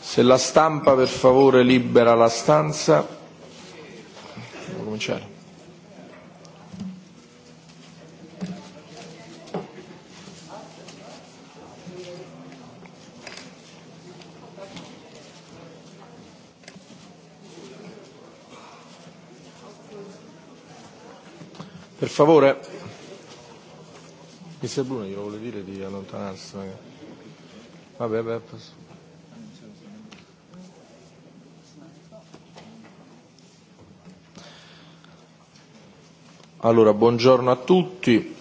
Se la stampa per favore libera la stanza. Devo cominciare. Per favore, Mr. Bruno glielo vuole dire di allontanarsi? Magari. Vabbè, vabbè. Allora, buongiorno a tutti.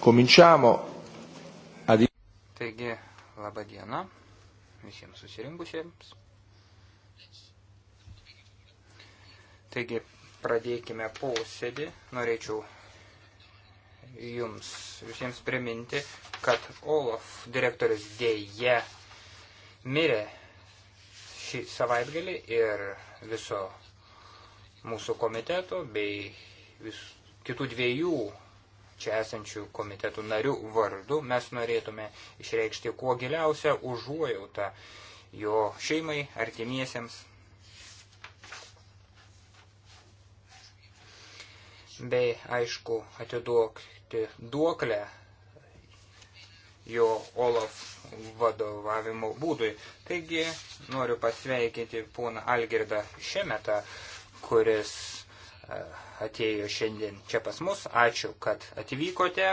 Cominciamo a Taigi, laba diena visiems susirinkusiems. Taigi, pradėkime posėdį. Norėčiau jums visiems priminti, kad Olaf direktorius dėje mirė šį savaitgalį ir viso mūsų komiteto bei vis, kitų dviejų čia esančių komitetų narių vardu mes norėtume išreikšti kuo giliausią užuojautą jo šeimai, artimiesiems. Bei, aišku, atiduokti duoklę jo Olaf vadovavimo būdui. Taigi noriu pasveikinti poną Algirdą Šemetą, kuris e, atėjo šiandien čia pas mus. Ačiū, kad atvykote.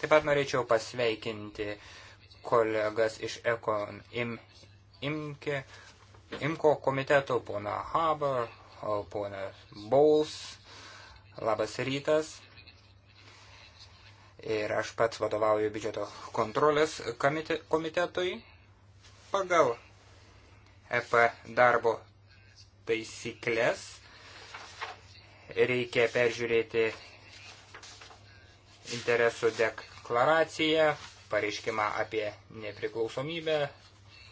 Taip pat norėčiau pasveikinti kolegas iš Ekon Im, Imke, Imko komiteto, pona Haber, pona Bowles. Labas rytas ir aš pats vadovauju biudžeto kontrolės komitetui pagal EP darbo taisyklės. Reikia peržiūrėti interesų deklaraciją, pareiškimą apie nepriklausomybę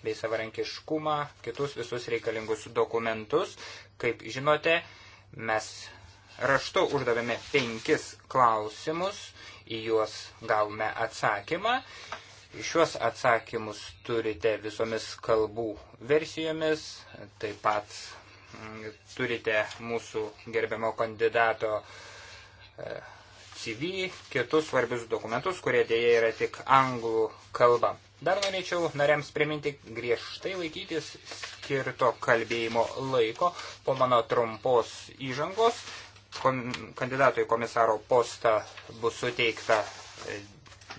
bei savarankiškumą, kitus visus reikalingus dokumentus. Kaip žinote, mes raštu uždavėme penkis klausimus į juos gavome atsakymą. Šiuos atsakymus turite visomis kalbų versijomis, taip pat mm, turite mūsų gerbiamo kandidato e, CV, kitus svarbius dokumentus, kurie dėja yra tik anglų kalba. Dar norėčiau nariams priminti griežtai laikytis skirto kalbėjimo laiko po mano trumpos įžangos kandidato į komisaro postą bus suteikta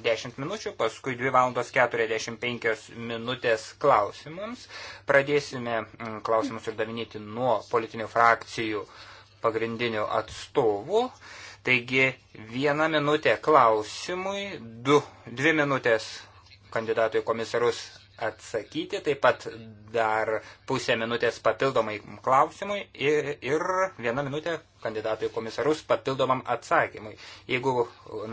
10 e, minučių, paskui 2 valandos 45 minutės klausimams. Pradėsime mm, klausimus uždavinėti nuo politinių frakcijų pagrindinių atstovų. Taigi viena minutė klausimui, du, dvi minutės kandidatui komisarus atsakyti, taip pat dar pusę minutės papildomai klausimui ir, ir vieną minutę kandidatui komisarus papildomam atsakymui. Jeigu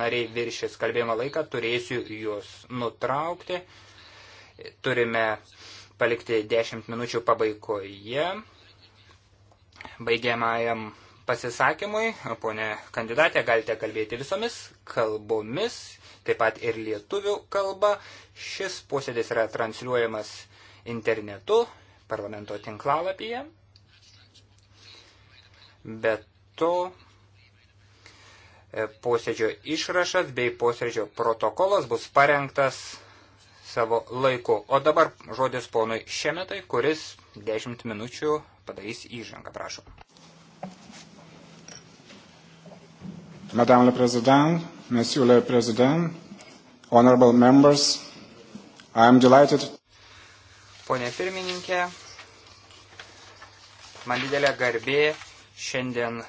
nariai viršis kalbėjimo laiką, turėsiu juos nutraukti. Turime palikti 10 minučių pabaigoje. Baigiamajam pasisakymui, ponė kandidatė, galite kalbėti visomis kalbomis taip pat ir lietuvių kalba. Šis posėdis yra transliuojamas internetu, parlamento tinklalapyje. Be to, e, posėdžio išrašas bei posėdžio protokolas bus parengtas savo laiku. O dabar žodis ponui Šemetai, kuris 10 minučių padarys įžangą, prašom. Madame la Présidente, Monsieur le Président, honorable members, I am delighted. Pone pirmininkė, man didelė garbė šiandien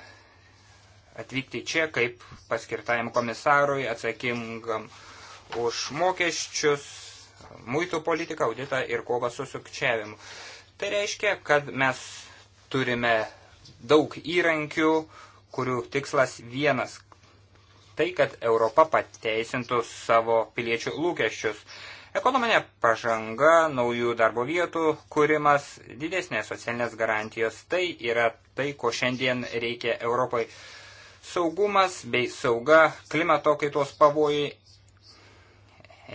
atvykti čia kaip paskirtajam komisarui atsakingam už mokesčius, muitų politiką, auditą ir kovą su sukčiavimu. Tai reiškia, kad mes turime daug įrankių, kurių tikslas vienas tai, kad Europa pateisintų savo piliečių lūkesčius. Ekonominė pažanga, naujų darbo vietų kūrimas, didesnės socialinės garantijos - tai yra tai, ko šiandien reikia Europai. Saugumas bei sauga, klimato kaitos pavojai,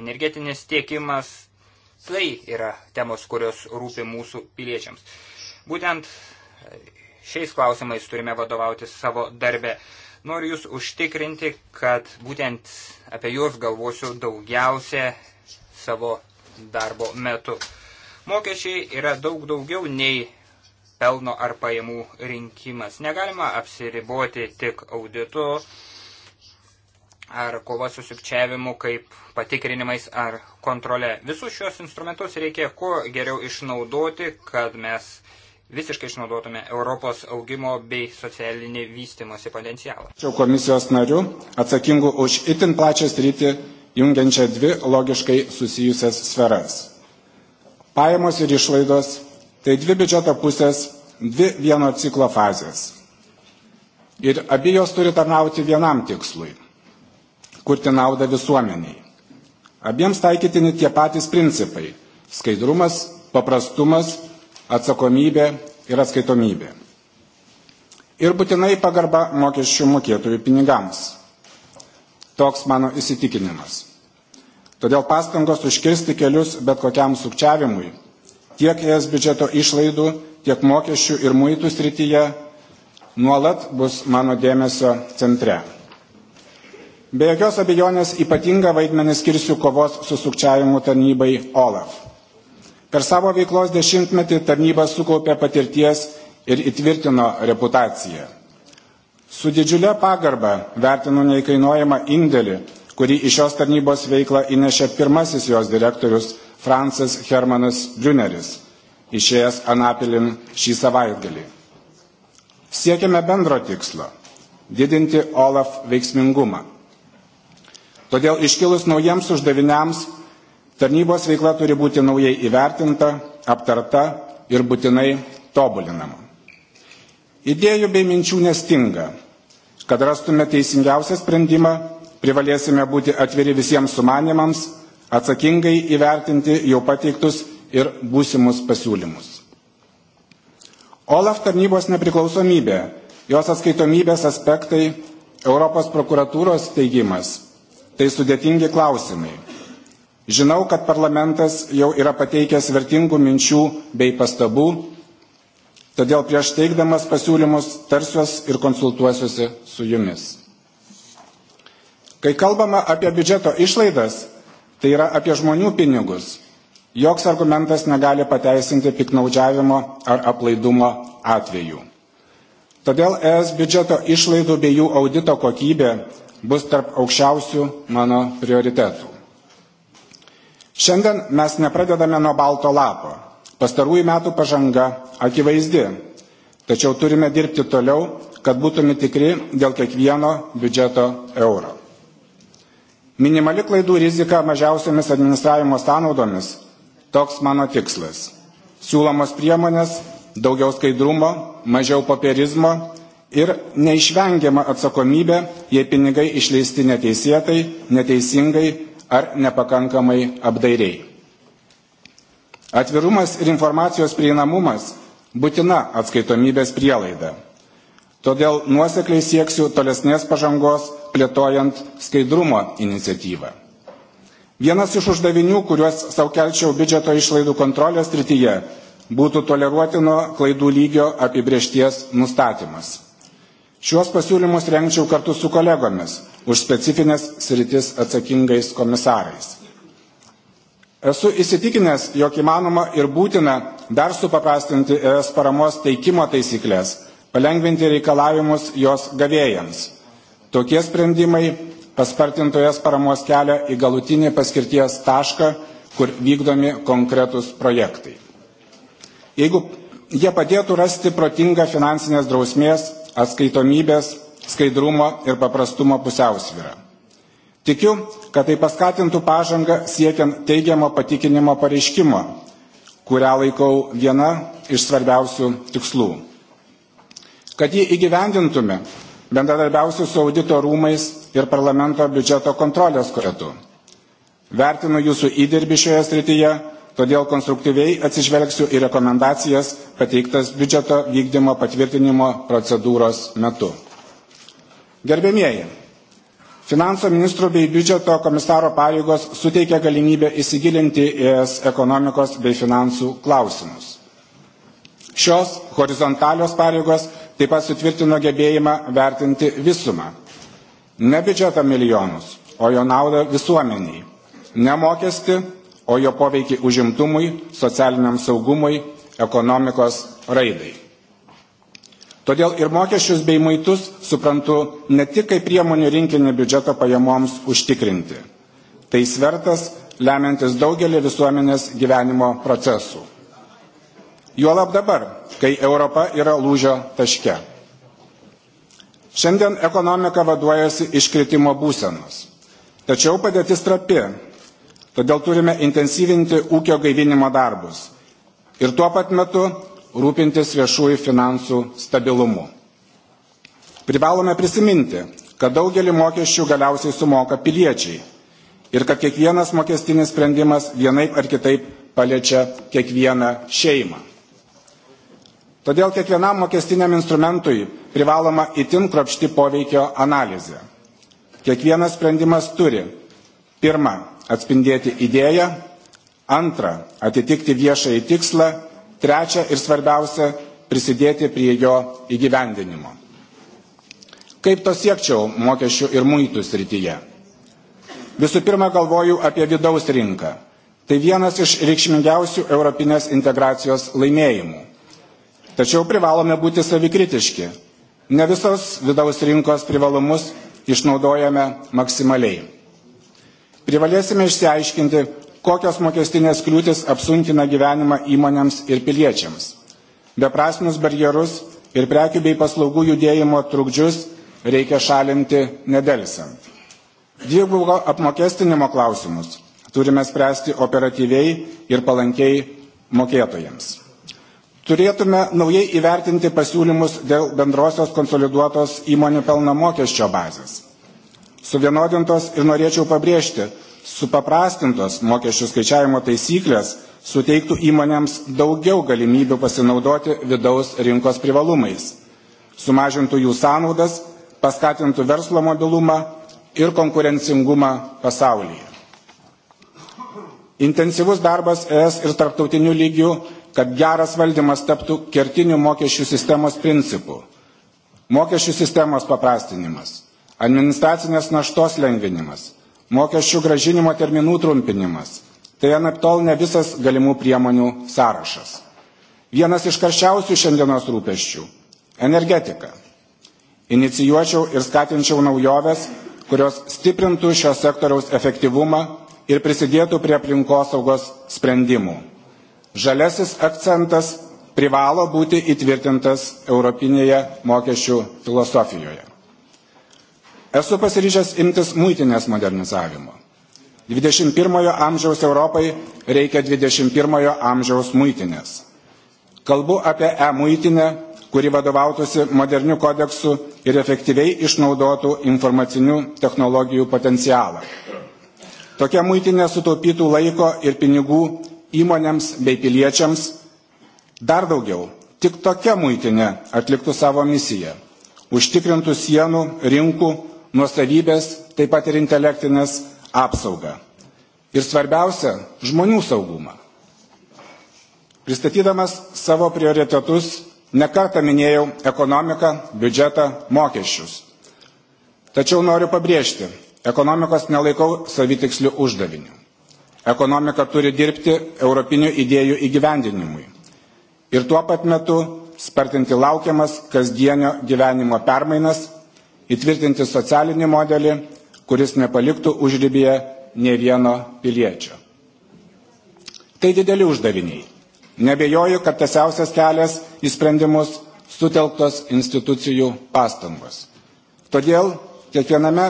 energetinis tiekimas - tai yra temos, kurios rūpi mūsų piliečiams. Būtent šiais klausimais turime vadovauti savo darbę. Noriu Jūs užtikrinti, kad būtent apie Jūs galvosiu daugiausia savo darbo metu. Mokesčiai yra daug daugiau nei pelno ar pajamų rinkimas. Negalima apsiriboti tik auditu ar kova su sukčiavimu kaip patikrinimais ar kontrole. Visus šios instrumentus reikia kuo geriau išnaudoti, kad mes visiškai išnaudotume Europos augimo bei socialinį vystimosi potencialą. Čia komisijos narių atsakingų už itin plačią sritį jungiančią dvi logiškai susijusias sferas. Pajamos ir išlaidos – tai dvi biudžeto pusės, dvi vieno ciklo fazės. Ir abi jos turi tarnauti vienam tikslui – kurti naudą visuomeniai. Abiems taikytini tie patys principai – skaidrumas, paprastumas – atsakomybė ir atskaitomybė. Ir būtinai pagarba mokesčių mokėtojų pinigams. Toks mano įsitikinimas. Todėl pastangos užkirsti kelius bet kokiam sukčiavimui tiek ES biudžeto išlaidų, tiek mokesčių ir muitų srityje nuolat bus mano dėmesio centre. Be jokios abejonės ypatingą vaidmenį skirsiu kovos su sukčiavimu tarnybai OLAF. Per savo veiklos dešimtmetį tarnyba sukaupė patirties ir įtvirtino reputaciją. Su didžiulė pagarba vertinu neįkainuojamą indėlį, kurį iš šios tarnybos veiklą įnešė pirmasis jos direktorius Francis Hermanas Brüneris, išėjęs Anapilin šį savaitgalį. Siekime bendro tikslo - didinti OLAF veiksmingumą. Todėl iškilus naujiems uždaviniams Tarnybos veikla turi būti naujai įvertinta, aptarta ir būtinai tobulinama. Idėjų bei minčių nestinga. Kad rastume teisingiausią sprendimą, privalėsime būti atviri visiems sumanimams, atsakingai įvertinti jau pateiktus ir būsimus pasiūlymus. OLAF tarnybos nepriklausomybė, jos atskaitomybės aspektai, Europos prokuratūros steigimas - tai sudėtingi klausimai Žinau, kad parlamentas jau yra pateikęs vertingų minčių bei pastabų, todėl prieš teikdamas pasiūlymus tarsiuos ir konsultuosiuosi su jumis. Kai kalbama apie biudžeto išlaidas, tai yra apie žmonių pinigus. Joks argumentas negali pateisinti piknaudžiavimo ar aplaidumo atvejų. Todėl ES biudžeto išlaidų bei jų audito kokybė bus tarp aukščiausių mano prioritetų. Šiandien mes nepradedame nuo balto lapo. Pastarųjų metų pažanga akivaizdi, tačiau turime dirbti toliau, kad būtume tikri dėl kiekvieno biudžeto euro. Minimali klaidų rizika mažiausiamis administravimo sąnaudomis – toks mano tikslas. Siūlomos priemonės – daugiau skaidrumo, mažiau papierizmo ir neišvengiama atsakomybė, jei pinigai išleisti neteisėtai, neteisingai ar nepakankamai apdairiai. Atvirumas ir informacijos prieinamumas būtina atskaitomybės prielaida. Todėl nuosekliai sieksiu tolesnės pažangos plėtojant skaidrumo iniciatyvą. Vienas iš uždavinių, kuriuos saukelčiau biudžeto išlaidų kontrolės rytyje, būtų toleruotino klaidų lygio apibriešties nustatymas. Šiuos pasiūlymus rengčiau kartu su kolegomis, už specifines sritis atsakingais komisarais. Esu įsitikinęs, jog įmanoma ir būtina dar supaprastinti ES paramos teikimo taisyklės, palengvinti reikalavimus jos gavėjams. Tokie sprendimai paspartintų ES paramos kelią į galutinį paskirties tašką, kur vykdomi konkretus projektai. Jeigu jie padėtų rasti protingą finansinės drausmės, atskaitomybės skaidrumo ir paprastumo pusiausvyrą. Tikiu, kad tai paskatintų pažangą siekiant teigiamo patikinimo pareiškimo, kurią laikau viena iš svarbiausių tikslų. Kad jį įgyvendintume, bendradarbiausiu su audito rūmais ir parlamento biudžeto kontrolės koretu. Vertinu jūsų įdirbį šioje srityje, todėl konstruktyviai atsižvelgsiu į rekomendacijas pateiktas biudžeto vykdymo patvirtinimo procedūros metu. Gerbėmieji, finansų ministro bei biudžeto komisaro pareigos suteikia galimybę įsigilinti į ES ekonomikos bei finansų klausimus. Šios horizontalios pareigos taip pat sutvirtino gebėjimą vertinti visumą. Ne biudžeto milijonus, o jo naudą visuomeniai. Ne mokestį, o jo poveikį užimtumui, socialiniam saugumui, ekonomikos raidai. Todėl ir mokesčius bei maitus suprantu ne tik kaip priemonių rinkinį biudžeto pajamoms užtikrinti. Tai svertas, lemiantis daugelį visuomenės gyvenimo procesų. Juolab dabar, kai Europa yra lūžio taške. Šiandien ekonomika vaduojasi iškritimo būsenos. Tačiau padėtis trapi, todėl turime intensyvinti ūkio gaivinimo darbus. Ir tuo pat metu rūpintis viešųjų finansų stabilumu. Privalome prisiminti, kad daugelį mokesčių galiausiai sumoka piliečiai ir kad kiekvienas mokestinis sprendimas vienaip ar kitaip paliečia kiekvieną šeimą. Todėl kiekvienam mokestiniam instrumentui privaloma itin kropšti poveikio analizė. Kiekvienas sprendimas turi pirmą atspindėti idėją, antrą atitikti viešąjį tikslą Trečia ir svarbiausia - prisidėti prie jo įgyvendinimo. Kaip to siekčiau mokesčių ir muitų srityje? Visų pirma, galvoju apie vidaus rinką. Tai vienas iš reikšmingiausių europinės integracijos laimėjimų. Tačiau privalome būti savikritiški. Ne visos vidaus rinkos privalumus išnaudojame maksimaliai. Privalėsime išsiaiškinti, kokios mokestinės kliūtis apsunkina gyvenimą įmonėms ir piliečiams. Beprasmius barjerus ir prekių bei paslaugų judėjimo trukdžius reikia šalinti nedelsiant. Dvigubo apmokestinimo klausimus turime spręsti operatyviai ir palankiai mokėtojams. Turėtume naujai įvertinti pasiūlymus dėl bendrosios konsoliduotos įmonių pelno mokesčio bazės. Suvienodintos ir norėčiau pabrėžti, Supaprastintos mokesčių skaičiavimo taisyklės suteiktų įmonėms daugiau galimybių pasinaudoti vidaus rinkos privalumais, sumažintų jų sąnaudas, paskatintų verslo mobilumą ir konkurencingumą pasaulyje. Intensyvus darbas ES ir tarptautinių lygių, kad geras valdymas taptų kertinių mokesčių sistemos principų. Mokesčių sistemos paprastinimas, administracinės naštos lengvinimas, mokesčių gražinimo terminų trumpinimas. Tai anaptol ne visas galimų priemonių sąrašas. Vienas iš karščiausių šiandienos rūpeščių - energetika. Inicijuočiau ir skatinčiau naujoves, kurios stiprintų šio sektoriaus efektyvumą ir prisidėtų prie aplinkosaugos sprendimų. Žalesis akcentas privalo būti įtvirtintas Europinėje mokesčių filosofijoje. Esu pasiryžęs imtis muitinės modernizavimo. 21 amžiaus Europai reikia 21 amžiaus muitinės. Kalbu apie e-muitinę, kuri vadovautųsi moderniu kodeksu ir efektyviai išnaudotų informacinių technologijų potencialą. Tokia muitinė sutaupytų laiko ir pinigų įmonėms bei piliečiams. Dar daugiau, tik tokia muitinė atliktų savo misiją - užtikrintų sienų, rinkų nuosavybės, taip pat ir intelektinės apsaugą. Ir svarbiausia - žmonių saugumą. Pristatydamas savo prioritetus, nekartą minėjau ekonomiką, biudžetą, mokesčius. Tačiau noriu pabrėžti, ekonomikos nelaikau savitikslių uždavinių. Ekonomika turi dirbti europinių idėjų įgyvendinimui. Ir tuo pat metu spartinti laukiamas kasdienio gyvenimo permainas įtvirtinti socialinį modelį, kuris nepaliktų užrybėje ne vieno piliečio. Tai dideli uždaviniai. Nebejoju, kad tasiausias kelias į sprendimus sutelktos institucijų pastangos. Todėl kiekviename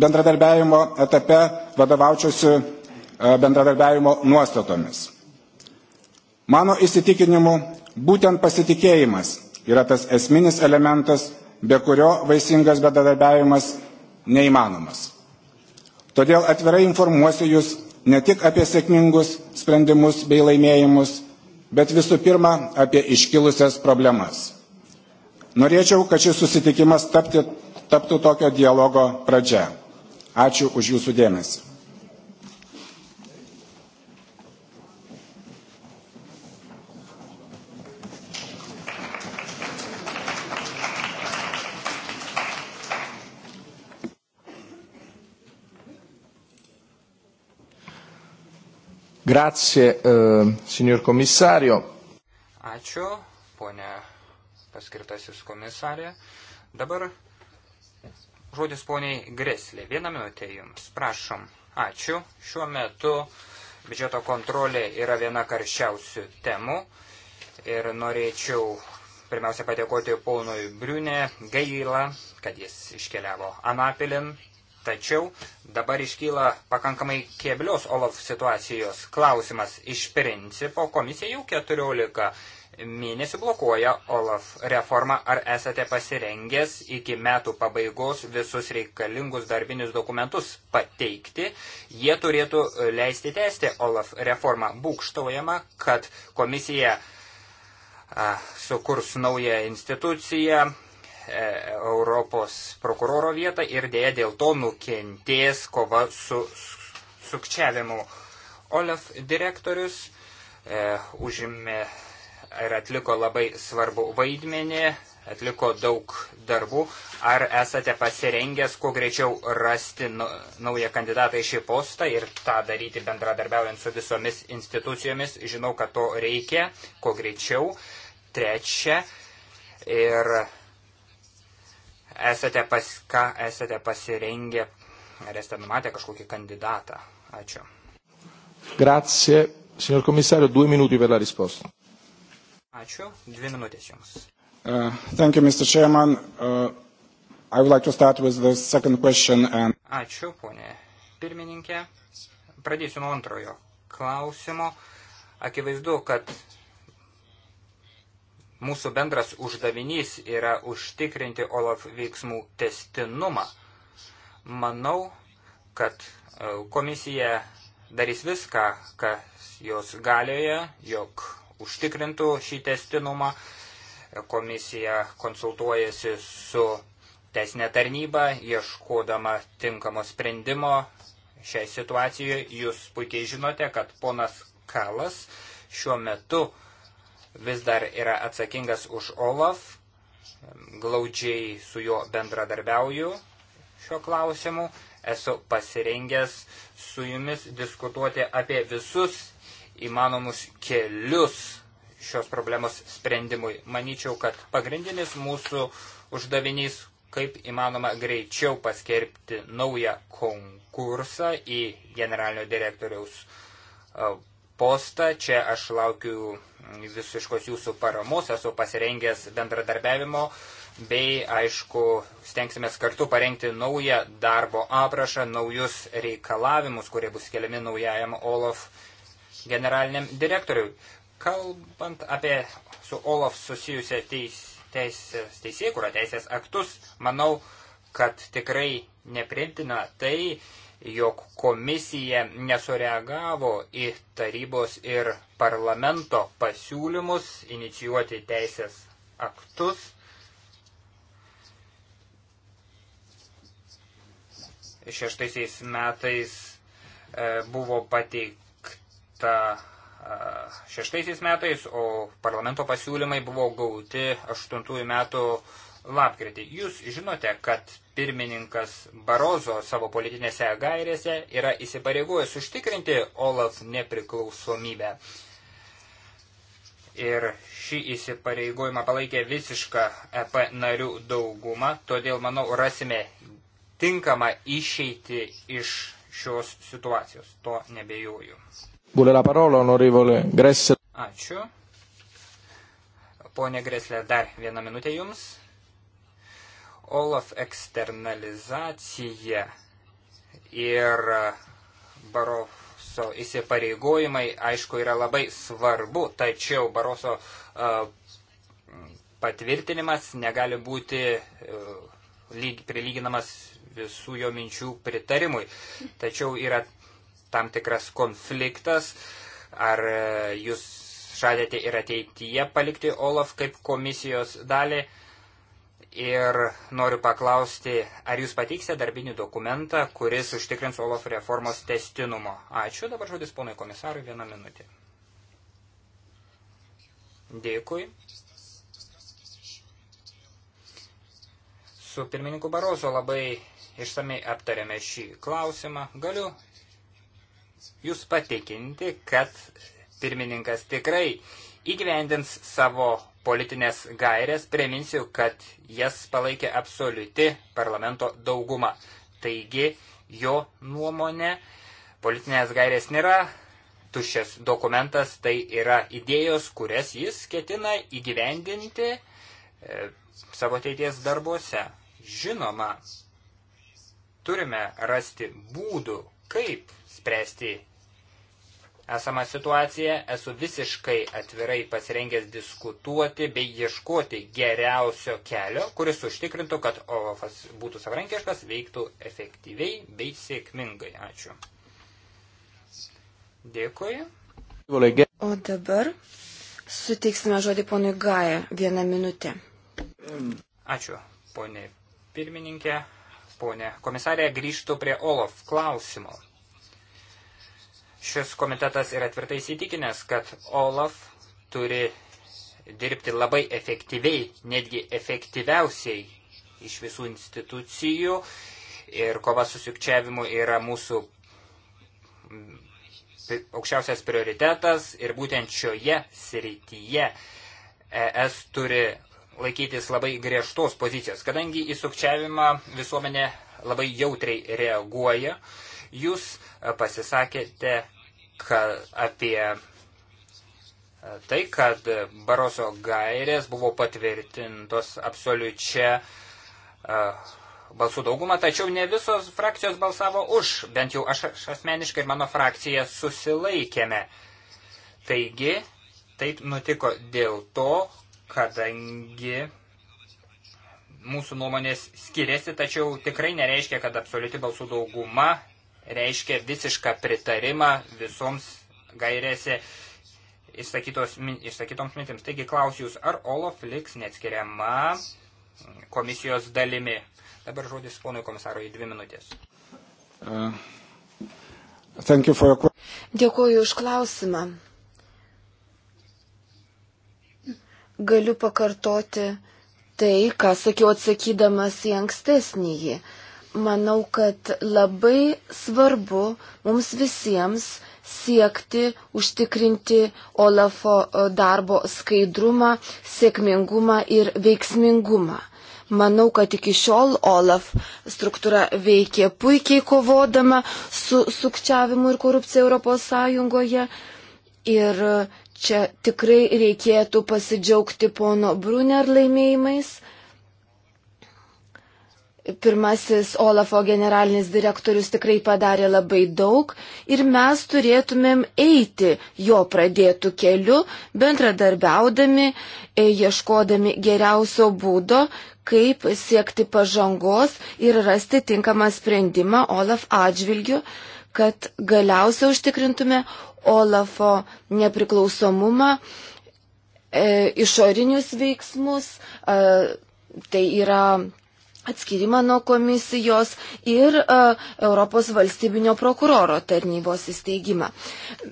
bendradarbiavimo etape vadovaučiausi e, bendradarbiavimo nuostatomis. Mano įsitikinimu, būtent pasitikėjimas yra tas esminis elementas, be kurio vaisingas bedarbiavimas neįmanomas. Todėl atvirai informuosiu Jūs ne tik apie sėkmingus sprendimus bei laimėjimus, bet visų pirma apie iškilusias problemas. Norėčiau, kad šis susitikimas tapti, taptų tokio dialogo pradžia. Ačiū už Jūsų dėmesį. Grazie, uh, signor komisario. Ačiū, ponė paskirtasis komisarė. Dabar žodis poniai Greslė. Vieną minutę jums. Prašom. Ačiū. Šiuo metu biudžeto kontrolė yra viena karščiausių temų. Ir norėčiau pirmiausia padėkoti ponui Briunė gaila, kad jis iškeliavo Anapilin. Tačiau dabar iškyla pakankamai keblios OLAF situacijos klausimas. Iš principo komisija jau 14 mėnesių blokuoja OLAF reformą. Ar esate pasirengęs iki metų pabaigos visus reikalingus darbinius dokumentus pateikti? Jie turėtų leisti tęsti OLAF reformą. Būkštojama, kad komisija a, sukurs naują instituciją E, Europos prokuroro vietą ir dėja dėl to nukentės kova su sukčiavimu. Olaf direktorius e, užimė ir atliko labai svarbu vaidmenį, atliko daug darbų. Ar esate pasirengęs kuo greičiau rasti nu, naują kandidatą į šį postą ir tą daryti bendradarbiaujant su visomis institucijomis? Žinau, kad to reikia kuo greičiau. Trečia. Ir esate pas ką esate pasirengę, ar esate numatę kažkokį kandidatą? Ačiū. Grazie. Signor komisario, du minutai per la risposta. Ačiū. Dvi minutės jums. Uh, thank you, Mr. Chairman. Uh, I would like to start with the second question. And... Ačiū, ponė pirmininkė. Pradėsiu nuo antrojo klausimo. Akivaizdu, kad Mūsų bendras uždavinys yra užtikrinti OLAF veiksmų testinumą. Manau, kad e, komisija darys viską, kas jos galioje, jog užtikrintų šį testinumą. Komisija konsultuojasi su teisinė tarnyba, ieškodama tinkamo sprendimo šiai situacijai. Jūs puikiai žinote, kad ponas Kalas šiuo metu uh, vis dar yra atsakingas už Olaf, glaudžiai su juo bendradarbiauju šiuo klausimu, esu pasirengęs su jumis diskutuoti apie visus įmanomus kelius šios problemos sprendimui. Manyčiau, kad pagrindinis mūsų uždavinys, kaip įmanoma greičiau paskelbti naują konkursą į generalinio direktoriaus e, postą. Čia aš laukiu visiškos jūsų paramos, esu pasirengęs bendradarbiavimo bei, aišku, stengsime kartu parengti naują darbo aprašą, naujus reikalavimus, kurie bus keliami naujajam Olaf generaliniam direktoriui. Kalbant apie su Olaf susijusią teis, teisės, teisėkurą, teisės aktus, manau, kad tikrai neprintina tai, jog komisija nesureagavo į tarybos ir parlamento pasiūlymus inicijuoti teisės aktus. Šeštaisiais metais e, buvo pateikta e, šeštaisiais metais, o parlamento pasiūlymai buvo gauti aštuntųjų metų lapkritį. Jūs žinote, kad pirmininkas Barozo savo politinėse gairėse yra įsipareigojęs užtikrinti Olaf nepriklausomybę. Ir šį įsipareigojimą palaikė visiška EP narių dauguma, todėl, manau, rasime tinkamą išeitį iš šios situacijos. To nebejoju. Ačiū. Pone Greslė, dar vieną minutę jums. Olaf eksternalizacija ir Baroso įsipareigojimai, aišku, yra labai svarbu, tačiau Baroso e, patvirtinimas negali būti e, lyg, prilyginamas visų jo minčių pritarimui. Tačiau yra tam tikras konfliktas, ar e, jūs žadėte ir ateityje palikti Olaf kaip komisijos dalį, Ir noriu paklausti, ar jūs pateiksite darbinį dokumentą, kuris užtikrins OLAF reformos testinumo? Ačiū, dabar žodis ponai komisarui, vieną minutę. Dėkui. Su pirmininku Barozo labai išsamei aptarėme šį klausimą. Galiu jūs patikinti, kad pirmininkas tikrai įgyvendins savo politinės gairės, priminsiu, kad jas palaikė absoliuti parlamento dauguma. Taigi, jo nuomonė, politinės gairės nėra tuščias dokumentas, tai yra idėjos, kurias jis ketina įgyvendinti e, savo ateities darbuose. Žinoma, turime rasti būdų, kaip spręsti esamą situaciją, esu visiškai atvirai pasirengęs diskutuoti bei ieškoti geriausio kelio, kuris užtikrintų, kad OLAFas būtų savarankiškas, veiktų efektyviai bei sėkmingai. Ačiū. Dėkui. O dabar suteiksime žodį ponui Gaja vieną minutę. Ačiū, ponė pirmininkė. Ponė komisarė, grįžtų prie OLAF klausimo. Šis komitetas yra tvirtai įsitikinęs, kad OLAF turi dirbti labai efektyviai, netgi efektyviausiai iš visų institucijų ir kova su sukčiavimu yra mūsų aukščiausias prioritetas ir būtent šioje srityje ES turi laikytis labai griežtos pozicijos, kadangi į sukčiavimą visuomenė labai jautriai reaguoja. Jūs e, pasisakėte apie e, tai, kad Baroso gairės buvo patvirtintos absoliučia e, balsų daugumą, tačiau ne visos frakcijos balsavo už, bent jau aš, aš asmeniškai ir mano frakcija susilaikėme. Taigi, taip nutiko dėl to, kadangi mūsų nuomonės skiriasi, tačiau tikrai nereiškia, kad absoliuti balsų dauguma reiškia visišką pritarimą visoms gairėse išsakytoms mintims. Taigi klausiu Jūs, ar Olaf liks neatskiriama komisijos dalimi? Dabar žodis ponui komisarui dvi minutės. Uh, you your... Dėkuoju už klausimą. Galiu pakartoti tai, ką sakiau atsakydamas į ankstesnįjį. Uh, manau, kad labai svarbu mums visiems siekti užtikrinti Olafo e, darbo skaidrumą, sėkmingumą ir veiksmingumą. Manau, kad iki šiol Olaf struktūra veikė puikiai kovodama su sukčiavimu ir korupcija Europos Sąjungoje. Ir e, čia tikrai reikėtų pasidžiaugti pono Brunner laimėjimais Pirmasis Olafo generalinis direktorius tikrai padarė labai daug ir mes turėtumėm eiti jo pradėtų keliu, bendradarbiaudami, e, ieškodami geriausio būdo, kaip siekti pažangos ir rasti tinkamą sprendimą Olaf atžvilgiu, kad galiausiai užtikrintume Olafo nepriklausomumą, e, išorinius veiksmus, e, tai yra atskirimą nuo komisijos ir uh, Europos valstybinio prokuroro tarnybos įsteigimą.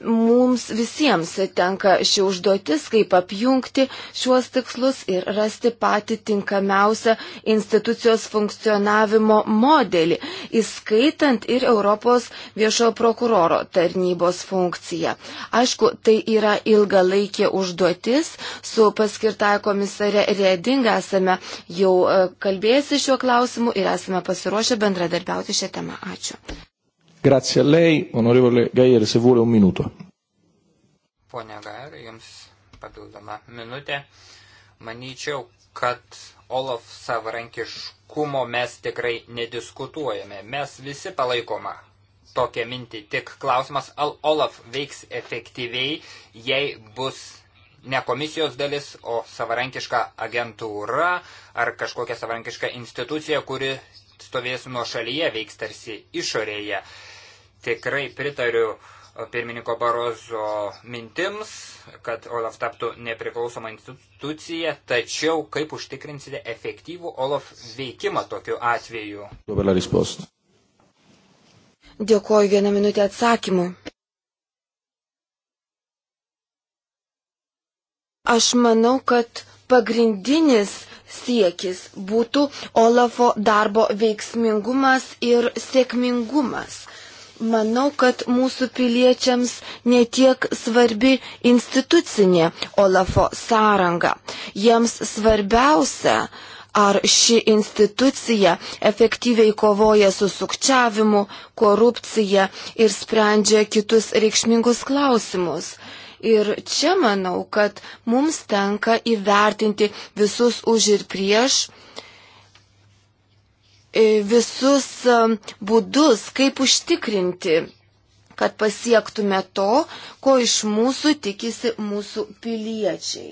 Mums visiems tenka ši užduotis, kaip apjungti šiuos tikslus ir rasti patį tinkamiausią institucijos funkcionavimo modelį, įskaitant ir Europos viešojo prokuroro tarnybos funkciją. Aišku, tai yra ilgalaikė užduotis. Su paskirtaja komisare Reding esame jau uh, e, kalbėjusi šiuo klausimu ir esame pasiruošę bendradarbiauti šią temą. Ačiū. Grazie a lei, onorevole Gajer, se vuole un minuto. Pone Gajer, jums papildoma minutė. Manyčiau, kad Olaf savarankiškumo mes tikrai nediskutuojame. Mes visi palaikoma tokią mintį. Tik klausimas, Olaf veiks efektyviai, jei bus ne komisijos dalis, o savarankiška agentūra ar kažkokia savarankiška institucija, kuri stovės nuo šalyje, veiks tarsi išorėje. Tikrai pritariu pirmininko Barozo mintims, kad Olaf taptų nepriklausoma institucija, tačiau kaip užtikrinsite efektyvų Olaf veikimą tokiu atveju? Dėkuoju vieną minutę atsakymu. Aš manau, kad pagrindinis siekis būtų Olafo darbo veiksmingumas ir sėkmingumas. Manau, kad mūsų piliečiams netiek svarbi institucinė Olafo sąranga. Jiems svarbiausia, ar ši institucija efektyviai kovoja su sukčiavimu, korupcija ir sprendžia kitus reikšmingus klausimus. Ir čia manau, kad mums tenka įvertinti visus už ir prieš, e, visus e, būdus, kaip užtikrinti, kad pasiektume to, ko iš mūsų tikisi mūsų piliečiai.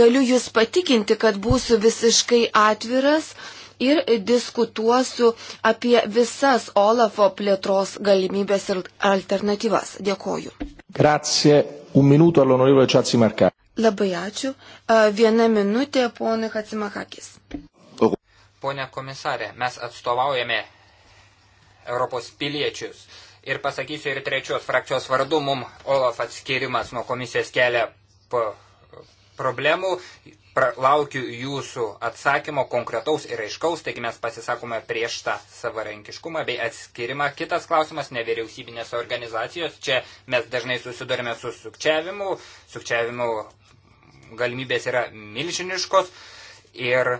Galiu Jūs patikinti, kad būsiu visiškai atviras ir diskutuosiu apie visas Olafo plėtros galimybės ir alternatyvas. Dėkoju. Grazie. Un minuto all'onorevole Ciazimarca. Labai ačiū. Viena minutė, ponai Hatsimakakis. Pone komisarė, mes atstovaujame Europos piliečius. Ir pasakysiu ir trečios frakcijos vardu, mum Olaf atskirimas nuo komisijos kelia problemų pra, laukiu jūsų atsakymo konkretaus ir aiškaus, taigi mes pasisakome prieš tą savarankiškumą bei atskirimą. Kitas klausimas - nevyriausybinės organizacijos. Čia mes dažnai susidurime su sukčiavimu. Sukčiavimu galimybės yra milžiniškos. Ir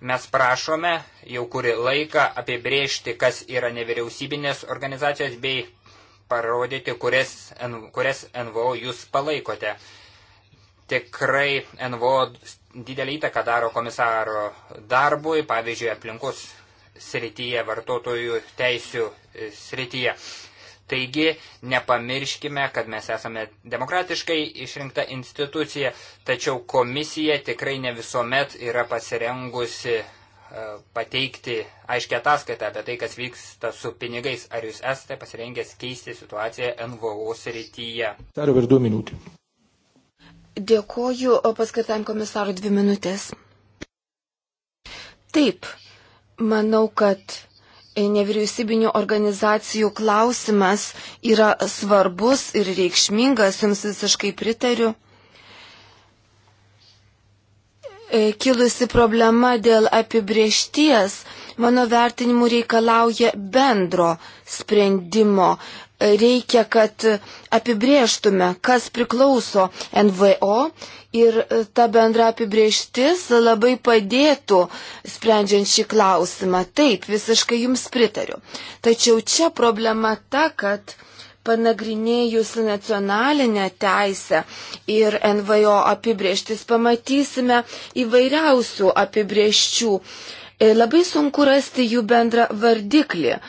mes prašome jau kurį laiką apibrėžti, kas yra nevyriausybinės organizacijos bei parodyti, kurias, kurias NVO jūs palaikote tikrai NVO didelį įtaką daro komisaro darbui, pavyzdžiui, aplinkos srityje, vartotojų teisių e, srityje. Taigi nepamirškime, kad mes esame demokratiškai išrinkta institucija, tačiau komisija tikrai ne visuomet yra pasirengusi e, pateikti aiškę ataskaitą apie tai, kas vyksta su pinigais. Ar jūs esate pasirengęs keisti situaciją NVO srityje? Dar ir du minutį. Dėkoju paskirtam komisarui dvi minutės. Taip, manau, kad nevyriausybinių organizacijų klausimas yra svarbus ir reikšmingas, jums visiškai pritariu. E, kilusi problema dėl apibriešties, mano vertinimu, reikalauja bendro sprendimo, reikia, kad apibrieštume, kas priklauso NVO ir e, ta bendra apibrieštis labai padėtų sprendžiant šį klausimą. Taip, visiškai jums pritariu. Tačiau čia problema ta, kad panagrinėjus nacionalinę teisę ir NVO apibrieštis pamatysime įvairiausių apibrieščių. E, labai sunku rasti jų bendrą vardiklį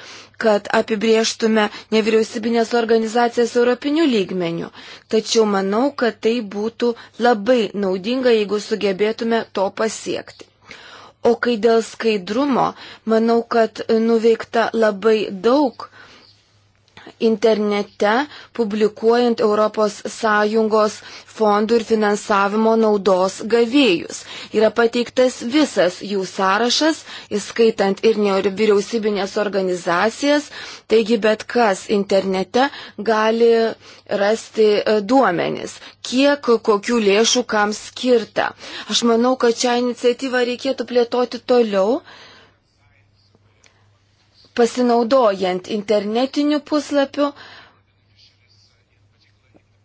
kad apibrieštume nevyriausybinės organizacijas europinių lygmenių. Tačiau manau, kad tai būtų labai naudinga, jeigu sugebėtume to pasiekti. O kai dėl skaidrumo, manau, kad nuveikta labai daug internete, publikuojant ES fondų ir finansavimo naudos gavėjus. Yra pateiktas visas jų sąrašas, įskaitant ir nevyriausybinės organizacijas, taigi bet kas internete gali rasti e, duomenis, kiek kokių lėšų kam skirta. Aš manau, kad šią iniciatyvą reikėtų plėtoti toliau pasinaudojant internetiniu puslapiu,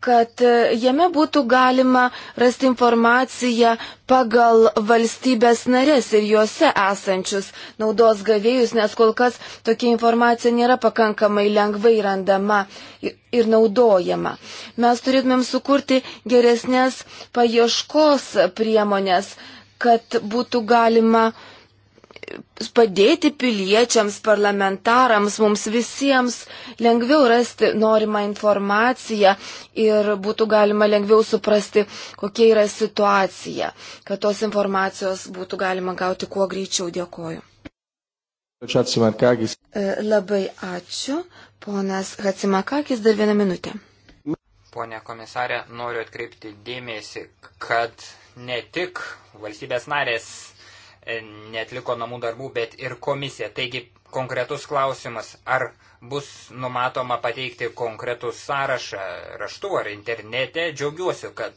kad e, jame būtų galima rasti informaciją pagal valstybės narės ir juose esančius naudos gavėjus, nes kol kas tokia informacija nėra pakankamai lengvai randama ir naudojama. Mes turėtumėm sukurti geresnės paieškos priemonės, kad būtų galima uh, padėti piliečiams, parlamentarams, mums visiems lengviau rasti norimą informaciją ir būtų galima lengviau suprasti, kokia yra situacija, kad tos informacijos būtų galima gauti kuo greičiau. Dėkoju. E, labai ačiū. Ponas Hatsimakakis, dar vieną minutę. Pone komisarė, noriu atkreipti dėmesį, kad ne tik valstybės narės netliko namų darbų, bet ir komisija. Taigi konkretus klausimas, ar bus numatoma pateikti konkretų sąrašą raštu ar internete. Džiaugiuosi, kad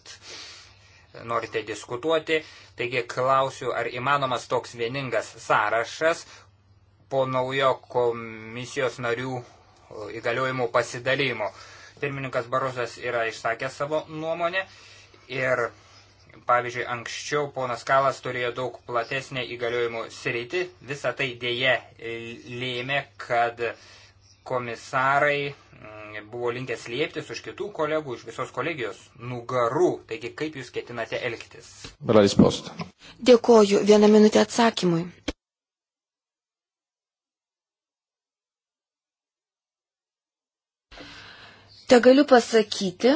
norite diskutuoti. Taigi klausiu, ar įmanomas toks vieningas sąrašas po naujo komisijos narių įgaliojimų pasidalymo. Pirmininkas Barusas yra išsakęs savo nuomonę ir Pavyzdžiui, anksčiau ponas Kalas turėjo daug platesnę įgaliojimų sritį, visa tai dėje e, lėmė, kad komisarai mm, buvo linkęs lieptis už kitų kolegų, už visos kolegijos nugarų. Taigi, kaip jūs ketinate elgtis? Bralis Post. Dėkoju. Vieną minutę atsakymui. Te galiu pasakyti,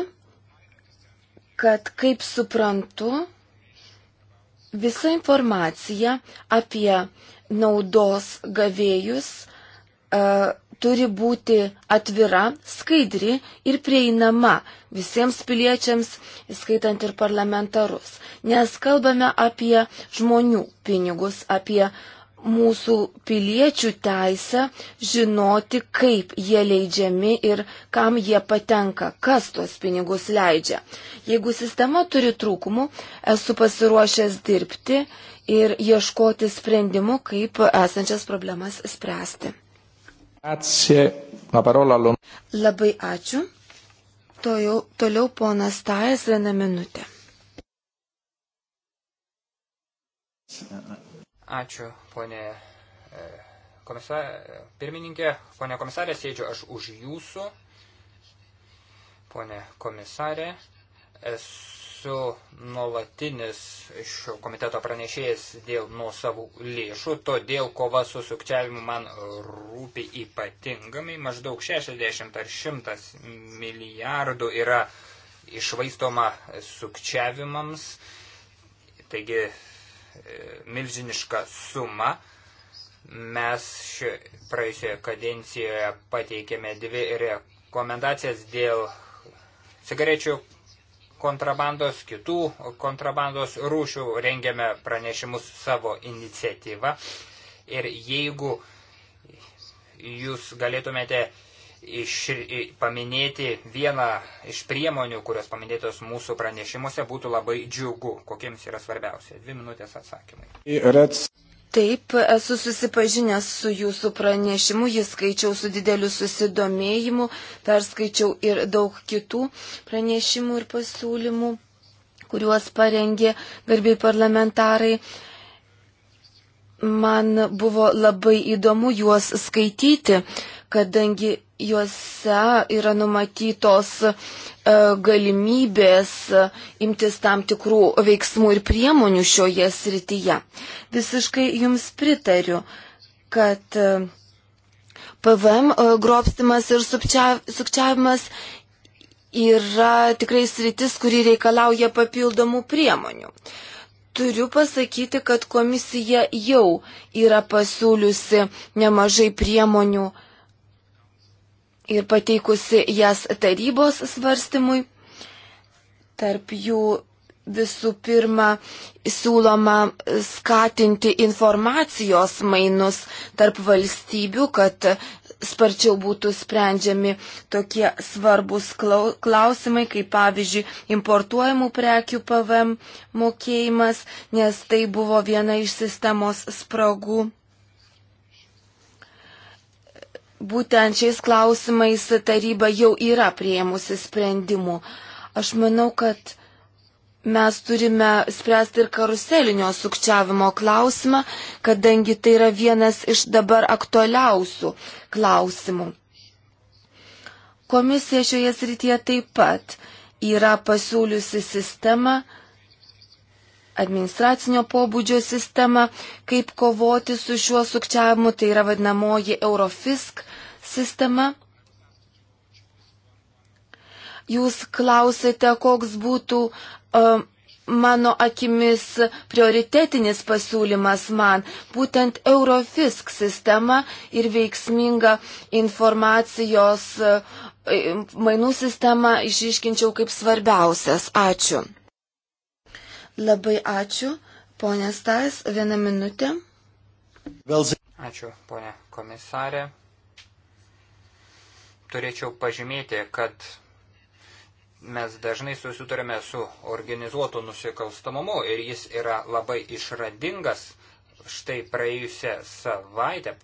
kad, kaip suprantu, visa informacija apie naudos gavėjus uh, turi būti atvira, skaidri ir prieinama visiems piliečiams, skaitant ir parlamentarus. Nes kalbame apie žmonių pinigus, apie mūsų piliečių teisę žinoti, kaip jie leidžiami ir kam jie patenka, kas tuos pinigus leidžia. Jeigu sistema turi trūkumų, esu pasiruošęs dirbti ir ieškoti sprendimų, kaip esančias problemas spręsti. Labai ačiū. Toliau, toliau ponas Tajas vieną minutę. Ačiū, ponė e, komisarė, pirmininkė. Pone komisarė, sėdžiu aš už jūsų. Pone komisarė, esu nuolatinis šio komiteto pranešėjas dėl nuo savų lėšų, todėl kova su sukčiavimu man rūpi ypatingamai. Maždaug 60 ar 100 milijardų yra išvaistoma sukčiavimams. Taigi milžiniška suma. Mes praėjusioje kadencijoje pateikėme dvi rekomendacijas dėl cigarečių kontrabandos, kitų kontrabandos rūšių, rengiame pranešimus savo iniciatyvą. Ir jeigu jūs galėtumėte iš, paminėti vieną iš priemonių, kurios paminėtos mūsų pranešimuose, būtų labai džiugu, kokiems yra svarbiausia. Dvi minutės atsakymai. Taip, esu susipažinęs su jūsų pranešimu, jį skaičiau su dideliu susidomėjimu, perskaičiau ir daug kitų pranešimų ir pasiūlymų, kuriuos parengė garbiai parlamentarai. Man buvo labai įdomu juos skaityti kadangi juose yra numatytos e, galimybės e, imtis tam tikrų veiksmų ir priemonių šioje srityje. Visiškai jums pritariu, kad e, PVM grobstimas ir sukčiavimas yra tikrai sritis, kuri reikalauja papildomų priemonių. Turiu pasakyti, kad komisija jau yra pasiūliusi nemažai priemonių ir pateikusi jas tarybos svarstymui. Tarp jų visų pirma siūloma skatinti informacijos mainus tarp valstybių, kad sparčiau būtų sprendžiami tokie svarbus klausimai, kaip pavyzdžiui importuojamų prekių PVM mokėjimas, nes tai buvo viena iš sistemos spragų būtent šiais klausimais taryba jau yra prieimusi sprendimų. Aš manau, kad mes turime spręsti ir karuselinio sukčiavimo klausimą, kadangi tai yra vienas iš dabar aktualiausių klausimų. Komisija šioje srityje taip pat yra pasiūliusi sistemą, administracinio pobūdžio sistemą, kaip kovoti su šiuo sukčiavimu, tai yra vadinamoji Eurofisk sistema. Jūs klausėte, koks būtų uh, mano akimis prioritetinis pasiūlymas man būtent Eurofisk sistema ir veiksminga informacijos e, mainų sistema išiškinčiau kaip svarbiausias. Ačiū. Labai ačiū, ponė Stas, vieną minutę. Ačiū, ponė komisarė. Turėčiau pažymėti, kad mes dažnai susidurime su organizuotu nusikalstamumu ir jis yra labai išradingas. Štai praėjusią savaitę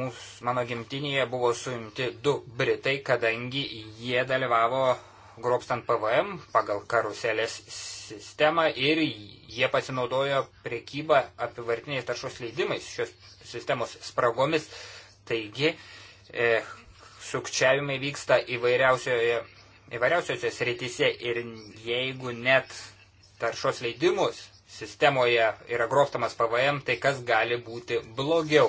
mūs, mano gimtinėje buvo suimti du Britai, kadangi jie dalyvavo grobstant PVM pagal karuselės sistemą ir jie pasinaudojo priekybą apivartiniais taršos leidimais šios sistemos spragomis. Taigi, e, sukčiavimai vyksta įvairiausioje, įvairiausiose srityse ir jeigu net taršos leidimus sistemoje yra groftamas PVM, tai kas gali būti blogiau.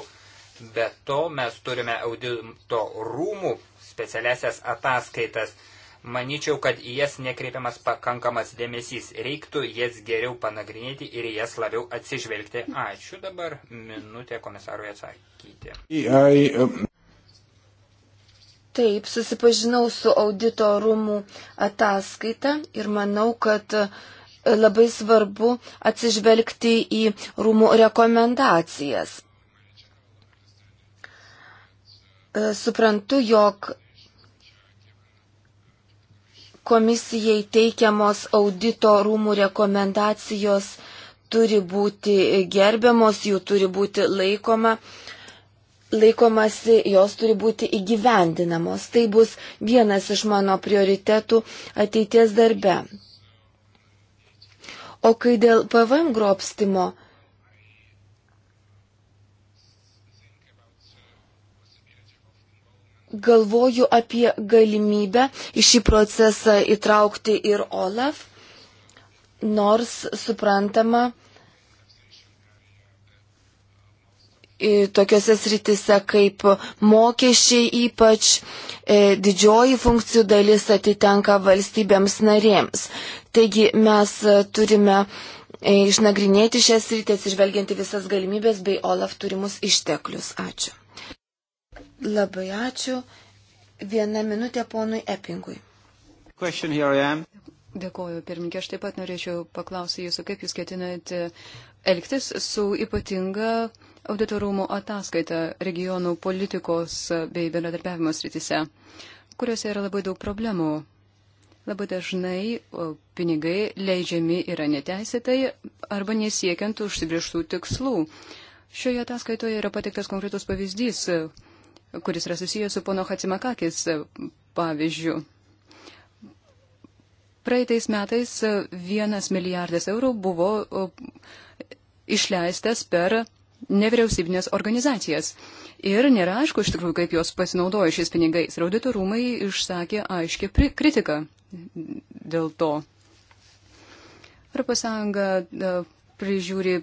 Be to mes turime audito rūmų specialiasias ataskaitas Maničiau, kad į jas nekreipiamas pakankamas dėmesys. Reiktų jas geriau panagrinėti ir į jas labiau atsižvelgti. Ačiū dabar minutė komisarui atsakyti. E um, Taip, susipažinau su audito rūmų ataskaita ir manau, kad e, labai svarbu atsižvelgti į rūmų rekomendacijas. E, suprantu, jog komisijai teikiamos audito rūmų rekomendacijos turi būti gerbiamos, jų turi būti laikoma, laikomasi, jos turi būti įgyvendinamos. Tai bus vienas iš mano prioritetų ateities darbe. O kai dėl PVM grobstimo, galvoju apie galimybę į šį procesą įtraukti ir Olaf, nors suprantama, tokiuose sritise kaip mokesčiai ypač e, didžioji funkcijų dalis atitenka valstybėms narėms. Taigi mes turime e, išnagrinėti šią sritį atsižvelgianti visas galimybės bei Olaf turimus išteklius. Ačiū. Labai ačiū. Viena minutė ponui Epingui. Dėkuoju, pirmininkė. Aš taip pat norėčiau paklausyti jūsų, kaip jūs ketinate elgtis su ypatinga auditorumų ataskaita regionų politikos bei bendradarbiavimo srityse, kuriuose yra labai daug problemų. Labai dažnai pinigai leidžiami yra neteisėtai arba nesiekiant užsibrieštų tikslų. Šioje ataskaitoje yra pateiktas konkretus pavyzdys, kuris yra susijęs su pono Hatsimakakis e, pavyzdžiu. Praeitais metais e, vienas milijardas eurų buvo e, išleistas per nevyriausybinės organizacijas. Ir nėra aišku iš tikrųjų, kaip jos pasinaudojo šiais pinigais. Raudito rūmai išsakė aiškį kritiką dėl to. Europos Sąjunga prižiūri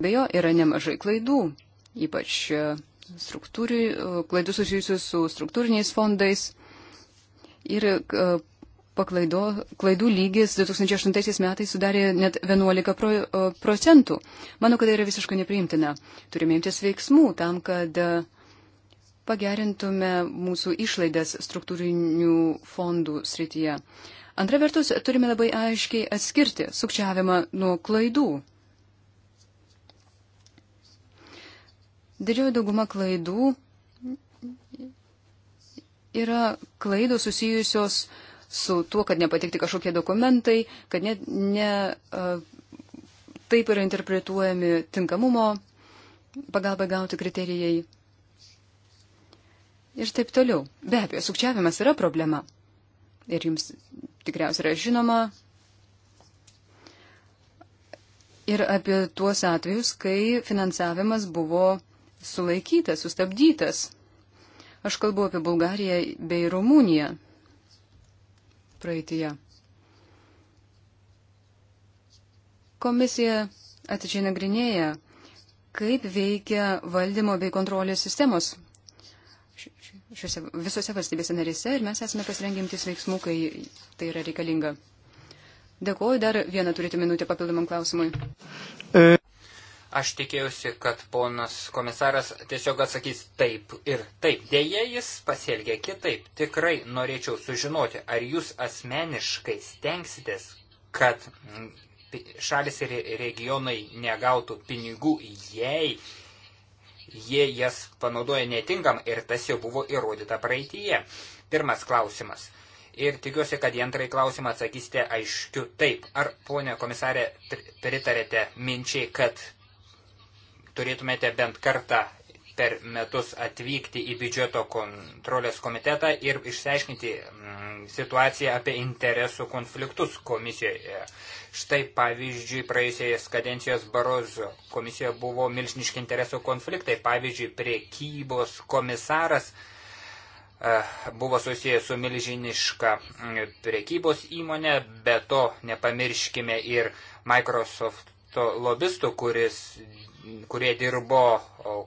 Bejo, yra nemažai klaidų, ypač e, e, klaidų susijusių su struktūriniais fondais. Ir e, paklaido, klaidų lygis 2008 metais sudarė net 11 pro, procentų. Manau, kad tai yra visiškai nepriimtina. Turime imtis veiksmų tam, kad pagerintume mūsų išlaidas struktūrinių fondų srityje. Antra vertus, turime labai aiškiai atskirti sukčiavimą nuo klaidų. Didžioji dauguma klaidų yra klaidos susijusios su tuo, kad nepatikti kažkokie dokumentai, kad ne, ne taip yra interpretuojami tinkamumo pagalba gauti kriterijai. Ir taip toliau. Be abejo, sukčiavimas yra problema. Ir jums tikriausiai yra žinoma. Ir apie tuos atvejus, kai finansavimas buvo sulaikytas, sustabdytas. Aš kalbu apie Bulgariją bei Rumuniją praeitie. Komisija atidžiai nagrinėja, kaip veikia valdymo bei kontrolės sistemos šiuose, visose valstybėse narėse ir mes esame pasirengimtis veiksmų, kai tai yra reikalinga. Dėkuoju, dar vieną turite minutę papildomam klausimui. E... Aš tikėjausi, kad ponas komisaras tiesiog atsakys taip ir taip. Deja, jis pasielgia kitaip. Tikrai norėčiau sužinoti, ar jūs asmeniškai stengsitės, kad šalis ir regionai negautų pinigų, jei jie jas panaudoja netinkam ir tas jau buvo įrodyta praeityje. Pirmas klausimas. Ir tikiuosi, kad į antrąjį klausimą atsakysite aiškiu taip. Ar, ponė komisarė, pritarėte minčiai, kad turėtumėte bent kartą per metus atvykti į biudžeto kontrolės komitetą ir išsiaiškinti mm, situaciją apie interesų konfliktus komisijoje. Štai pavyzdžiui, praėjusiais kadencijos Barozo komisijoje buvo milžiniški interesų konfliktai. Pavyzdžiui, priekybos komisaras e, buvo susijęs su milžiniška mm, priekybos įmonė, be to nepamirškime ir Microsoft lobistų, kuris kurie dirbo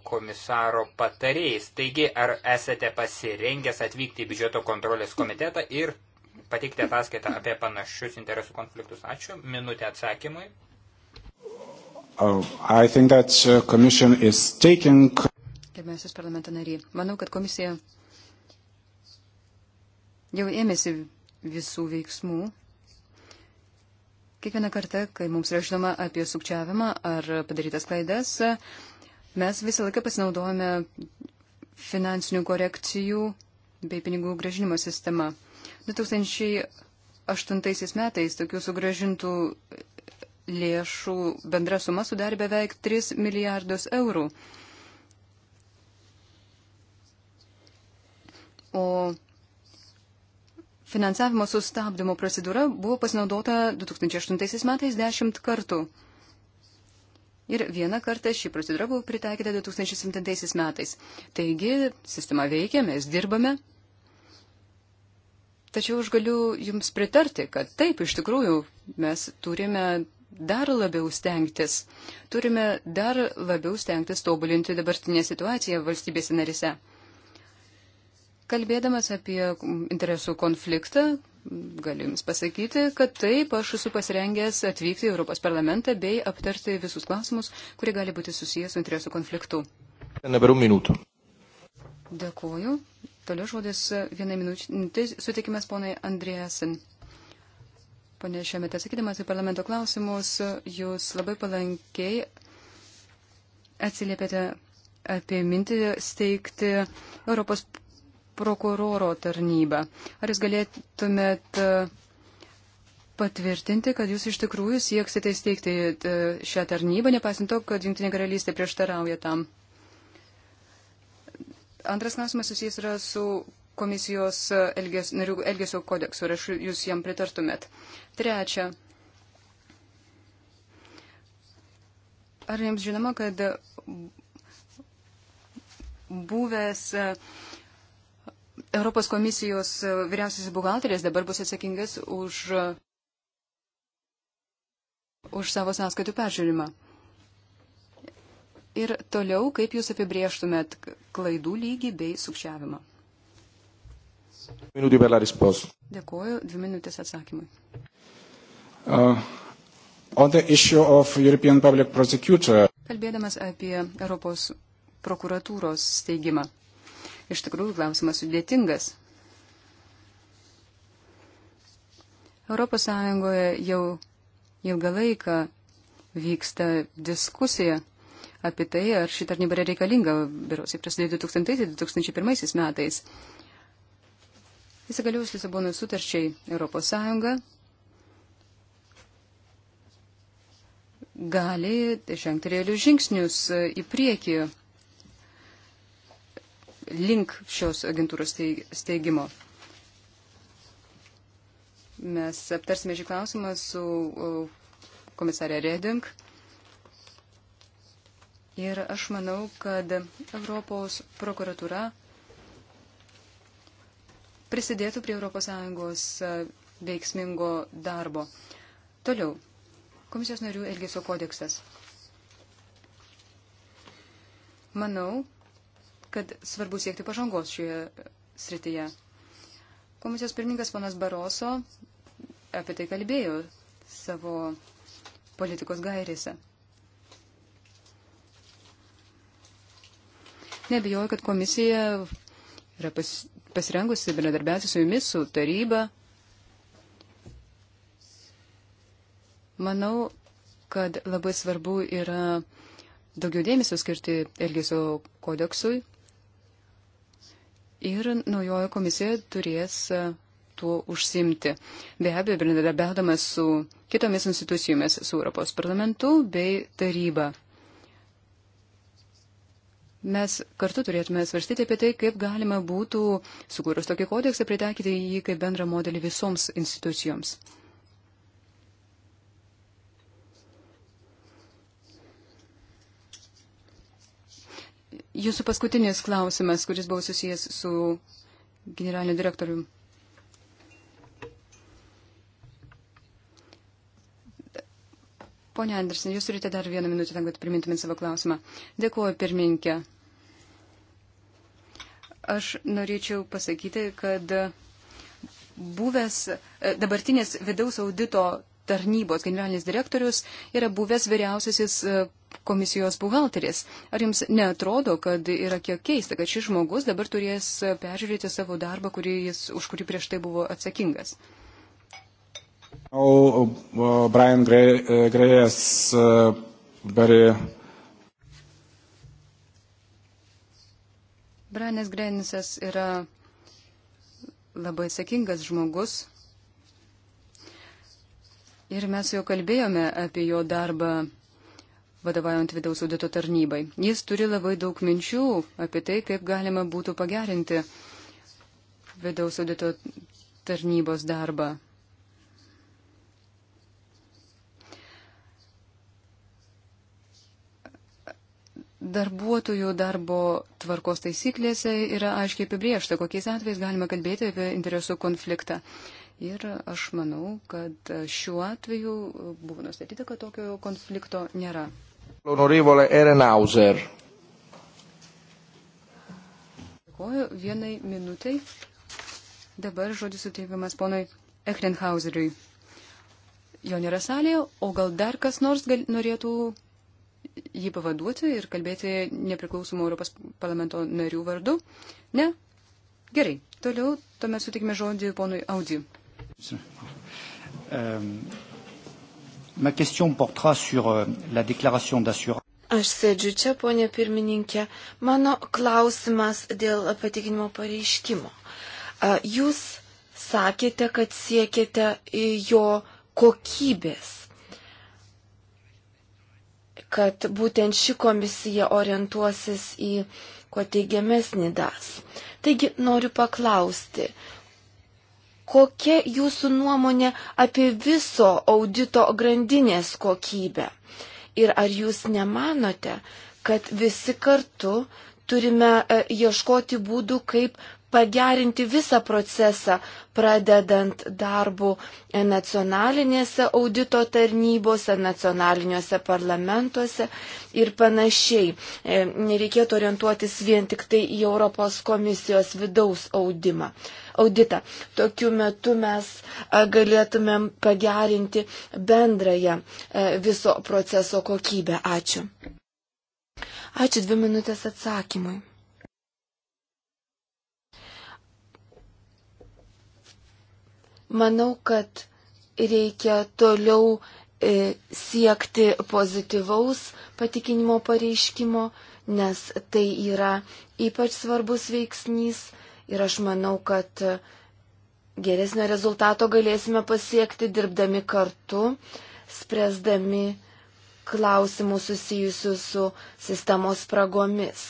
komisaro patarėjais. Taigi, ar esate pasirengęs atvykti į biudžeto kontrolės komitetą ir pateikti ataskaitą apie panašius interesų konfliktus? Ačiū. Minutė atsakymui. Oh, uh, taking... Gerbiamasis parlamento nariai, manau, kad komisija jau ėmėsi visų veiksmų Kiekvieną kartą, kai mums yra žinoma apie sukčiavimą ar padarytas klaidas, mes visą laiką pasinaudojame finansinių korekcijų bei pinigų gražinimo sistema. 2008 metais tokių sugražintų lėšų bendra suma sudarė beveik 3 milijardus eurų. O Finansavimo sustabdymo procedūra buvo pasinaudota 2008 metais dešimt kartų. Ir vieną kartą šį procedūrą buvo pritaikyta 2007 metais. Taigi, sistema veikia, mes dirbame. Tačiau aš galiu Jums pritarti, kad taip, iš tikrųjų, mes turime dar labiau stengtis. Turime dar labiau stengtis tobulinti dabartinę situaciją valstybėse narise. Kalbėdamas apie interesų konfliktą, galiu Jums pasakyti, kad taip, aš esu pasirengęs atvykti į Europos parlamentą bei aptarti visus klausimus, kurie gali būti susijęs su interesų konfliktu. Dėkuoju. Toliau žodis vienai minutė sutikimas ponai Andrėjasin. Pone Šemete, sakydamas į parlamento klausimus, jūs labai palankiai atsiliepėte apie mintį steigti Europos prokuroro tarnybą. Ar jūs galėtumėt e, patvirtinti, kad jūs iš tikrųjų sieksite įsteigti e, šią tarnybą, nepaisant to, kad Junktinė karalystė prieštarauja tam? Antras klausimas susijęs yra su komisijos e, elges, narių elgesio kodeksu ir aš jūs jam pritartumėt. Trečia. Ar jums žinoma, kad buvęs uh, Europos komisijos e, vyriausiasis buhalteris dabar bus atsakingas už, už savo sąskaitų peržiūrimą. Ir toliau, kaip jūs apibrieštumėt klaidų lygį bei sukčiavimą? Minutį per la risposta. Dėkuoju, dvi minutės atsakymui. Uh, Kalbėdamas apie Europos prokuratūros steigimą. Iš tikrųjų, klausimas sudėtingas. Europos Sąjungoje jau ilgą laiką vyksta diskusija apie tai, ar ši tarnyba yra reikalinga, biuros prasidėjo 2000-2001 metais. Įsigaliaus Lisabono sutarčiai Europos Sąjunga gali žengti realius žingsnius į priekį link šios agentūros steigimo. Mes aptarsime šį klausimą su komisarė Reding. Ir aš manau, kad Europos prokuratura prisidėtų prie ES veiksmingo darbo. Toliau. Komisijos narių elgesio kodeksas. Manau, kad svarbu siekti pažangos šioje srityje. Komisijos pirmininkas ponas Baroso apie tai kalbėjo savo politikos gairėse. Nebijoju, kad komisija yra pas, pasirengusi bendradarbiauti su jumis, su taryba. Manau, kad labai svarbu yra daugiau dėmesio skirti Elgesio kodeksui ir naujojo komisija turės e, tuo užsimti. Be abejo, bendradarbiaudamas su kitomis institucijomis, su Europos parlamentu bei taryba. Mes kartu turėtume svarstyti apie tai, kaip galima būtų, sukūrus tokį kodeksą, pritaikyti jį kaip bendrą modelį visoms institucijoms. Jūsų paskutinis klausimas, kuris buvo susijęs su generaliniu direktoriumi. Pone Andersen, jūs turite dar vieną minutę, tam, kad primintumėt savo klausimą. Dėkuoju, pirmininkė. Aš norėčiau pasakyti, kad buvęs e, dabartinės vidaus audito tarnybos generalinis direktorius yra buvęs vyriausiasis e, komisijos buhalteris. Ar jums netrodo, kad yra kiek keista, kad šis žmogus dabar turės peržiūrėti savo darbą, kurį jis, už kurį prieš tai buvo atsakingas? O, o Brian Grejas uh, very... Brianas Grenisas yra labai sakingas žmogus. Ir mes jau kalbėjome apie jo darbą vadovaujant vidaus audito tarnybai. Jis turi labai daug minčių apie tai, kaip galima būtų pagerinti vidaus audito tarnybos darbą. Darbuotojų darbo tvarkos taisyklėse yra aiškiai apibriešta, kokiais atvejais galima kalbėti apie interesų konfliktą. Ir aš manau, kad šiuo atveju buvo nustatyta, kad tokio konflikto nėra. L'onorevole Erenhauser. Dėkuoju vienai minutai. Dabar žodis suteikiamas ponui Ehrenhauseriui. Jo nėra salėje, o gal dar kas nors gal, norėtų jį pavaduoti ir kalbėti nepriklausomų Europos parlamento narių vardu? Ne? Gerai. Toliau tuomet sutikime žodį ponui Audi. Um, Ma question portera sur euh, la déclaration d'assurance. Aš sėdžiu čia, ponė pirmininkė. Mano klausimas dėl patikinimo pareiškimo. Jūs sakėte, kad siekėte e, jo kokybės, kad būtent ši komisija orientuosis į kuo teigiamesnį das. Taigi noriu paklausti, kokia jūsų nuomonė apie viso audito grandinės kokybę? Ir ar jūs nemanote, kad visi kartu turime e, ieškoti būdų, kaip pagerinti visą procesą, pradedant darbų e, nacionalinėse audito tarnybose, nacionaliniuose parlamentuose ir panašiai. E, nereikėtų orientuotis vien tik tai į Europos komisijos vidaus audimą auditą. Tokiu metu mes galėtumėm pagerinti bendrąją viso proceso kokybę. Ačiū. Ačiū dvi minutės atsakymui. Manau, kad reikia toliau e, siekti pozityvaus patikinimo pareiškimo, nes tai yra ypač svarbus veiksnys Ir aš manau, kad geresnio rezultato galėsime pasiekti dirbdami kartu, spręsdami klausimų susijusių su sistemos spragomis.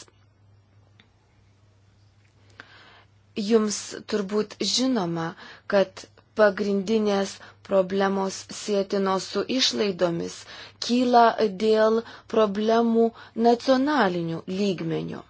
Jums turbūt žinoma, kad pagrindinės problemos sėtinos su išlaidomis kyla dėl problemų nacionalinių lygmenių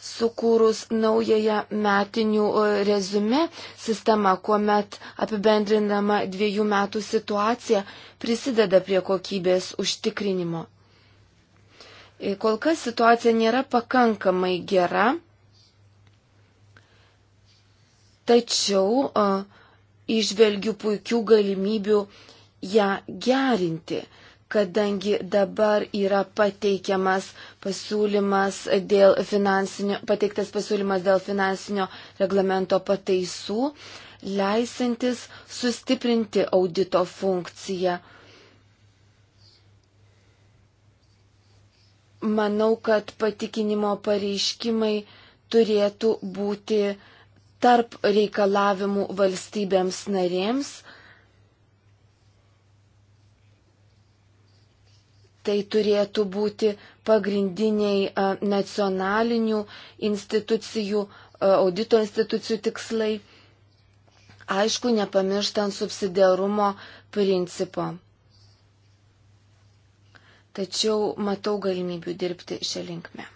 sukūrus naująją metinių e, rezume sistemą, kuomet apibendrinama dviejų metų situacija prisideda prie kokybės užtikrinimo. E, kol kas situacija nėra pakankamai gera, tačiau išvelgiu e, puikių galimybių ją gerinti kadangi dabar yra pateikiamas pasiūlymas dėl finansinio, pateiktas pasiūlymas dėl finansinio reglamento pataisų, leisintis sustiprinti audito funkciją. Manau, kad patikinimo pareiškimai turėtų būti tarp reikalavimų valstybėms narėms, tai turėtų būti pagrindiniai nacionalinių institucijų, audito institucijų tikslai, aišku, nepamirštant subsidiarumo principo. Tačiau matau galimybių dirbti šią linkmę.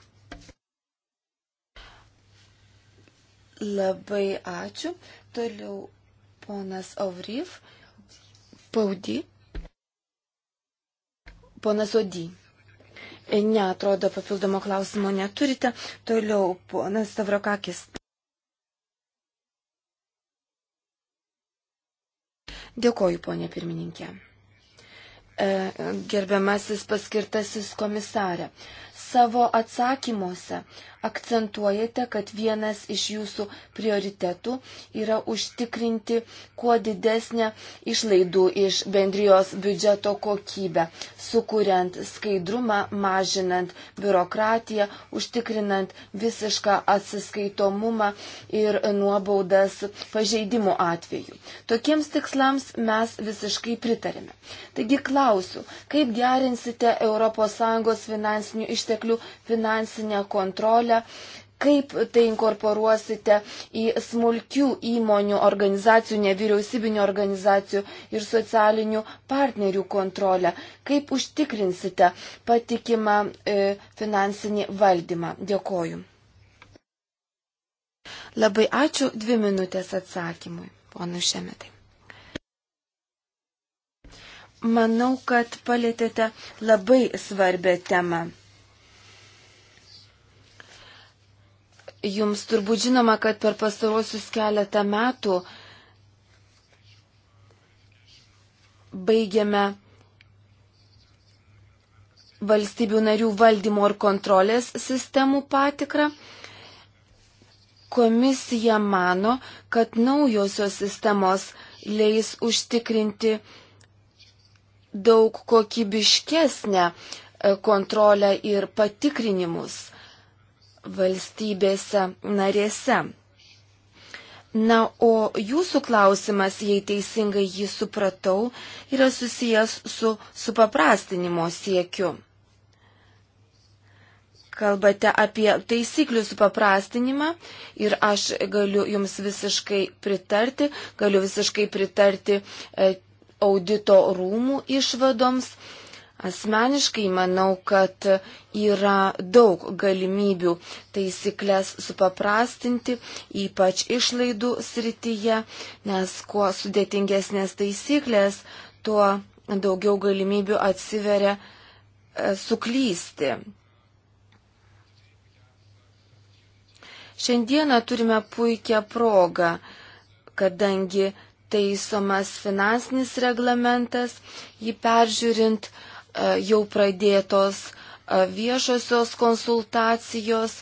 Labai ačiū. Toliau ponas Auryf, Paudy. Pona Zodį. E, ne, atrodo, papildomo klausimo neturite. Toliau, ponas Stavrokakis. Dėkoju, ponė pirmininkė. E, gerbiamasis paskirtasis komisarė. Savo atsakymuose akcentuojate, kad vienas iš jūsų prioritetų yra užtikrinti kuo didesnę išlaidų iš bendrijos biudžeto kokybę, sukuriant skaidrumą, mažinant biurokratiją, užtikrinant visišką atsiskaitomumą ir nuobaudas pažeidimų atveju. Tokiems tikslams mes visiškai pritarime. Taigi klausiu, kaip gerinsite ES finansinių išteklių? išteklių finansinę kontrolę, kaip tai inkorporuosite į smulkių įmonių, organizacijų, nevyriausybinių organizacijų ir socialinių partnerių kontrolę, kaip užtikrinsite patikimą e, finansinį valdymą. Dėkoju. Labai ačiū dvi minutės atsakymui, ponu Šemetai. Manau, kad palėtėte labai svarbę temą. Jums turbūt žinoma, kad per pastarosius keletą metų baigiame valstybių narių valdymo ir kontrolės sistemų patikrą. Komisija mano, kad naujosios sistemos leis užtikrinti daug kokybiškesnę e, kontrolę ir patikrinimus valstybėse narėse. Na, o jūsų klausimas, jei teisingai jį supratau, yra susijęs su supaprastinimo siekiu. Kalbate apie taisyklių supaprastinimą ir aš galiu jums visiškai pritarti, galiu visiškai pritarti e, audito rūmų išvadoms. E, Asmeniškai manau, kad yra daug galimybių taisyklės supaprastinti, ypač išlaidų srityje, nes kuo sudėtingesnės taisyklės, tuo daugiau galimybių atsiveria e, suklysti. Šiandieną turime puikią progą, kadangi taisomas finansinis reglamentas, jį peržiūrint, uh, E, jau pradėtos e, viešosios konsultacijos.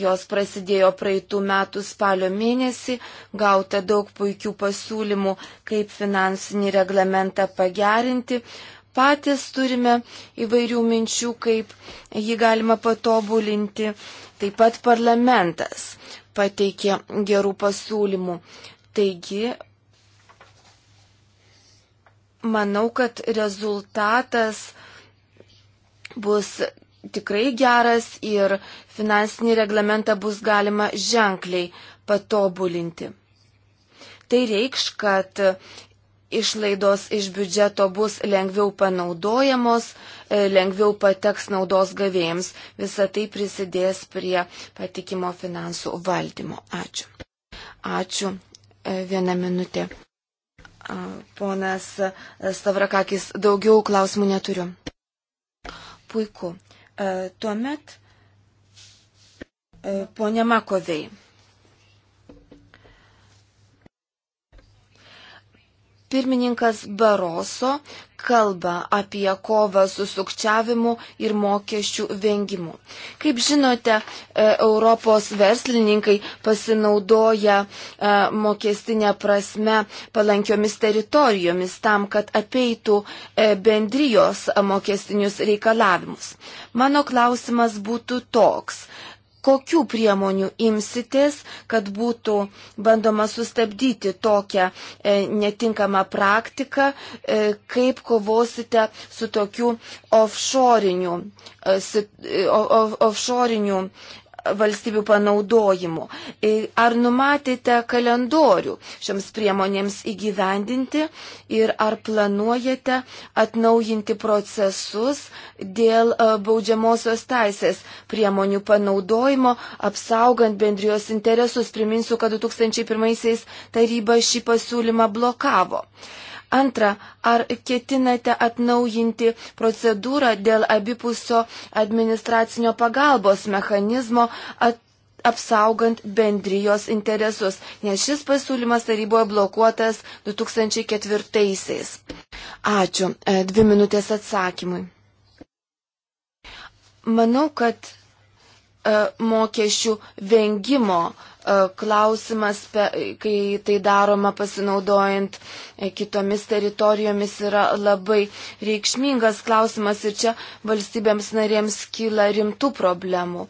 Jos prasidėjo praeitų metų spalio mėnesį, gauta daug puikių pasiūlymų, kaip finansinį reglamentą pagerinti. Patys turime įvairių minčių, kaip jį galima patobulinti. Taip pat parlamentas pateikė gerų pasiūlymų. Taigi manau, kad rezultatas bus tikrai geras ir finansinį reglamentą bus galima ženkliai patobulinti. Tai reikš, kad išlaidos iš biudžeto bus lengviau panaudojamos, e, lengviau pateks naudos gavėjams. Visa tai prisidės prie patikimo finansų valdymo. Ačiū. Ačiū. E, viena minutė. Ponas Stavrakakis, daugiau klausimų neturiu. Puiku. E, tuomet, e, ponė Makovei. Pirmininkas Baroso kalba apie kovą su sukčiavimu ir mokesčių vengimu. Kaip žinote, e, Europos verslininkai pasinaudoja e, mokestinę prasme palankiomis teritorijomis tam, kad apeitų e, bendrijos mokestinius reikalavimus. Mano klausimas būtų toks kokių priemonių imsitės, kad būtų bandoma sustabdyti tokią e, netinkamą praktiką, e, kaip kovosite su tokiu offshore'iniu e, e offshore valstybių panaudojimu. Ar numatėte kalendorių šioms priemonėms įgyvendinti ir ar planuojate atnaujinti procesus dėl e, baudžiamosios teisės priemonių panaudojimo, apsaugant bendrijos interesus? Priminsiu, kad 2001 taryba šį pasiūlymą blokavo. Uh, Antra, ar ketinate atnaujinti procedūrą dėl abipusio administracinio pagalbos mechanizmo at apsaugant bendrijos interesus, nes šis pasiūlymas taryboje blokuotas 2004-aisiais. Ačiū. E, dvi minutės atsakymui. Manau, kad e, mokesčių vengimo E, klausimas, kai tai daroma pasinaudojant e, kitomis teritorijomis, yra labai reikšmingas klausimas ir čia valstybėms narėms kyla rimtų problemų.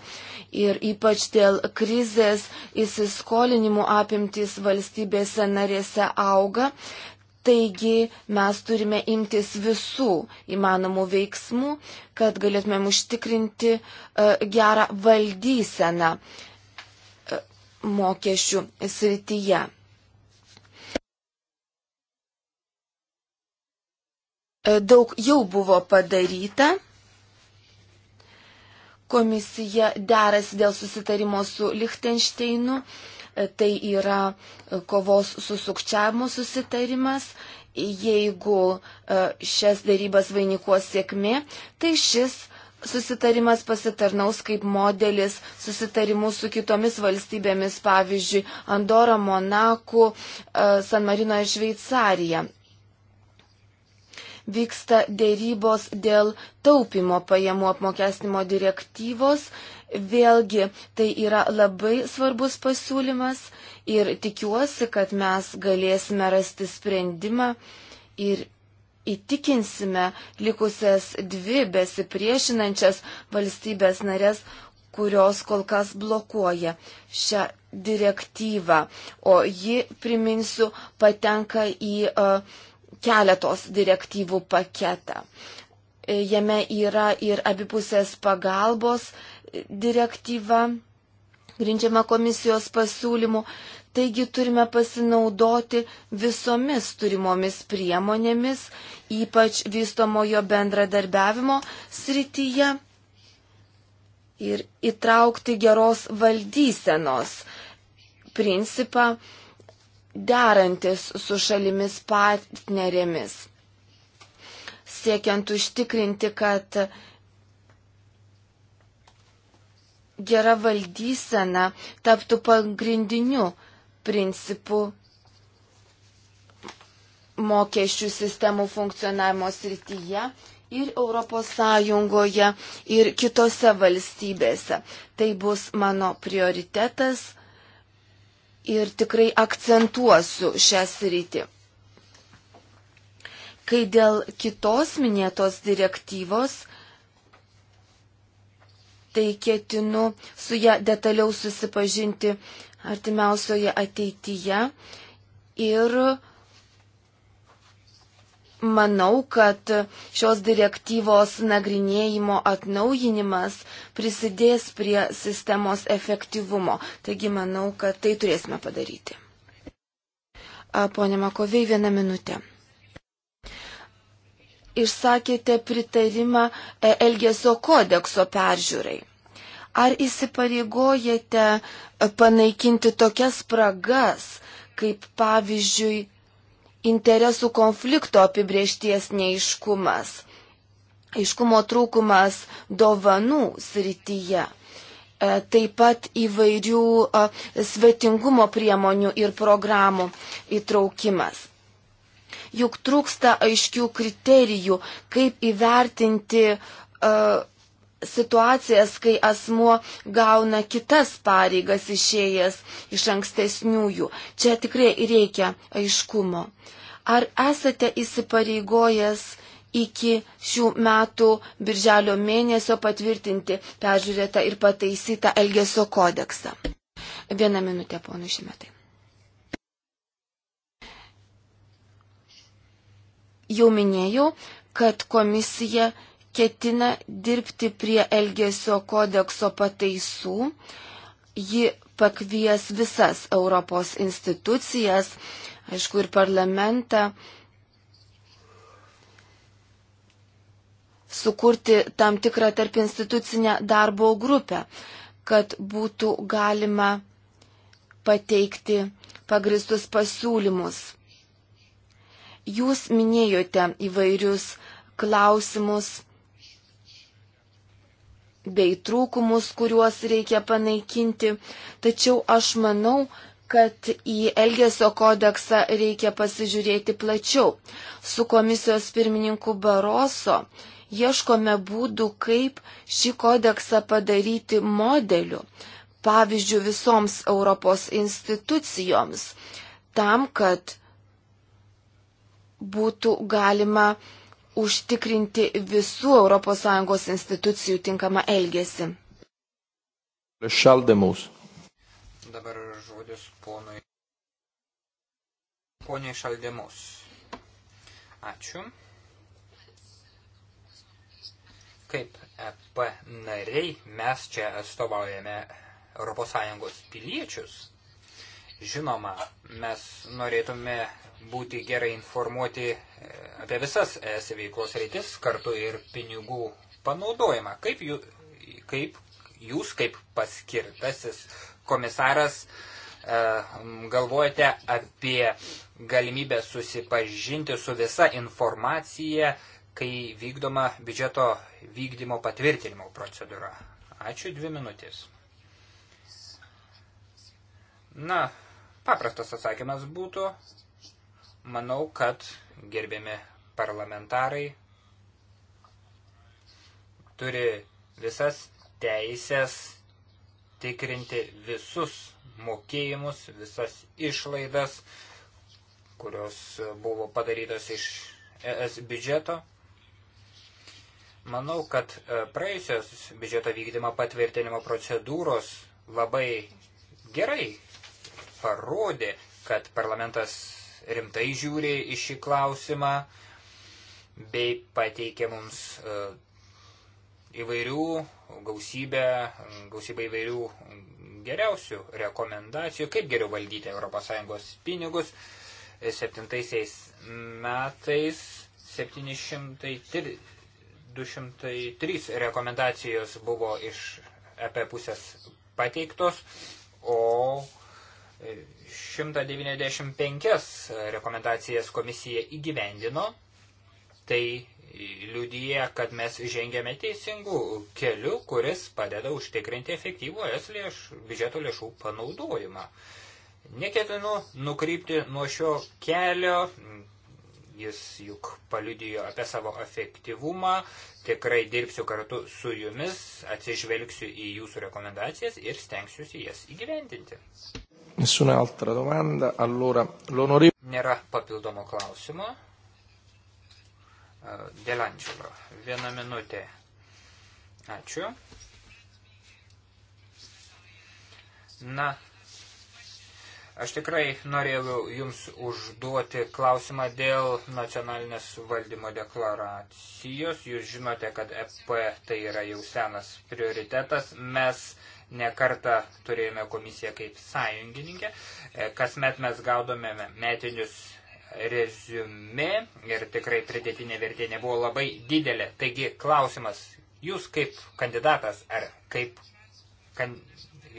Ir ypač dėl krizės įsiskolinimų apimtys valstybėse narėse auga. Taigi mes turime imtis visų įmanomų veiksmų, kad galėtumėm užtikrinti uh, gerą valdyseną uh, mokesčių srityje. E, daug jau buvo padaryta. Komisija derasi dėl susitarimo su Lichtensteinu. E, tai yra e, kovos su sukčiavimu susitarimas jeigu šias darybas vainikuos sėkmė, tai šis susitarimas pasitarnaus kaip modelis susitarimų su kitomis valstybėmis, pavyzdžiui, Andorą, Monaku, e, San Marino ir Šveicariją. Vyksta dėrybos dėl taupimo pajamų apmokestinimo direktyvos. Vėlgi, tai yra labai svarbus pasiūlymas ir tikiuosi, kad mes galėsime rasti sprendimą ir įtikinsime likusias dvi besipriešinančias valstybės narės, kurios kol kas blokuoja šią direktyvą. O ji, priminsiu, patenka į e, keletos direktyvų paketą. E, jame yra ir abipusės pagalbos direktyva, grindžiama komisijos pasiūlymu, Taigi turime pasinaudoti visomis turimomis priemonėmis, ypač vystomojo bendradarbiavimo srityje ir įtraukti geros valdysenos principą derantis su šalimis partnerėmis, siekiant užtikrinti, kad gera valdysena taptų pagrindiniu principų mokesčių sistemų funkcionavimo srityje ir ES ir kitose valstybėse. Tai bus mano prioritetas ir tikrai akcentuosiu šią sritį. Kai dėl kitos minėtos direktyvos, tai ketinu su ją detaliau susipažinti artimiausioje ateityje ir Manau, kad šios direktyvos nagrinėjimo atnaujinimas prisidės prie sistemos efektyvumo. Taigi manau, kad tai turėsime padaryti. Pone Makoviai, vieną minutę. Išsakėte pritarimą e, Elgesio kodekso peržiūrai. Ar įsipareigojate e, panaikinti tokias spragas, kaip pavyzdžiui interesų konflikto apibriešties neiškumas, aiškumo trūkumas dovanų srityje? E, taip pat įvairių e, svetingumo priemonių ir programų įtraukimas. Juk trūksta aiškių kriterijų, kaip įvertinti situacijas, kai asmuo gauna kitas pareigas išėjęs iš ankstesniųjų. Čia tikrai reikia aiškumo. Ar esate įsipareigojęs iki šių metų birželio mėnesio patvirtinti peržiūrėtą ir pataisytą Elgesio kodeksą? Vieną minutę, ponu Šimetai. Jau minėjau, kad komisija ketina dirbti prie Elgesio kodekso pataisų. Ji pakvies visas Europos institucijas, aišku, ir parlamentą sukurti tam tikrą tarp institucinę darbo grupę, kad būtų galima pateikti pagristus pasiūlymus. Jūs minėjote įvairius klausimus bei trūkumus, kuriuos reikia panaikinti. Tačiau aš manau, kad į Elgesio kodeksą reikia pasižiūrėti plačiau. Su komisijos pirmininku Baroso ieškome būdų, kaip šį kodeksą padaryti modeliu, pavyzdžiui, visoms Europos institucijoms, tam, kad būtų galima uh, užtikrinti visų ES institucijų tinkamą elgesį. Šaldemus. Dabar žodis ponui. Poniai Šaldemus. Ačiū. Kaip EP nariai mes čia atstovaujame ES piliečius Žinoma, mes norėtume būti gerai informuoti e, apie visas ES veiklos reitis, kartu ir pinigų panaudojimą. Kaip, jų, kaip jūs, kaip paskirtasis komisaras, e, galvojate apie galimybę susipažinti su visa informacija, kai vykdoma biudžeto vykdymo patvirtinimo procedūra. Ačiū dvi minutės. Na, Paprastas atsakymas būtų, manau, kad gerbiami parlamentarai turi visas teisės tikrinti visus mokėjimus, visas išlaidas, kurios buvo padarytos iš ES biudžeto. Manau, kad e, praėjusios biudžeto vykdymo patvirtinimo procedūros labai gerai parodė, kad parlamentas rimtai žiūri į šį klausimą bei pateikė mums e, įvairių gausybę, gausybę įvairių geriausių rekomendacijų, kaip geriau valdyti ES pinigus. Septintaisiais metais 700, 203 rekomendacijos buvo iš EP pusės pateiktos, o 195 rekomendacijas komisija įgyvendino, tai liudyje, kad mes žengėme teisingų kelių, kuris padeda užtikrinti efektyvų es lėš, biudžeto lėšų panaudojimą. Neketinu nukrypti nuo šio kelio, jis juk paliudijo apie savo efektyvumą, tikrai dirbsiu kartu su jumis, atsižvelgsiu į jūsų rekomendacijas ir stengsiuosi jas įgyvendinti. Nessuna altra domanda. Allora, l'onorevole. Nėra papildomo klausimo. E, Delančiulo. Viena minutė. Ačiū. Na, aš tikrai norėjau Jums užduoti klausimą dėl nacionalinės valdymo deklaracijos. Jūs žinote, kad EP tai yra jau senas prioritetas. Mes Nekartą turėjome komisiją kaip sąjungininkę. E, kasmet mes gaudome metinius rezumė ir tikrai pridėtinė vertė nebuvo labai didelė. Taigi klausimas, jūs kaip kandidatas ar kaip kan,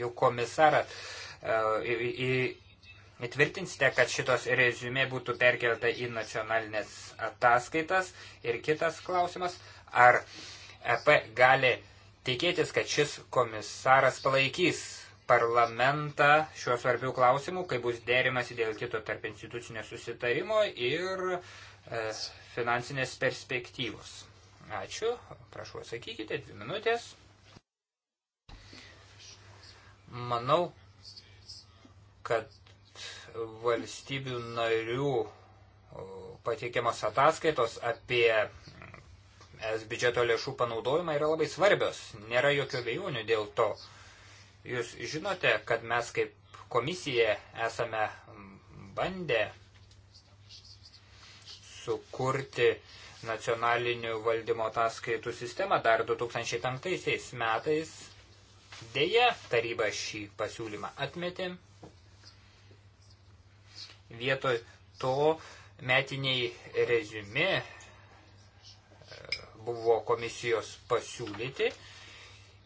jau komisaras e, į, į, įtvirtinsite, kad šitos rezumė būtų perkelta į nacionalinės ataskaitas. Ir kitas klausimas, ar EP gali tikėtis, kad šis komisaras palaikys parlamentą šiuo svarbių klausimų, kai bus derimasi dėl kito tarp institucinio susitarimo ir e, finansinės perspektyvos. Ačiū, prašau atsakykite, dvi minutės. Manau, kad valstybių narių pateikiamos ataskaitos apie es biudžeto lėšų panaudojimą yra labai svarbios. Nėra jokio vėjonių dėl to. Jūs žinote, kad mes kaip komisija esame bandę sukurti nacionalinių valdymo ataskaitų sistemą dar 2005 metais. Deja, taryba šį pasiūlymą atmetė. Vietoj to metiniai rezimi buvo komisijos pasiūlyti.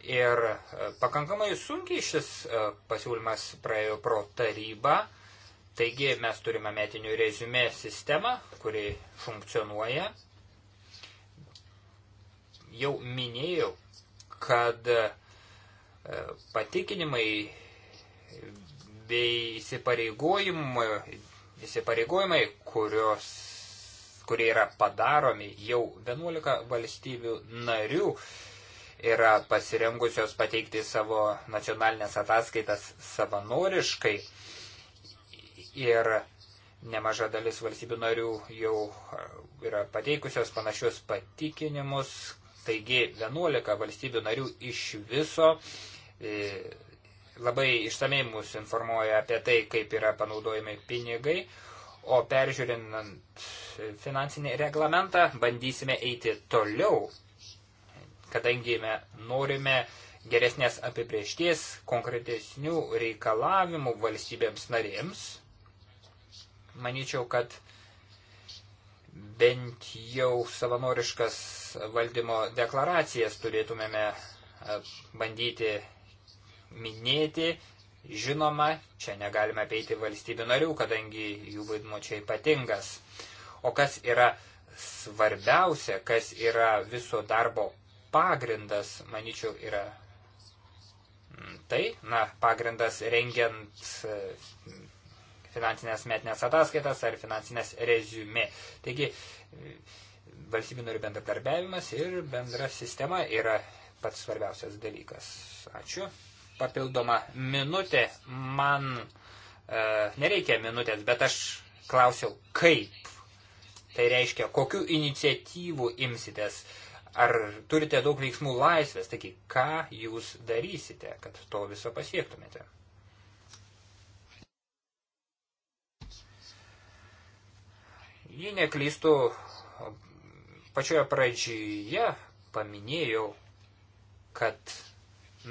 Ir e, pakankamai sunkiai šis e, pasiūlymas praėjo pro tarybą. Taigi mes turime metinių rezumė sistemą, kuri funkcionuoja. Jau minėjau, kad e, patikinimai bei įsipareigojimai, įsipareigojimai kurios kurie yra padaromi, jau 11 valstybių narių yra pasirengusios pateikti savo nacionalinės ataskaitas savanoriškai. Ir nemaža dalis valstybių narių jau yra pateikusios panašius patikinimus. Taigi 11 valstybių narių iš viso e, labai išsamei mus informuoja apie tai, kaip yra panaudojami pinigai, O peržiūrinant finansinį reglamentą, bandysime eiti toliau, kadangi norime geresnės apibriešties, konkretesnių reikalavimų valstybėms narėms. Manyčiau, kad bent jau savanoriškas valdymo deklaracijas turėtumėme bandyti minėti, Žinoma, čia negalime apeiti valstybių narių, kadangi jų vaidmuo čia ypatingas. O kas yra svarbiausia, kas yra viso darbo pagrindas, manyčiau, yra mm, tai, na, pagrindas rengiant e, finansinės metinės ataskaitas ar finansinės rezumė. Taigi, e, valstybių narių bendradarbiavimas ir bendra sistema yra pats svarbiausias dalykas. Ačiū papildomą minutę. Man e, nereikia minutės, bet aš klausiau, kaip. Tai reiškia, kokiu iniciatyvų imsitės. Ar turite daug veiksmų laisvės, taigi ką jūs darysite, kad to viso pasiektumėte? Jei neklystu, pačioje pradžioje paminėjau, kad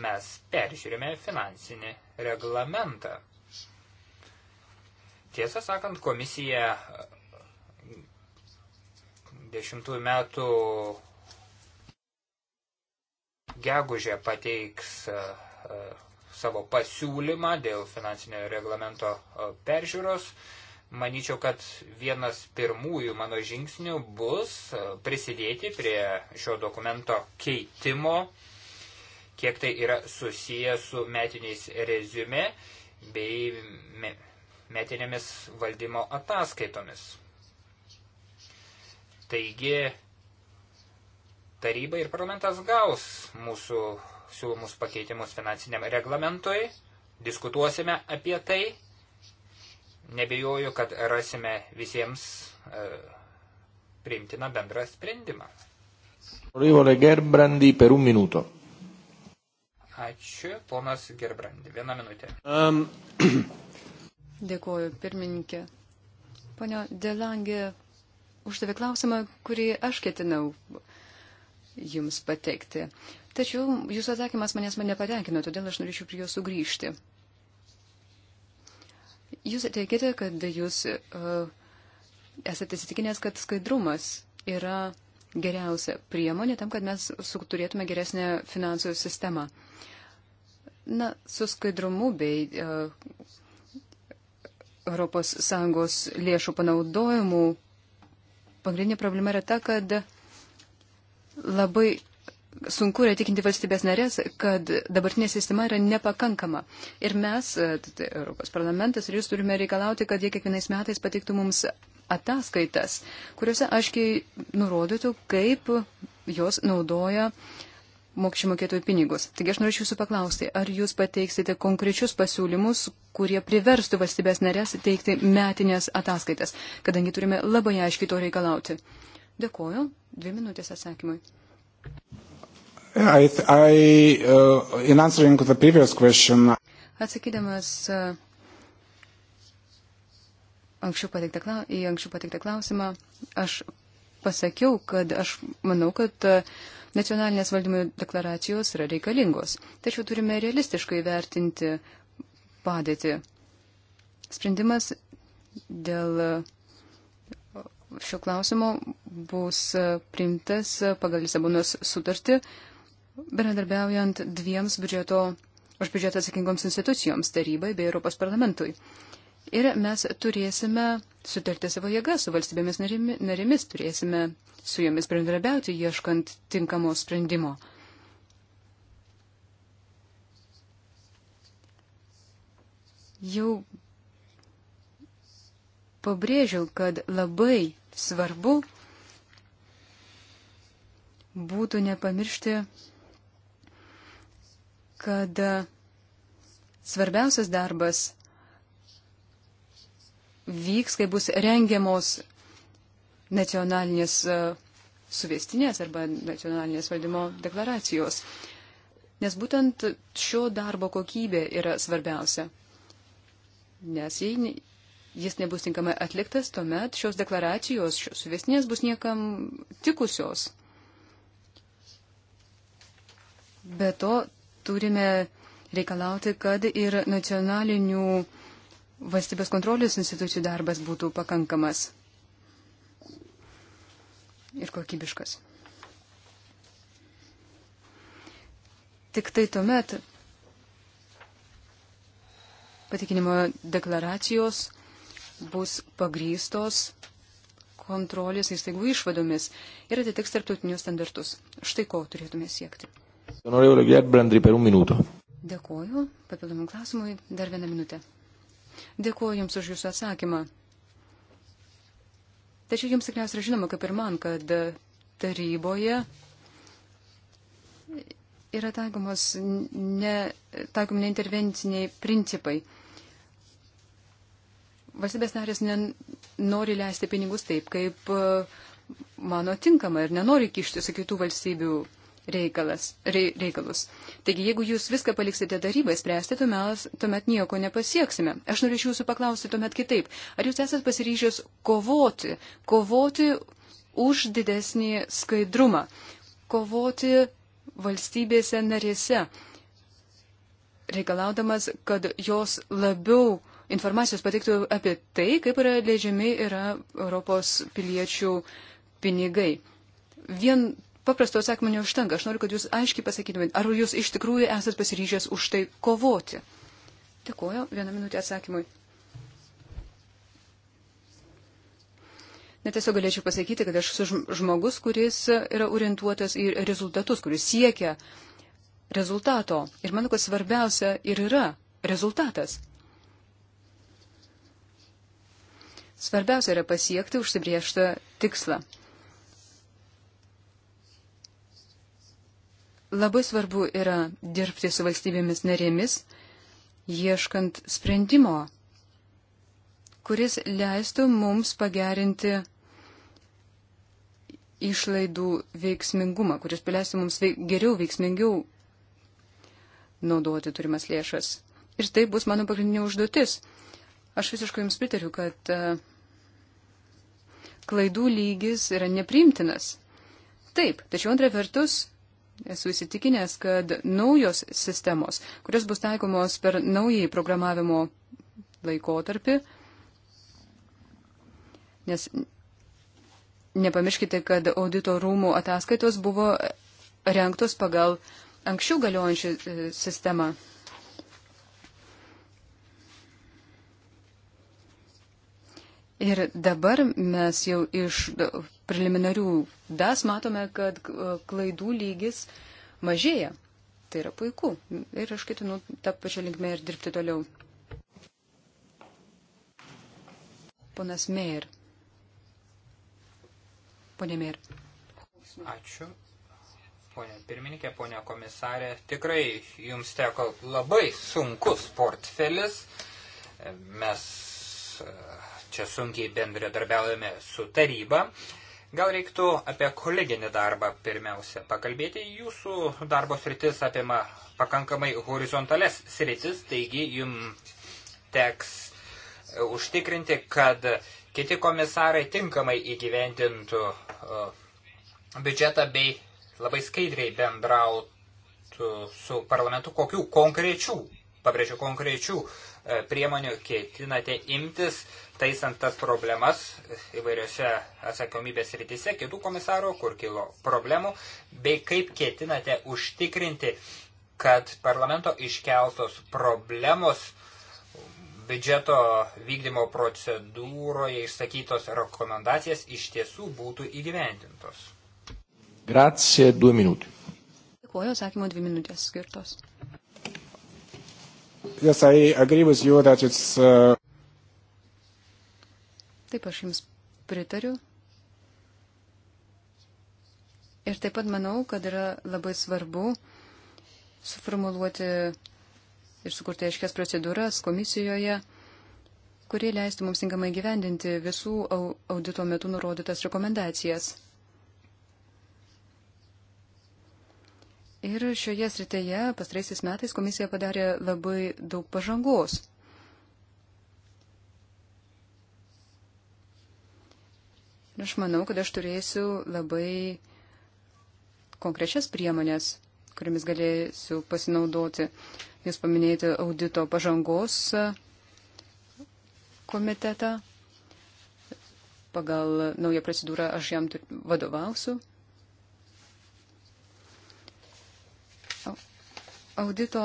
mes peržiūrime finansinį reglamentą. Tiesą sakant, komisija e, dešimtųjų metų gegužė pateiks e, e, savo pasiūlymą dėl finansinio reglamento peržiūros. Manyčiau, kad vienas pirmųjų mano žingsnių bus prisidėti prie šio dokumento keitimo kiek tai yra susiję su metiniais reziume bei metinėmis valdymo ataskaitomis. Taigi, taryba ir parlamentas gaus mūsų siūlomus pakeitimus finansiniam reglamentui, diskutuosime apie tai, nebejoju, kad rasime visiems e, priimtiną bendrą sprendimą. Onorevole Gerbrandi per un minuto. Ačiū, ponas Gerbrandi. Vieną minutę. Um. Dėkuoju, pirmininkė. Pone Delangė, uždavė klausimą, kurį aš ketinau jums pateikti. Tačiau jūsų atsakymas manęs mane patenkino, todėl aš norėčiau prie jo sugrįžti. Jūs teikite, kad jūs uh, esate įsitikinęs, kad skaidrumas yra geriausia priemonė tam, kad mes turėtume geresnę finansų sistemą. Uh, Na, su skaidrumu bei ES lėšų panaudojimu pagrindinė problema yra ta, kad labai sunku yra tikinti valstybės narės, kad dabartinė sistema yra nepakankama. Ir mes, tai Europos parlamentas ir jūs turime reikalauti, kad jie kiekvienais metais pateiktų mums ataskaitas, kuriuose aiškiai nurodytų, kaip jos naudoja uh, mokesčių mokėtojų pinigus. Taigi aš norėčiau jūsų paklausti, ar jūs pateiksite konkrečius pasiūlymus, kurie priverstų valstybės narės teikti metinės ataskaitas, kadangi turime labai aiškiai to reikalauti. Dėkuoju. Dvi minutės atsakymui. I, I, uh, question... Atsakydamas uh, anksčiau pateiktą, į anksčiau pateiktą klausimą, aš pasakiau, kad aš manau, kad uh, Nacionalinės valdymo deklaracijos yra reikalingos, tačiau turime realistiškai vertinti padėtį. Sprendimas dėl uh, šio klausimo bus uh, priimtas uh, pagal Lisabonos sutartį, bendradarbiaujant dviems biudžeto, už biudžetą atsakingoms institucijoms - tarybai bei Europos parlamentui. Ir mes turėsime sutelkti savo jėgas su valstybėmis narėmis, turėsime su jomis bendrabiauti, ieškant tinkamo sprendimo. Jau pabrėžiau, kad labai svarbu būtų nepamiršti, kad svarbiausias darbas vyks, kai bus rengiamos nacionalinės e, suvestinės arba nacionalinės valdymo deklaracijos. Nes būtent šio darbo kokybė yra svarbiausia. Nes jei jis nebus tinkamai atliktas, tuomet šios deklaracijos, šios suvestinės bus niekam tikusios. Be to turime reikalauti, kad ir nacionalinių valstybės kontrolės institucijų darbas būtų pakankamas ir kokybiškas. Tik tai tuomet patikinimo deklaracijos bus pagrystos kontrolės įstaigų išvadomis ir atitiks tarptautinius standartus. Štai ko turėtume siekti. Dėkuoju. Papildomam klausimui dar vieną minutę. Dėkuoju Jums už Jūsų atsakymą. Tačiau Jums tikriausiai žinoma, kaip ir man, kad taryboje yra taikomos ne, taikomi neintervenciniai principai. Valstybės narės nori leisti pinigus taip, kaip e, mano tinkama ir nenori kištis į kitų valstybių reikalas, re, reikalus. Taigi, jeigu jūs viską paliksite tarybai spręsti, tuomet, tuomet nieko nepasieksime. Aš norėčiau jūsų paklausti tuomet kitaip. Ar jūs esat pasiryžęs kovoti, kovoti už didesnį skaidrumą, kovoti valstybėse narėse, reikalaudamas, kad jos labiau informacijos pateiktų apie tai, kaip yra leidžiami yra Europos piliečių pinigai. Vien paprasto atsakymo neužtenka. Aš noriu, kad jūs aiškiai pasakytumėt, ar jūs iš tikrųjų esat pasiryžęs už tai kovoti. Dėkuoju, vieną minutę atsakymui. Netiesiog galėčiau pasakyti, kad aš esu žmogus, kuris yra orientuotas į rezultatus, kuris siekia rezultato. Ir manau, kad svarbiausia ir yra rezultatas. Svarbiausia yra pasiekti užsibriežtą tikslą. Labai svarbu yra dirbti su valstybėmis narėmis, ieškant sprendimo, kuris leistų mums pagerinti išlaidų veiksmingumą, kuris leistų mums veik, geriau, veiksmingiau naudoti turimas lėšas. Ir tai bus mano pagrindinė užduotis. Aš visiškai Jums pritariu, kad e, klaidų lygis yra neprimtinas. Taip, tačiau antra vertus, Esu įsitikinęs, kad naujos sistemos, kurios bus taikomos per naująjį programavimo laikotarpį, nes nepamirškite, kad audito rūmų ataskaitos buvo renktos pagal anksčiau galiojančią e, sistemą. Ir dabar mes jau iš preliminarių das matome, kad klaidų lygis mažėja. Tai yra puiku. Ir aš ketinu tą pačią linkmę ir dirbti toliau. Ponas Meir. Pone Meir. Ačiū. Pone pirmininkė, pone komisarė, tikrai jums teko labai sunkus portfelis. Mes čia sunkiai bendradarbiaujame su taryba. Gal reiktų apie koleginį darbą pirmiausia pakalbėti. Jūsų darbo sritis apima pakankamai horizontales sritis, taigi jums teks e, užtikrinti, kad kiti komisarai tinkamai įgyvendintų e, biudžetą bei labai skaidriai bendrautų su parlamentu, kokių konkrečių, pabrėžiu konkrečių E, priemonių ketinate imtis, taisant tas problemas įvairiose atsakomybės rytise kitų komisarų, kur kilo problemų, bei kaip ketinate užtikrinti, kad parlamento iškeltos problemos biudžeto vykdymo procedūroje išsakytos rekomendacijas iš tiesų būtų įgyvendintos. Grazie, du minutį. Dėkuoju, atsakymo dvi minutės skirtos yes, I agree with you that it's. Uh... Taip, aš jums pritariu. Ir taip pat manau, kad yra labai svarbu suformuluoti ir sukurti aiškias procedūras komisijoje, kurie leistų mums tinkamai gyvendinti visų audito metu nurodytas rekomendacijas. Ir šioje srityje pastraisiais metais komisija padarė labai daug pažangos. Ir aš manau, kad aš turėsiu labai konkrečias priemonės, kuriamis galėsiu pasinaudoti. Jūs paminėjote audito pažangos komitetą. Pagal naują procedūrą aš jam vadovausiu. Audito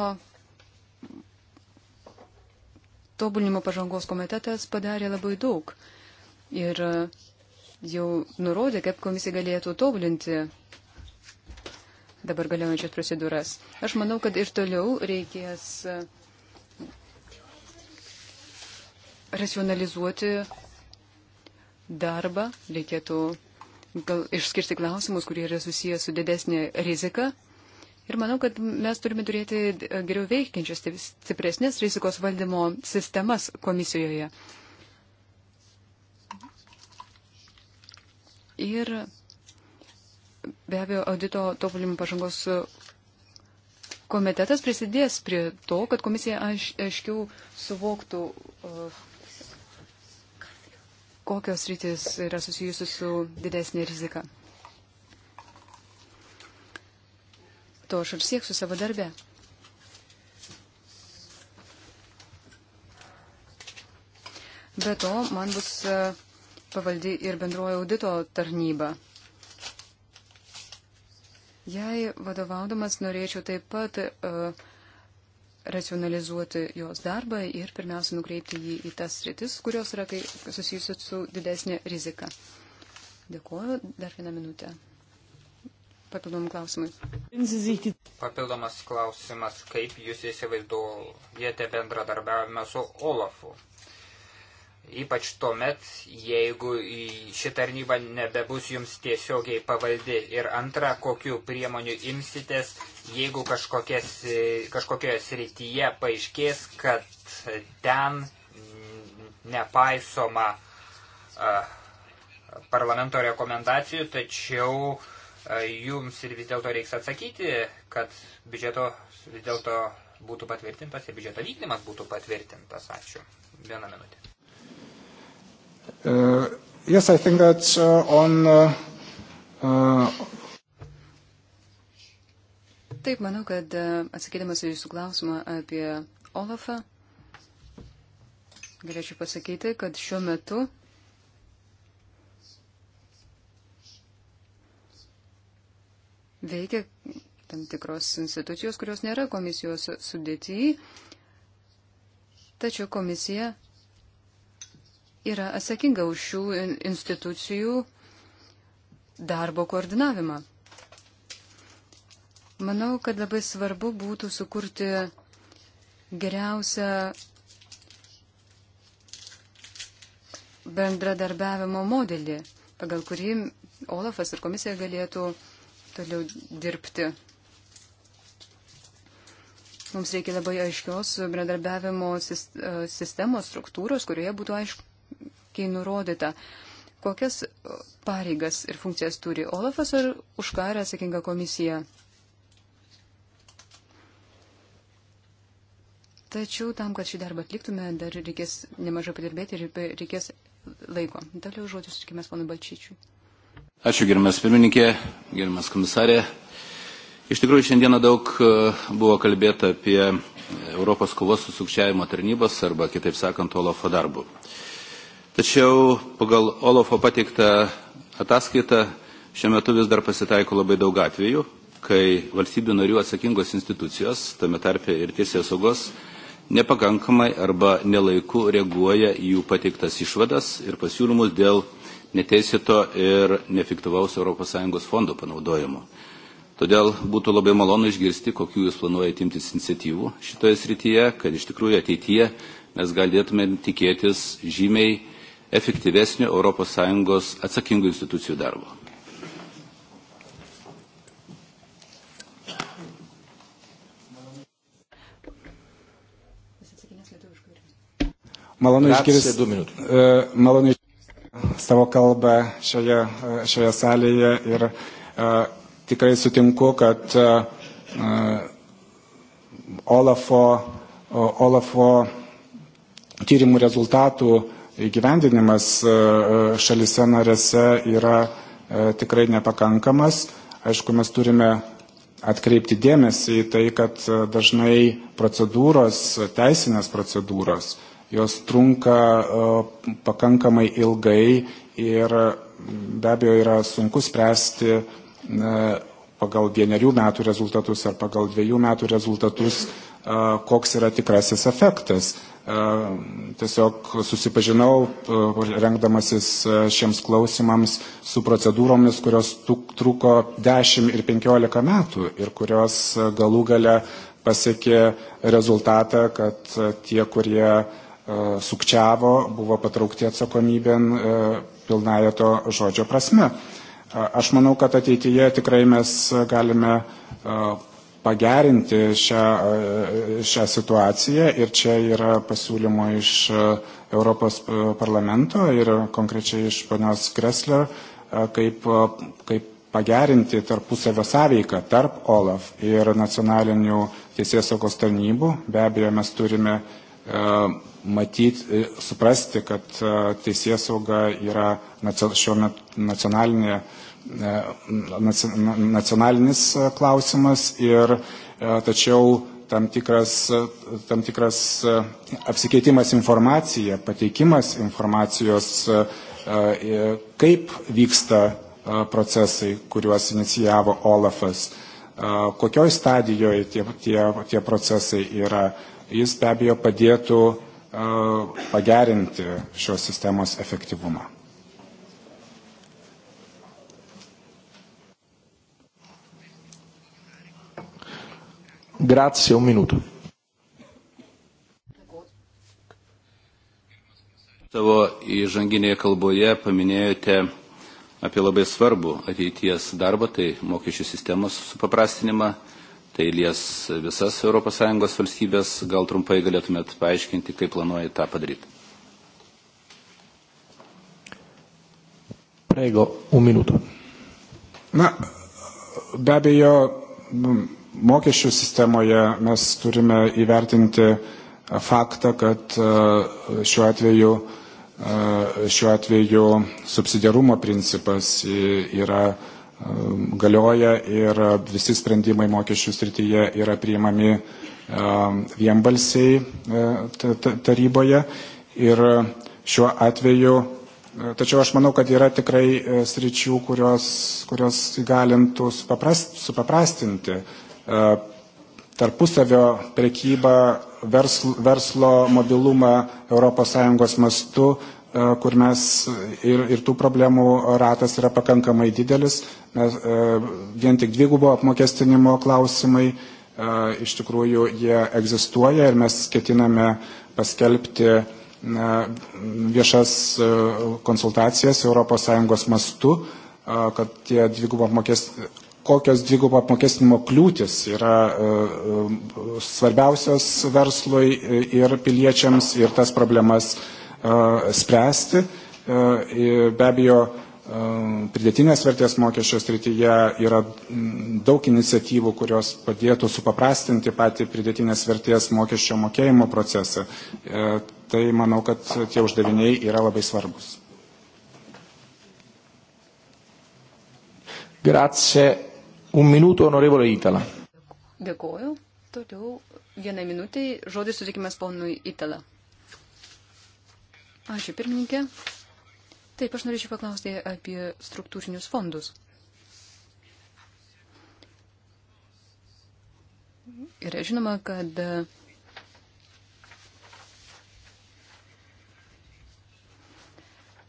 tobulinimo pažangos komitetas padarė labai daug ir jau nurodė, kaip komisija galėtų tobulinti dabar galiojančias procedūras. Aš manau, kad ir toliau reikės racionalizuoti darbą, reikėtų gal išskirti klausimus, kurie yra susijęs su didesnė rizika Ir manau, kad mes turime turėti e, geriau veikiančias, stipresnės rizikos valdymo sistemas komisijoje. Ir be abejo, audito tobulimų pažangos komitetas prisidės prie to, kad komisija aiš, aiškiau suvoktų, e, kokios rytis yra susijusi su didesnė rizika. To aš ir sieksiu savo darbę. Be to, man bus e, pavaldi ir bendrojo audito tarnyba. Jei vadovaudamas norėčiau taip pat uh, racionalizuoti jos darbą ir pirmiausia nukreipti jį į tas sritis, kurios yra susijusios su didesnė rizika. Dėkuoju, dar vieną minutę papildomam klausimui. Papildomas klausimas, kaip jūs įsivaizduojate bendradarbiavimą su Olafu? Ypač tuomet, jeigu ši tarnyba nebebus jums tiesiogiai pavaldi. Ir antra, kokiu priemonių imsitės, jeigu kažkokioje srityje paaiškės, kad ten nepaisoma uh, parlamento rekomendacijų, tačiau uh, jums ir vis dėlto reiks atsakyti, kad biudžeto vis dėlto būtų patvirtintas ir biudžeto vykdymas būtų patvirtintas. Ačiū. Vieną minutę. Uh, yes, I think that uh, on. Uh, uh, Taip, manau, kad uh, atsakydamas į jūsų klausimą apie Olafą, galėčiau pasakyti, kad šiuo metu veikia tam tikros institucijos, kurios nėra komisijos sudėtyje, tačiau komisija yra atsakinga už šių institucijų darbo koordinavimą. Manau, kad labai svarbu būtų sukurti geriausią bendradarbiavimo modelį, pagal kurį Olafas ir komisija galėtų uh, toliau dirbti. Mums reikia labai aiškios bendradarbiavimo e, sistemos struktūros, kurioje būtų aiškiai nurodyta, kokias e, pareigas ir funkcijas turi Olafas ir už ką yra atsakinga komisija. Tačiau tam, kad šį darbą atliktume, dar reikės nemažai padirbėti ir reikės laiko. Toliau žodžius tikimės ponui Balčyčiui. Ačiū, gerbiamas pirmininkė, gerbiamas komisarė. Iš tikrųjų, šiandieną daug e, buvo kalbėta apie Europos kovos su sukčiavimo tarnybos arba, kitaip sakant, Olofo darbų. Tačiau pagal Olofo pateiktą ataskaitą šiuo metu vis dar pasitaiko labai daug atvejų, kai valstybių narių atsakingos institucijos, tame tarpe ir tiesės saugos, nepakankamai arba nelaiku reaguoja į jų pateiktas išvadas ir pasiūlymus dėl neteisėto ir neefektyvaus ES fondo panaudojimo. Todėl būtų labai malonu išgirsti, kokiu jūs planuojate imtis iniciatyvų šitoje srityje, kad iš tikrųjų ateityje mes galėtume tikėtis žymiai efektyvesnio ES atsakingų institucijų darbo. Malonu išgirsti. E, malonu išgirsti savo kalbą šioje, šioje salėje ir e, tikrai sutinku, kad e, Olafo, Olafo tyrimų rezultatų įgyvendinimas e, šalise narėse yra tikrai nepakankamas. Aišku, mes turime atkreipti dėmesį į tai, kad dažnai procedūros, teisinės procedūros, jos trunka e, pakankamai ilgai ir be abejo yra sunku spręsti e, pagal vienerių metų rezultatus ar pagal dviejų metų rezultatus, e, koks yra tikrasis efektas. Tiesiog susipažinau, rengdamasis šiems klausimams, su procedūromis, kurios truko 10 ir 15 metų ir kurios galų gale pasiekė rezultatą, kad tie, kurie E, sukčiavo, buvo patraukti atsakomybėn e, pilnaja to žodžio prasme. E, aš manau, kad ateityje tikrai mes galime pagerinti šią, šią situaciją ir čia yra pasiūlymo iš Europos parlamento ir konkrečiai iš ponios Gressler, kaip, kaip pagerinti tarpusavio sąveiką tarp OLAF ir nacionalinių teisėsaugos tarnybų. Be abejo, mes turime matyti, e, suprasti, kad e, teisės sauga yra šiuo metu nacionalinė, e, nacionalinis klausimas ir tačiau tam tikras, tam tikras apsikeitimas informacija, pateikimas informacijos, kaip vyksta procesai, kuriuos inicijavo Olafas, kokioj stadijoje tie, tie, tie procesai yra. Jis be abejo padėtų pagerinti šios sistemos efektyvumą. Grazie, un minuto. Savo įžanginėje kalboje paminėjote apie labai svarbų ateities darbą, tai mokesčių sistemos supaprastinimą. Tai lies visas ES valstybės. Gal trumpai galėtumėt paaiškinti, kaip planuoja tą padaryti. Prego, un minuto. Na, be abejo, mokesčių sistemoje mes turime įvertinti e, faktą, kad e, šiuo atveju, e, šiuo atveju subsidiarumo principas yra galioja ir visi sprendimai mokesčių srityje yra priimami ehm, vienbalsiai e, taryboje. Ir šiuo atveju, e, tačiau aš manau, kad yra tikrai e, sričių, kurios, kurios įgalintų supaprastinti tarpusavio prekybą, verslo mobilumą ES mastu E, kur mes ir, ir tų problemų ratas yra pakankamai didelis. Mes, e, vien tik dvigubo apmokestinimo klausimai e, iš tikrųjų jie egzistuoja ir mes ketiname paskelbti viešas konsultacijas ES mastu, kad tie dvigubo apmokestinimo kokios dvigubo apmokestinimo kliūtis yra svarbiausios verslui ir piliečiams ir tas problemas uh, spręsti. Be abejo, pridėtinės vertės mokesčio srityje yra daug iniciatyvų, kurios padėtų supaprastinti patį pridėtinės vertės mokesčio mokėjimo procesą. E, tai manau, kad tie uždaviniai yra labai svarbus. Grazie. Un minuto, onorevole Itala. Dėkuoju. Toliau vienai minutiai žodį sutikimas ponui Itala. Ačiū, pirmininkė. Taip, aš norėčiau paklausti apie struktūrinius fondus. Ir žinoma, kad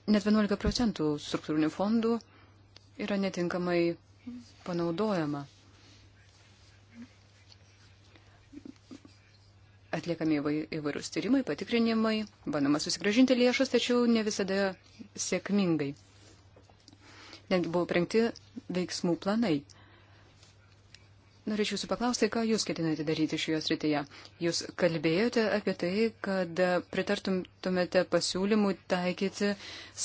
net 11 procentų struktūrinių fondų yra netinkamai panaudojama. atliekami įvairūs tyrimai, patikrinimai, bandoma susigražinti lėšas, tačiau ne visada sėkmingai. Netgi buvo prengti veiksmų planai. Norėčiau jūsų paklausti, ką jūs ketinate daryti šioje srityje. Jūs kalbėjote apie tai, kad pritartumėte pasiūlymų taikyti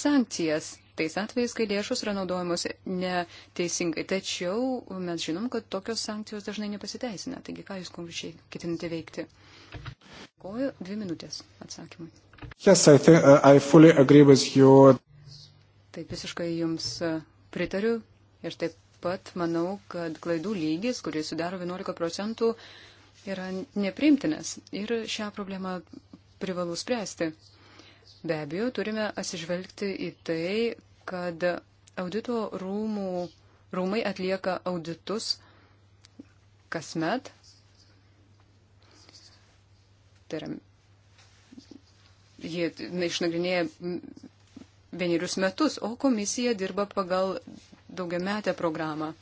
sankcijas tais atvejais, kai lėšos yra naudojamos neteisingai. Tačiau mes žinom, kad tokios sankcijos dažnai nepasiteisina. Taigi, ką jūs konkrečiai ketinate veikti? Uh, Koju dvi minutės atsakymui. Yes, I think, uh, I fully agree with you. Taip visiškai jums uh, pritariu ir taip pat manau, kad klaidų lygis, kuris sudaro 11 procentų, yra nepriimtinas ir šią problemą privalu spręsti. Be abejo, turime atsižvelgti į tai, kad audito rūmų, rūmai atlieka auditus kasmet Tai yra, jie išnagrinėja vienerius metus, o komisija dirba pagal daugiametę programą.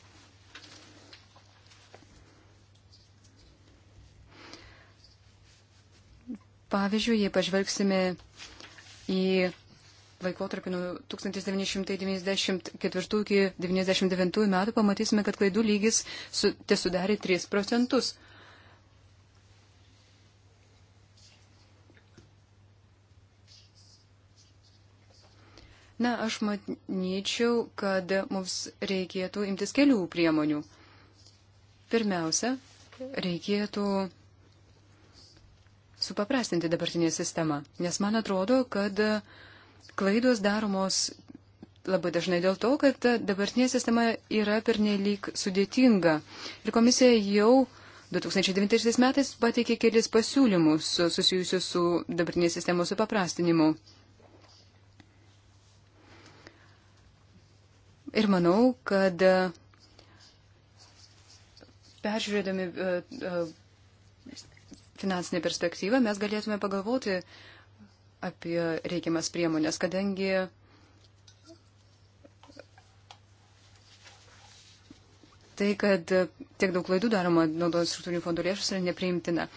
Pavyzdžiui, jei pažvelgsime į laikotarpį nuo 1994 iki 1999 metų, pamatysime, kad klaidų lygis su, te sudarė 3 procentus. Na, aš manyčiau, kad mums reikėtų imtis kelių priemonių. Pirmiausia, reikėtų supaprastinti dabartinę sistemą, nes man atrodo, kad klaidos daromos labai dažnai dėl to, kad dabartinė sistema yra pernelyg sudėtinga. Ir komisija jau 2009 metais pateikė kelis pasiūlymus susijusius su dabartinės sistemos supaprastinimu. Ir manau, kad e, peržiūrėdami e, e, finansinę perspektyvą mes galėtume pagalvoti apie reikiamas priemonės, kadangi tai, kad tiek daug klaidų daroma naudojant struktūrinių fondų lėšus, yra nepriimtina.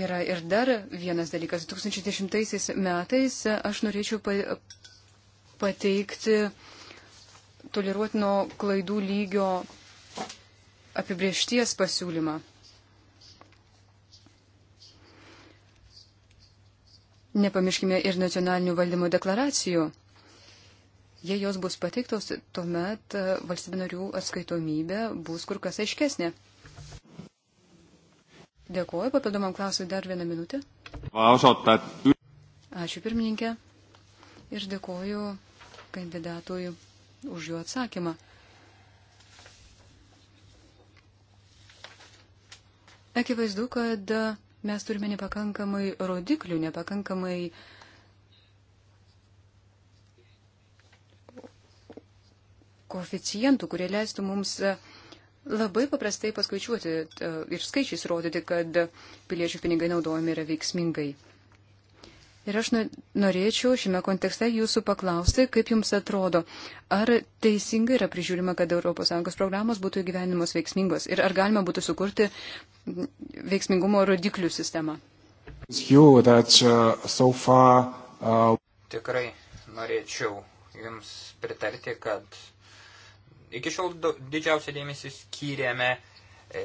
Yra ir dar vienas dalykas. 2010 metais aš norėčiau pateikti uh, toleruotino klaidų lygio apibriešties pasiūlymą. Nepamirškime ir nacionalinių valdymo deklaracijų. Jei jos bus pateiktos, tuomet e, valstybių narių atskaitomybė bus kur kas aiškesnė. Dėkuoju, papildomam klausui dar vieną minutę. Ačiū pirmininkė ir dėkuoju kandidatui už jo atsakymą. Akivaizdu, kad mes turime nepakankamai rodiklių, nepakankamai koficijantų, kurie leistų mums labai paprastai paskaičiuoti e, ir skaičiais rodyti, kad piliečių pinigai naudojami yra veiksmingai. Ir aš norėčiau šiame kontekste jūsų paklausti, kaip jums atrodo, ar teisingai yra prižiūrima, kad ES programos būtų įgyvenimos veiksmingos ir ar galima būtų sukurti veiksmingumo rodiklių sistemą. Uh, uh, Tikrai norėčiau Jums pritarti, kad iki šiol didžiausią dėmesį skyrėme e,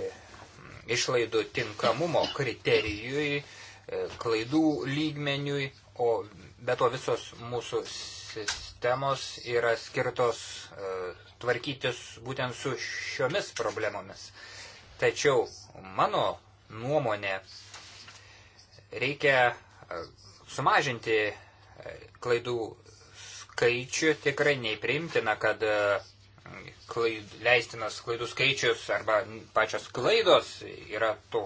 išlaidų tinkamumo kriterijui E, klaidų lygmeniui, o be to visos mūsų sistemos yra skirtos e, tvarkytis būtent su šiomis problemomis. Tačiau mano nuomonė reikia e, sumažinti klaidų skaičių, tikrai neįprimtina, kad klaid, leistinas klaidų skaičius arba pačios klaidos yra to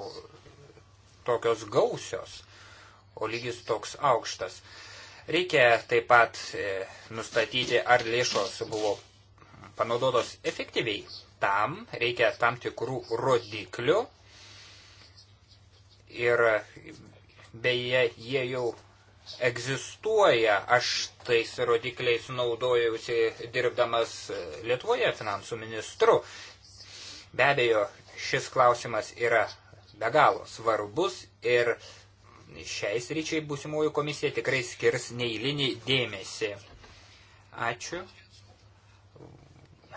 tokios gausios, o lygis toks aukštas. Reikia taip pat e, nustatyti, ar lėšos buvo panaudotos efektyviai. Tam reikia tam tikrų rodiklių ir beje, jie jau egzistuoja. Aš tais rodikliais naudojausi dirbdamas Lietuvoje finansų ministru. Be abejo, šis klausimas yra be galo svarbus ir šiais ryčiai būsimųjų komisija tikrai skirs neįlinį dėmesį. Ačiū.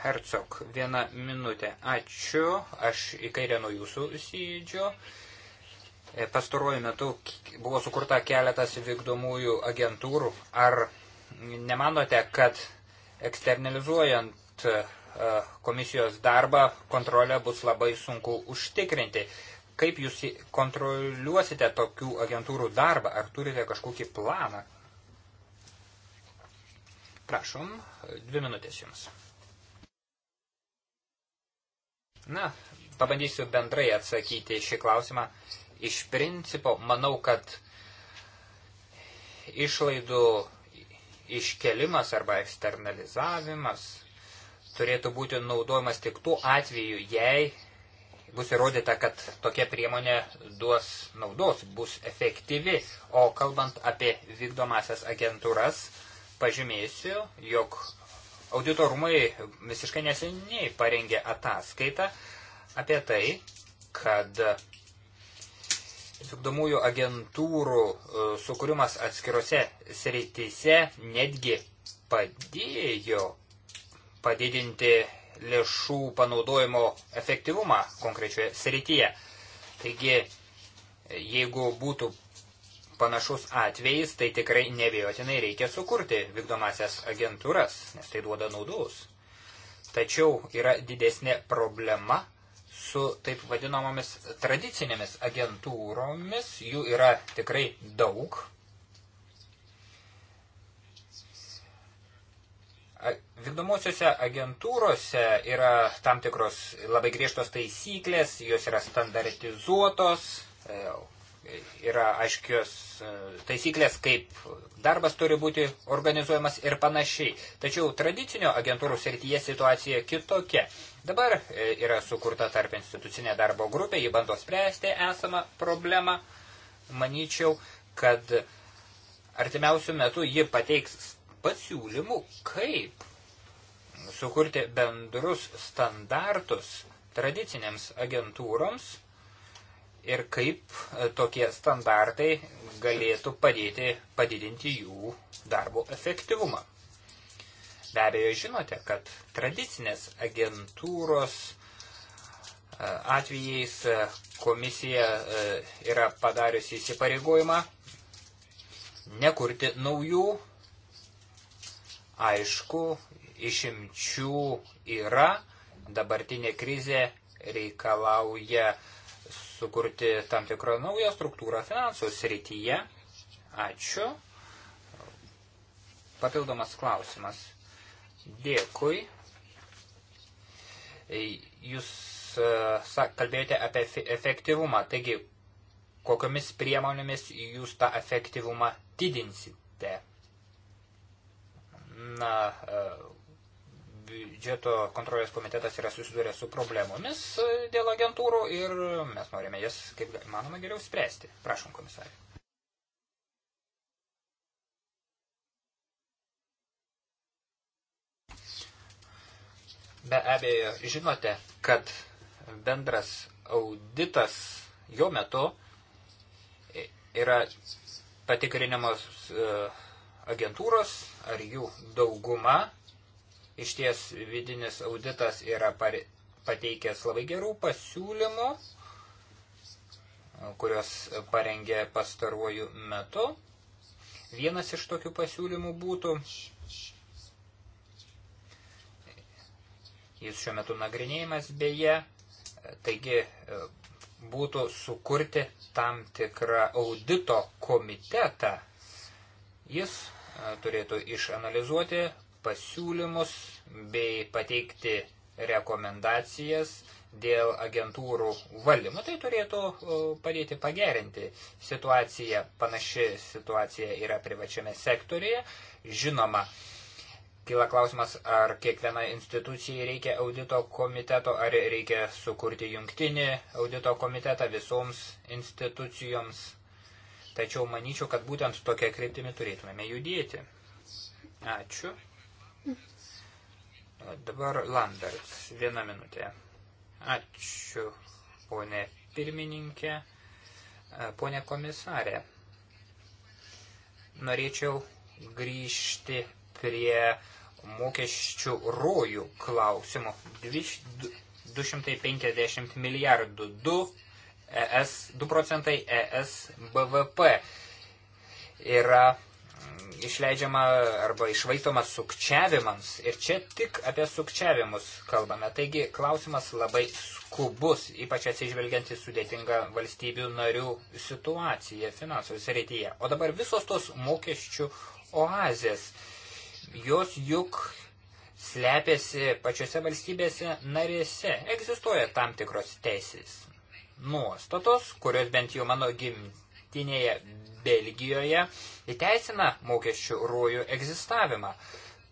Hercog, vieną minutę. Ačiū. Aš į kairę nuo jūsų sėdžiu. E, pastaruoju metu buvo sukurta keletas vykdomųjų agentūrų. Ar nemanote, kad eksternalizuojant e, komisijos darbą kontrolę bus labai sunku užtikrinti? Kaip jūs kontroliuosite tokių agentūrų darbą? Ar turite kažkokį planą? Prašom, dvi minutės jums. Na, pabandysiu bendrai atsakyti šį klausimą. Iš principo, manau, kad išlaidų iškelimas arba eksternalizavimas turėtų būti naudojamas tik tuo atveju, jei bus įrodyta, kad tokia priemonė duos naudos, bus efektyvi. O kalbant apie vykdomasias agentūras, pažymėsiu, jog auditorumai visiškai neseniai parengė ataskaitą apie tai, kad vykdomųjų agentūrų e, sukūrimas atskirose srityse netgi padėjo padidinti lėšų panaudojimo efektyvumą konkrečioje srityje. Taigi, jeigu būtų panašus atvejis, tai tikrai nebejotinai reikia sukurti vykdomasias agentūras, nes tai duoda naudos. Tačiau yra didesnė problema su taip vadinamomis tradicinėmis agentūromis, jų yra tikrai daug, Vykdomosiuose agentūrose yra tam tikros labai griežtos taisyklės, jos yra standartizuotos, e, yra aiškios e, taisyklės, kaip darbas turi būti organizuojamas ir panašiai. Tačiau tradicinio agentūrų srityje situacija kitokia. Dabar e, yra sukurta tarp institucinė darbo grupė, ji bando spręsti esamą problemą. Manyčiau, kad artimiausių metų ji pateiks pasiūlymų, kaip sukurti bendrus standartus tradiciniams agentūroms ir kaip e, tokie standartai galėtų padėti padidinti jų darbo efektyvumą. Be abejo, žinote, kad tradicinės agentūros e, atvejais e, komisija yra padariusi įsipareigojimą nekurti naujų Aišku, išimčių yra, dabartinė krizė reikalauja sukurti tam tikrą naują struktūrą finansų srityje. Ačiū. Papildomas klausimas. Dėkui. Jūs e, kalbėjote apie efektyvumą. Taigi, kokiomis priemonėmis jūs tą efektyvumą didinsite? na, e, biudžeto kontrolės komitetas yra susidūrę su problemomis e, dėl agentūrų ir mes norime jas kaip manoma geriau spręsti. Prašom, komisarė. Be abejo, žinote, kad bendras auditas jo metu yra patikrinamos uh, e, agentūros ar jų dauguma. Iš ties vidinis auditas yra pateikęs labai gerų pasiūlymų, kurios parengė pastaruoju metu. Vienas iš tokių pasiūlymų būtų, jis šiuo metu nagrinėjimas beje, taigi e, būtų sukurti tam tikrą audito komitetą. Jis turėtų išanalizuoti pasiūlymus bei pateikti rekomendacijas dėl agentūrų valdymo. Tai turėtų padėti pagerinti situaciją. Panaši situacija yra privačiame sektorėje. Žinoma, kyla klausimas, ar kiekvienai institucijai reikia audito komiteto, ar reikia sukurti jungtinį audito komitetą visoms institucijoms. Tačiau manyčiau, kad būtent tokia kryptimi turėtumėme judėti. Ačiū. Dabar Lamberts. Vieną minutę. Ačiū, ponė pirmininkė, ponė komisarė. Norėčiau grįžti prie mokesčių rojų klausimų. 250 milijardų 2 ES 2 procentai ES BVP yra mm, išleidžiama arba išvaistoma sukčiavimams. Ir čia tik apie sukčiavimus kalbame. Taigi klausimas labai skubus, ypač atsižvelgiant į sudėtingą valstybių narių situaciją finansų srityje. O dabar visos tos mokesčių oazės, jos juk slepiasi pačiose valstybėse narėse. Egzistuoja tam tikros teisės nuostatos, kurios bent jau mano gimtinėje Belgijoje įteisina mokesčių rojų egzistavimą.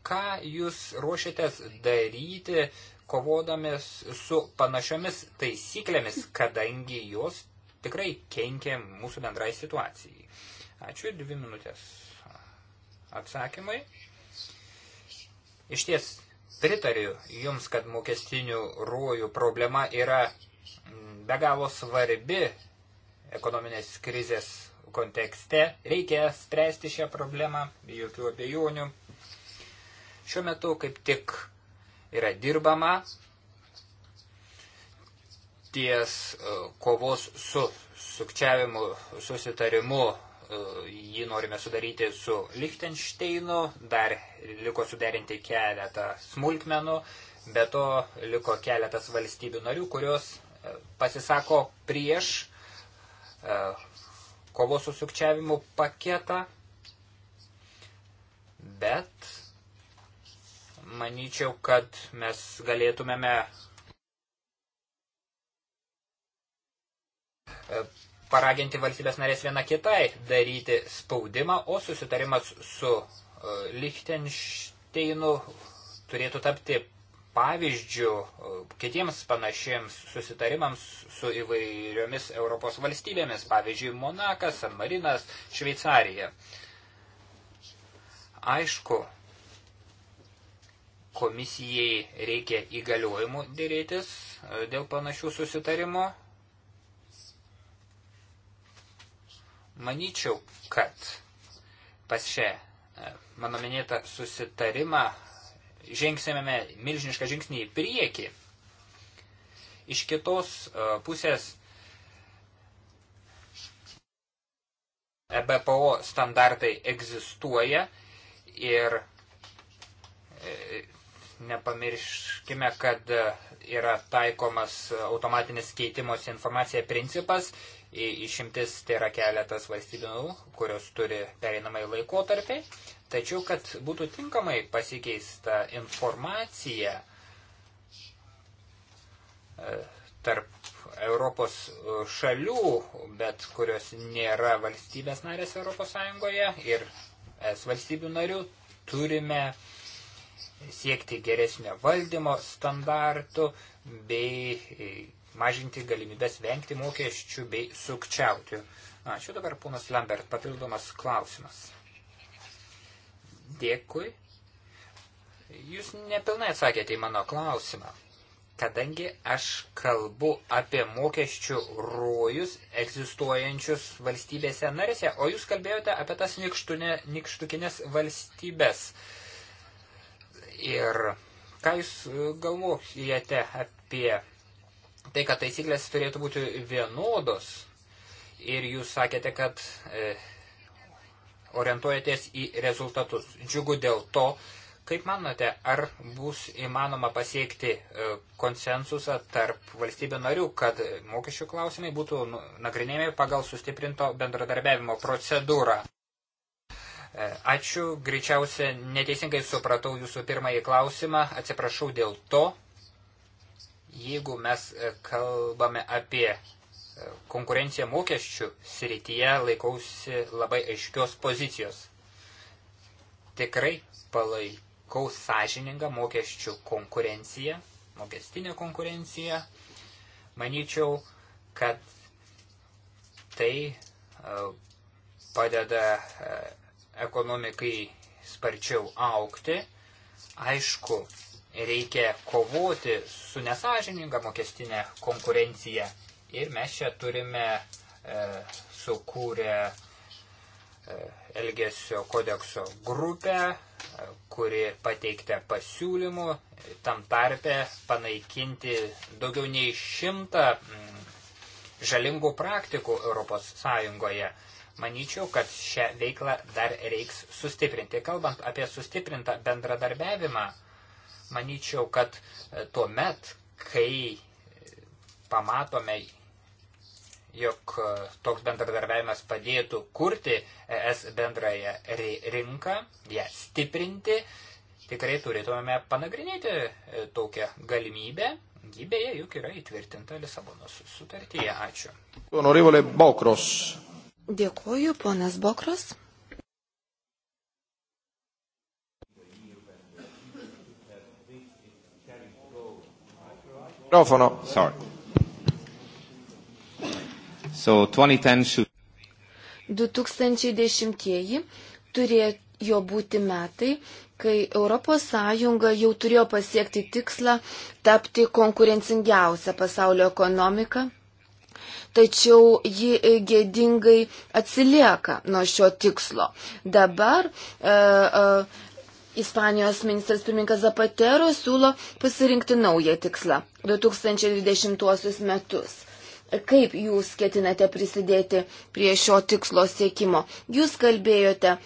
Ką jūs ruošiatės daryti, kovodamis su panašiomis taisyklėmis, kadangi jos tikrai kenkia mūsų bendrai situacijai? Ačiū, dvi minutės atsakymai. Iš ties pritariu Jums, kad mokestinių rojų problema yra be galo svarbi ekonominės krizės kontekste. Reikia spręsti šią problemą, jokių abejonių. Šiuo metu kaip tik yra dirbama ties e, kovos su sukčiavimu susitarimu. E, jį norime sudaryti su Lichtensteinu, dar liko suderinti keletą smulkmenų, be to liko keletas valstybių narių, kurios pasisako prieš e, kovos su sukčiavimu paketą, bet manyčiau, kad mes galėtumėme e, paraginti valstybės narės viena kitai daryti spaudimą, o susitarimas su e, Lichtensteinu turėtų tapti pavyzdžių e, kitiems panašiems susitarimams su įvairiomis Europos valstybėmis, pavyzdžiui, Monakas, San Marinas, Šveicarija. Aišku, komisijai reikia įgaliojimų dėrėtis e, dėl panašių susitarimo. Manyčiau, kad pas šią e, mano minėtą susitarimą žengsime milžinišką žingsnį į priekį. Iš kitos e, pusės EBPO standartai egzistuoja ir e, nepamirškime, kad e, yra taikomas automatinis keitimos informacija principas, išimtis tai yra keletas valstybių, kurios turi pereinamai laikotarpiai. Tačiau, kad būtų tinkamai pasikeista informacija e, tarp Europos šalių, bet kurios nėra valstybės narės Europos Sąjungoje ir es valstybių narių, turime siekti geresnio valdymo standartų bei e, mažinti galimybės vengti mokesčių bei sukčiauti. Ačiū dabar, ponas Lambert, papildomas klausimas. Dėkui. Jūs nepilnai atsakėte į mano klausimą. Kadangi aš kalbu apie mokesčių rojus egzistuojančius valstybėse narėse, o jūs kalbėjote apie tas nikštukinės valstybės. Ir ką jūs e, galvojate apie tai, kad taisyklės turėtų būti vienodos? Ir jūs sakėte, kad e, orientuojatės į rezultatus. Džiugu dėl to, kaip manote, ar bus įmanoma pasiekti e, konsensusą tarp valstybių narių, kad mokesčių klausimai būtų nu, nagrinėjami pagal sustiprinto bendradarbiavimo procedūrą? E, ačiū, greičiausia neteisingai supratau jūsų pirmąjį klausimą, atsiprašau dėl to, jeigu mes e, kalbame apie konkurenciją mokesčių srityje laikausi labai aiškios pozicijos. Tikrai palaikau sąžiningą mokesčių konkurenciją, mokestinę konkurenciją. Manyčiau, kad tai e, padeda e, ekonomikai sparčiau aukti. Aišku, reikia kovoti su nesažininga mokestinė konkurencija Ir mes čia turime e, sukūrę e, Elgesio kodekso grupę, e, kuri pateikta pasiūlymų tam tarpe panaikinti daugiau nei šimtą m, mm, žalingų praktikų Europos Sąjungoje. Manyčiau, kad šią veiklą dar reiks sustiprinti. Kalbant apie sustiprintą bendradarbiavimą, manyčiau, kad e, tuo met, kai e, pamatome, jog e, toks bendradarbiavimas padėtų kurti ES bendrąją rinką, ją stiprinti, tikrai turėtumėme panagrinėti e, tokią galimybę. Ji beje juk yra įtvirtinta Lisabonos sutartyje. Ačiū. Honorevole Bokros. Dėkuoju, ponas Bokros. Mikrofono. Sorry. So 2010 should... 2010 turėjo būti metai, kai ES jau turėjo pasiekti tikslą tapti konkurencingiausią pasaulio ekonomiką, tačiau ji e, gėdingai atsilieka nuo šio tikslo. Dabar e, e, Ispanijos ministras pirmininkas Zapatero siūlo pasirinkti naują tikslą - 2020 metus. Kaip jūs ketinate prisidėti prie šio tikslo siekimo? Jūs kalbėjote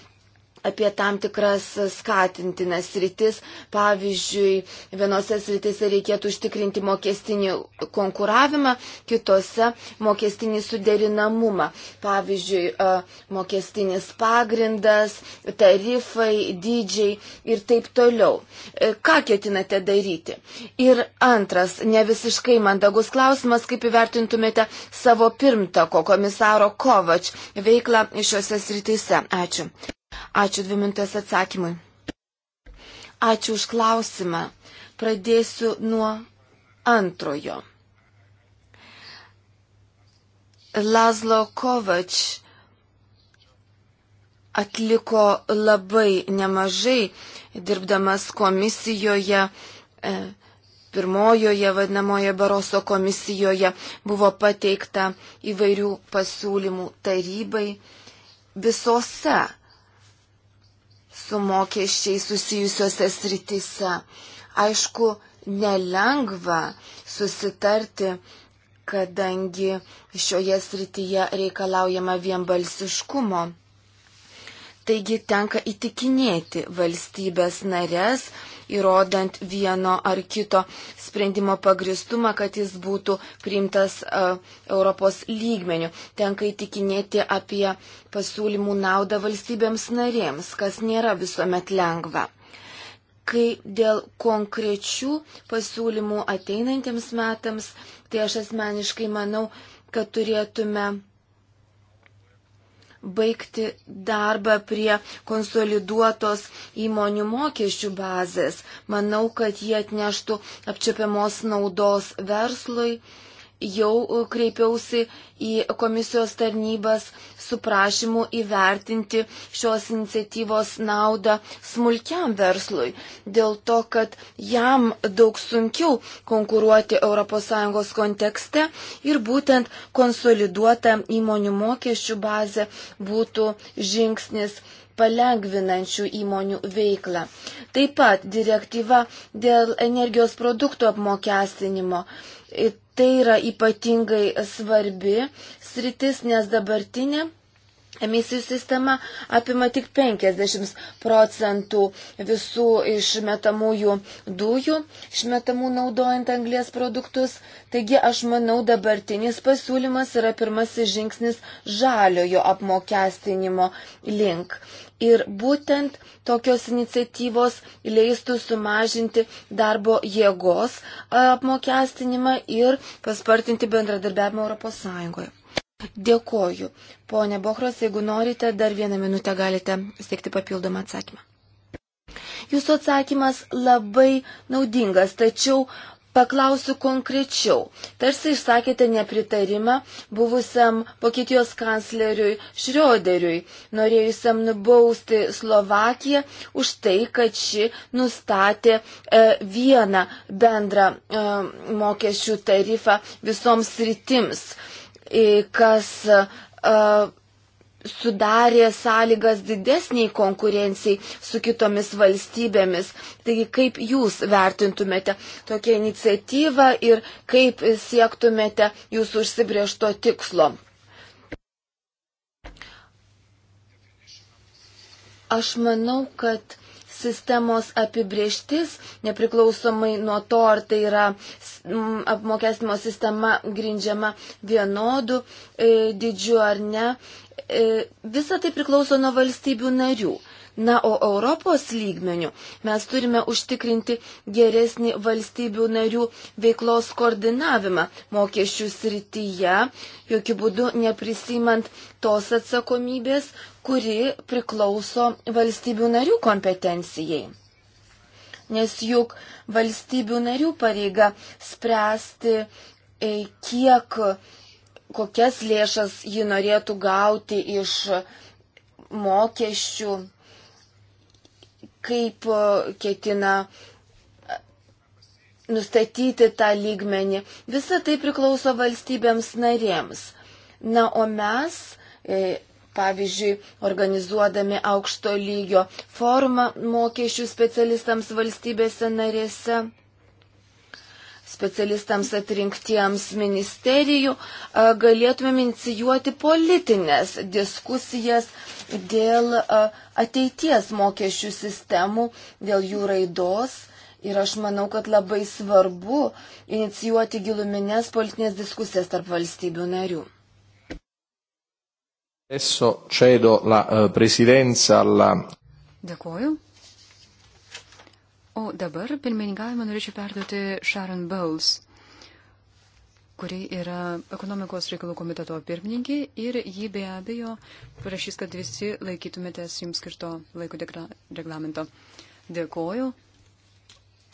apie tam tikras skatintinas rytis. Pavyzdžiui, vienose sritise reikėtų užtikrinti mokestinį konkuravimą, kitose mokestinį suderinamumą. Pavyzdžiui, mokestinis pagrindas, tarifai, dydžiai ir taip toliau. E, ką ketinate daryti? Ir antras, ne visiškai mandagus klausimas, kaip įvertintumėte savo pirmtako komisaro Kovač veiklą šiuose sritise. Ačiū. Ačiū dvi minutės atsakymui. Ačiū už klausimą. Pradėsiu nuo antrojo. Lazlo Kovač atliko labai nemažai, dirbdamas komisijoje, e, pirmojoje vadinamoje Baroso komisijoje, buvo pateikta įvairių pasiūlymų tarybai visose su mokesčiai susijusiuose sritise. Aišku, nelengva susitarti, kadangi šioje srityje reikalaujama vienbalsiškumo. Taigi tenka įtikinėti valstybės narės, įrodant vieno ar kito sprendimo pagristumą, kad jis būtų priimtas uh, Europos lygmenių. Tenka įtikinėti apie pasiūlymų naudą valstybėms narėms, kas nėra visuomet lengva. Kai dėl konkrečių pasiūlymų ateinantiems metams, tai aš asmeniškai manau, kad turėtume baigti darbą prie konsoliduotos įmonių mokesčių bazės. Manau, kad jie atneštų apčiapiamos naudos verslui jau e, kreipiausi į komisijos tarnybas su prašymu įvertinti šios iniciatyvos naudą smulkiam verslui, dėl to, kad jam daug sunkiau konkuruoti ES kontekste ir būtent konsoliduota įmonių mokesčių bazė būtų žingsnis palengvinančių įmonių veiklą. Taip pat direktyva dėl energijos produktų apmokestinimo tai yra ypatingai svarbi sritis, nes dabartinė emisijų sistema apima tik 50 procentų visų išmetamųjų dujų, išmetamų naudojant anglės produktus. Taigi aš manau dabartinis pasiūlymas yra pirmasis žingsnis žaliojo apmokestinimo link. Ir būtent tokios iniciatyvos leistų sumažinti darbo jėgos apmokestinimą ir paspartinti bendradarbiavimą ES. Dėkoju. Pone Bohros, jeigu norite, dar vieną minutę galite siekti papildomą atsakymą. Jūsų atsakymas labai naudingas, tačiau paklausiu konkrečiau. Tarsi išsakėte nepritarimą buvusiam Vokietijos kancleriui Šrioderiui, norėjusiam nubausti Slovakiją už tai, kad ši nustatė e, vieną bendrą e, mokesčių tarifą visoms rytims. E, kas sudarė sąlygas didesniai konkurencijai su kitomis valstybėmis. Taigi kaip jūs vertintumėte tokią iniciatyvą ir kaip siektumėte jūsų užsibriešto tikslo? Aš manau, kad sistemos apibrieštis, nepriklausomai nuo to, ar tai yra apmokestinimo sistema grindžiama vienodu e, didžiu ar ne. E, visa tai priklauso nuo valstybių narių. Na, o Europos lygmenių mes turime užtikrinti geresnį valstybių narių veiklos koordinavimą mokesčių srityje, jokių būdų neprisimant tos atsakomybės, kuri priklauso valstybių narių kompetencijai. Nes juk valstybių narių pareiga spręsti, e, kiek, kokias lėšas ji norėtų gauti iš mokesčių, kaip e, ketina e, nustatyti tą lygmenį. Visa tai priklauso valstybėms narėms. Na, o mes pavyzdžiui, organizuodami aukšto lygio formą mokesčių specialistams valstybėse narėse, specialistams atrinktiems ministerijų, galėtumėm inicijuoti politinės diskusijas dėl ateities mokesčių sistemų, dėl jų raidos Ir aš manau, kad labai svarbu inicijuoti giluminės politinės diskusijas tarp valstybių narių. Adesso cedo la eh, presidenza alla. Dėkuoju. O dabar pirmininkavimą norėčiau perduoti Sharon Bowles, kuri yra ekonomikos reikalų komiteto pirmininkė ir ji be abejo prašys, kad visi laikytumėtės jums skirto laiko reglamento. Dėkuoju.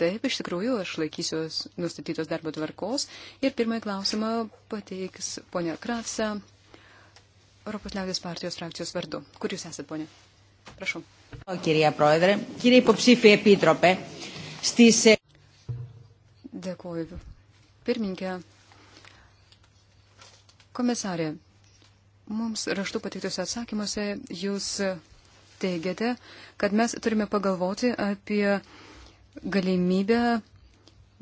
Taip, iš tikrųjų, aš laikysiuos nustatytos darbo tvarkos ir pirmąjį klausimą pateiks ponia Kratsa, Europos liaudės partijos frakcijos vardu. Kur jūs esate, ponė? Prašau. O, kirie proedrė, kirie popsifė epitropė, stysi. Dėkuoju. Pirminkė, komisarė, mums raštu pateiktuose atsakymuose jūs teigiate, kad mes turime pagalvoti apie galimybę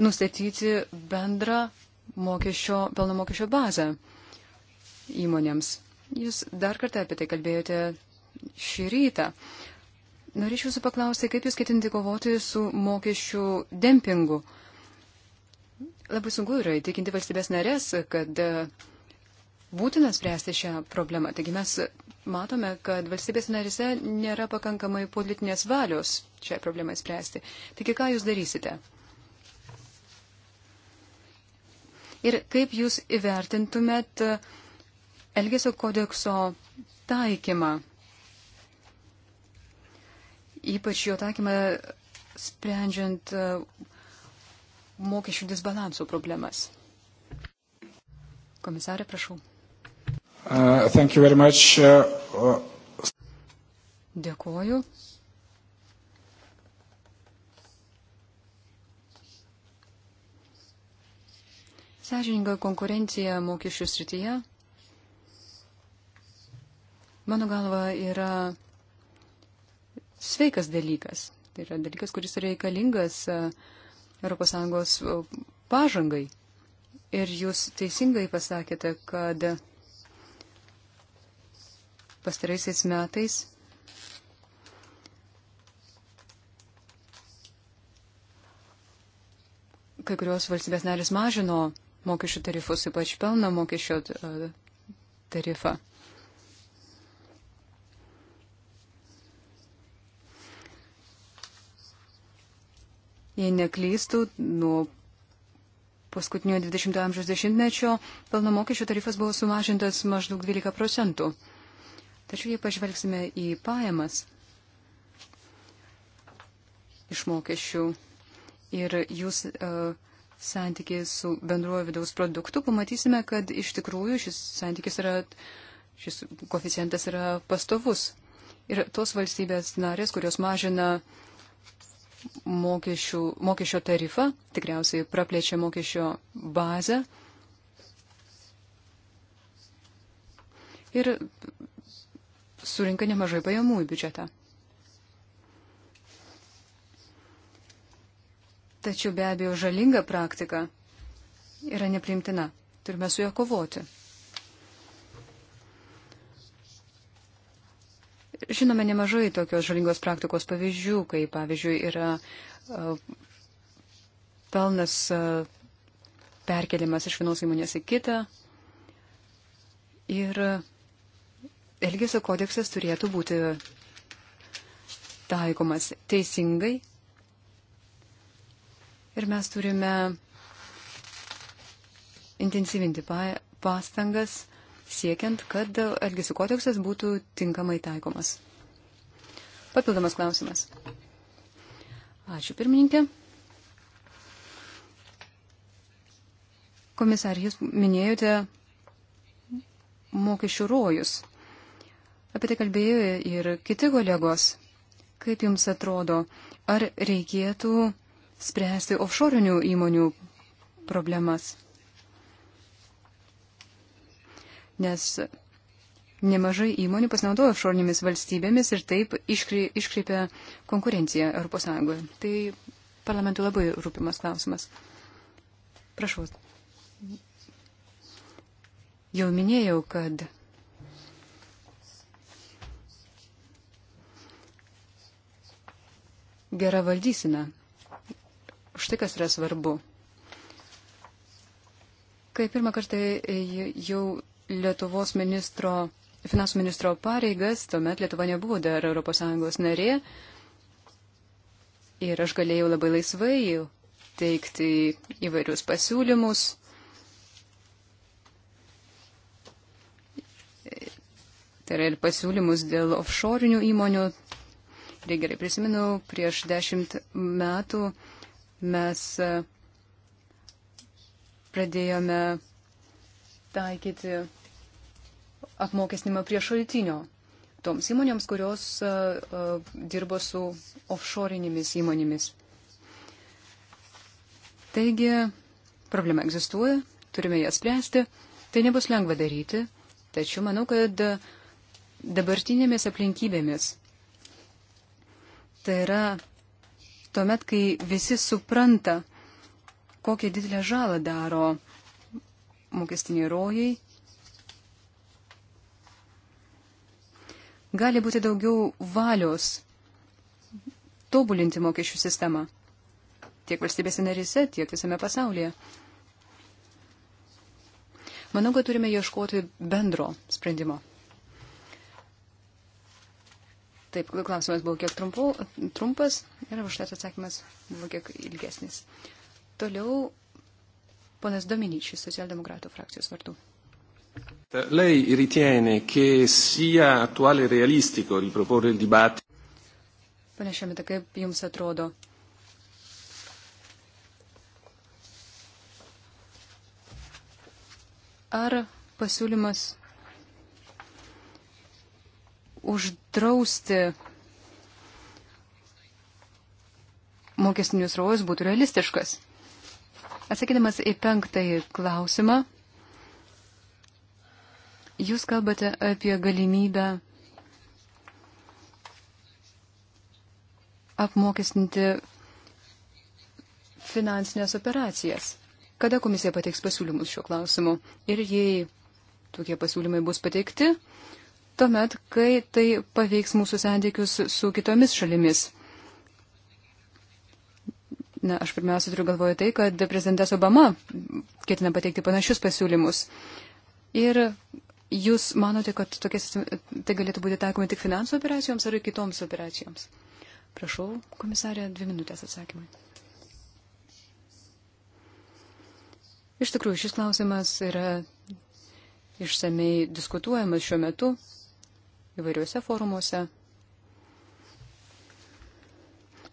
nustatyti bendrą mokesčio, pelno mokesčio bazę įmonėms. Jūs dar kartą apie tai kalbėjote šį rytą. Norėčiau jūsų paklausti, kaip jūs ketinate kovoti su mokesčių dempingu? Labai sunku yra įtikinti valstybės narės, kad e, būtina spręsti šią problemą. Taigi mes matome, kad valstybės narise nėra pakankamai politinės valios šią problemą spręsti. Taigi ką jūs darysite? Ir kaip jūs įvertintumėt uh, Elgesio kodekso taikymą, ypač jo taikymą sprendžiant e, mokesčių disbalansų problemas. Komisarė, prašau. Uh, uh, uh... Dėkuoju. Sąžininga konkurencija mokesčių srityje mano galva, yra sveikas dalykas. Tai yra dalykas, kuris yra reikalingas ES e, pažangai. Ir jūs teisingai pasakėte, kad pastaraisiais metais kai kurios valstybės narės mažino mokesčių tarifus, ypač pelno mokesčio e, tarifą. jei neklystų, nuo paskutinio 20-ojo amžiaus dešimtmečio pelno mokesčio tarifas buvo sumažintas maždaug 12 procentų. Tačiau jei pažvelgsime į pajamas iš mokesčių ir jūs uh, santykį su bendruoju vidaus produktu, pamatysime, kad iš tikrųjų šis santykis yra, šis koficijantas yra pastovus. Ir tos valstybės narės, kurios mažina uh, mokesčių, mokesčio tarifą, tikriausiai praplečia mokesčio bazę. Ir surinka nemažai pajamų į biudžetą. Tačiau be abejo žalinga praktika yra neprimtina. Turime su ją kovoti. Žinome nemažai tokios žalingos praktikos pavyzdžių, kai pavyzdžiui yra pelnas perkeliamas iš vienos įmonės į kitą. Ir Elgesio kodeksas turėtų būti taikomas teisingai. Ir mes turime intensyvinti pastangas siekiant, kad Elgesio kodeksas būtų tinkamai taikomas. Papildomas klausimas. Ačiū pirmininkė. Komisar, jūs minėjote mokesčių rojus. Apie tai kalbėjo ir kiti kolegos. Kaip jums atrodo, ar reikėtų spręsti offshore'inių įmonių problemas? nes nemažai įmonių pasinaudojo išornėmis valstybėmis ir taip iškri, iškreipė konkurenciją ES. Tai parlamentų labai rūpimas klausimas. Prašau. Jau minėjau, kad gera valdysina. Štai kas yra svarbu. Kai pirmą kartą jau Lietuvos ministro, finansų ministro pareigas, tuomet Lietuva nebuvo dar ES narė ir aš galėjau labai laisvai teikti įvairius pasiūlymus. Tai yra ir pasiūlymus dėl offshore'inių įmonių. Ir gerai prisimenu, prieš dešimt metų mes e, pradėjome taikyti apmokestinimą prie šaltinio toms įmonėms, kurios dirbo su offshore'inėmis įmonėmis. Taigi, problema egzistuoja, turime ją spręsti, tai nebus lengva daryti, tačiau manau, kad dabartinėmis aplinkybėmis, tai yra tuomet, kai visi supranta, kokią didelę žalą daro uh, mokestiniai rojai. Gali būti daugiau valios tobulinti mokesčių sistemą tiek valstybėse narise, tiek visame pasaulyje. Manau, kad turime ieškoti bendro sprendimo. Taip, klausimas buvo kiek trumpu, trumpas ir už tas atsakymas buvo kiek ilgesnis. Toliau Ponas Dominičius, socialdemokratų frakcijos vardu. Lei ritiene che sia attuale e realistico riproporre il dibattito? Pane Šemita, kaip jums atrodo? Ar pasiūlymas uždrausti mokestinius rojus būtų realistiškas? Atsakydamas į penktąjį klausimą, jūs kalbate apie galimybę apmokestinti finansinės operacijas. Kada komisija pateiks pasiūlymus šiuo klausimu? Ir jei tokie pasiūlymai bus pateikti, tuomet, kai tai paveiks mūsų santykius su kitomis šalimis. Na, aš pirmiausia turiu galvoje tai, kad prezidentas Obama ketina pateikti panašius pasiūlymus. Ir jūs manote, kad tokie, tai galėtų būti taikomi tik finansų operacijoms ar kitoms operacijoms? Prašau, komisarė, dvi minutės atsakymai. Iš tikrųjų, šis klausimas yra išsamei diskutuojamas šiuo metu įvairiuose forumuose.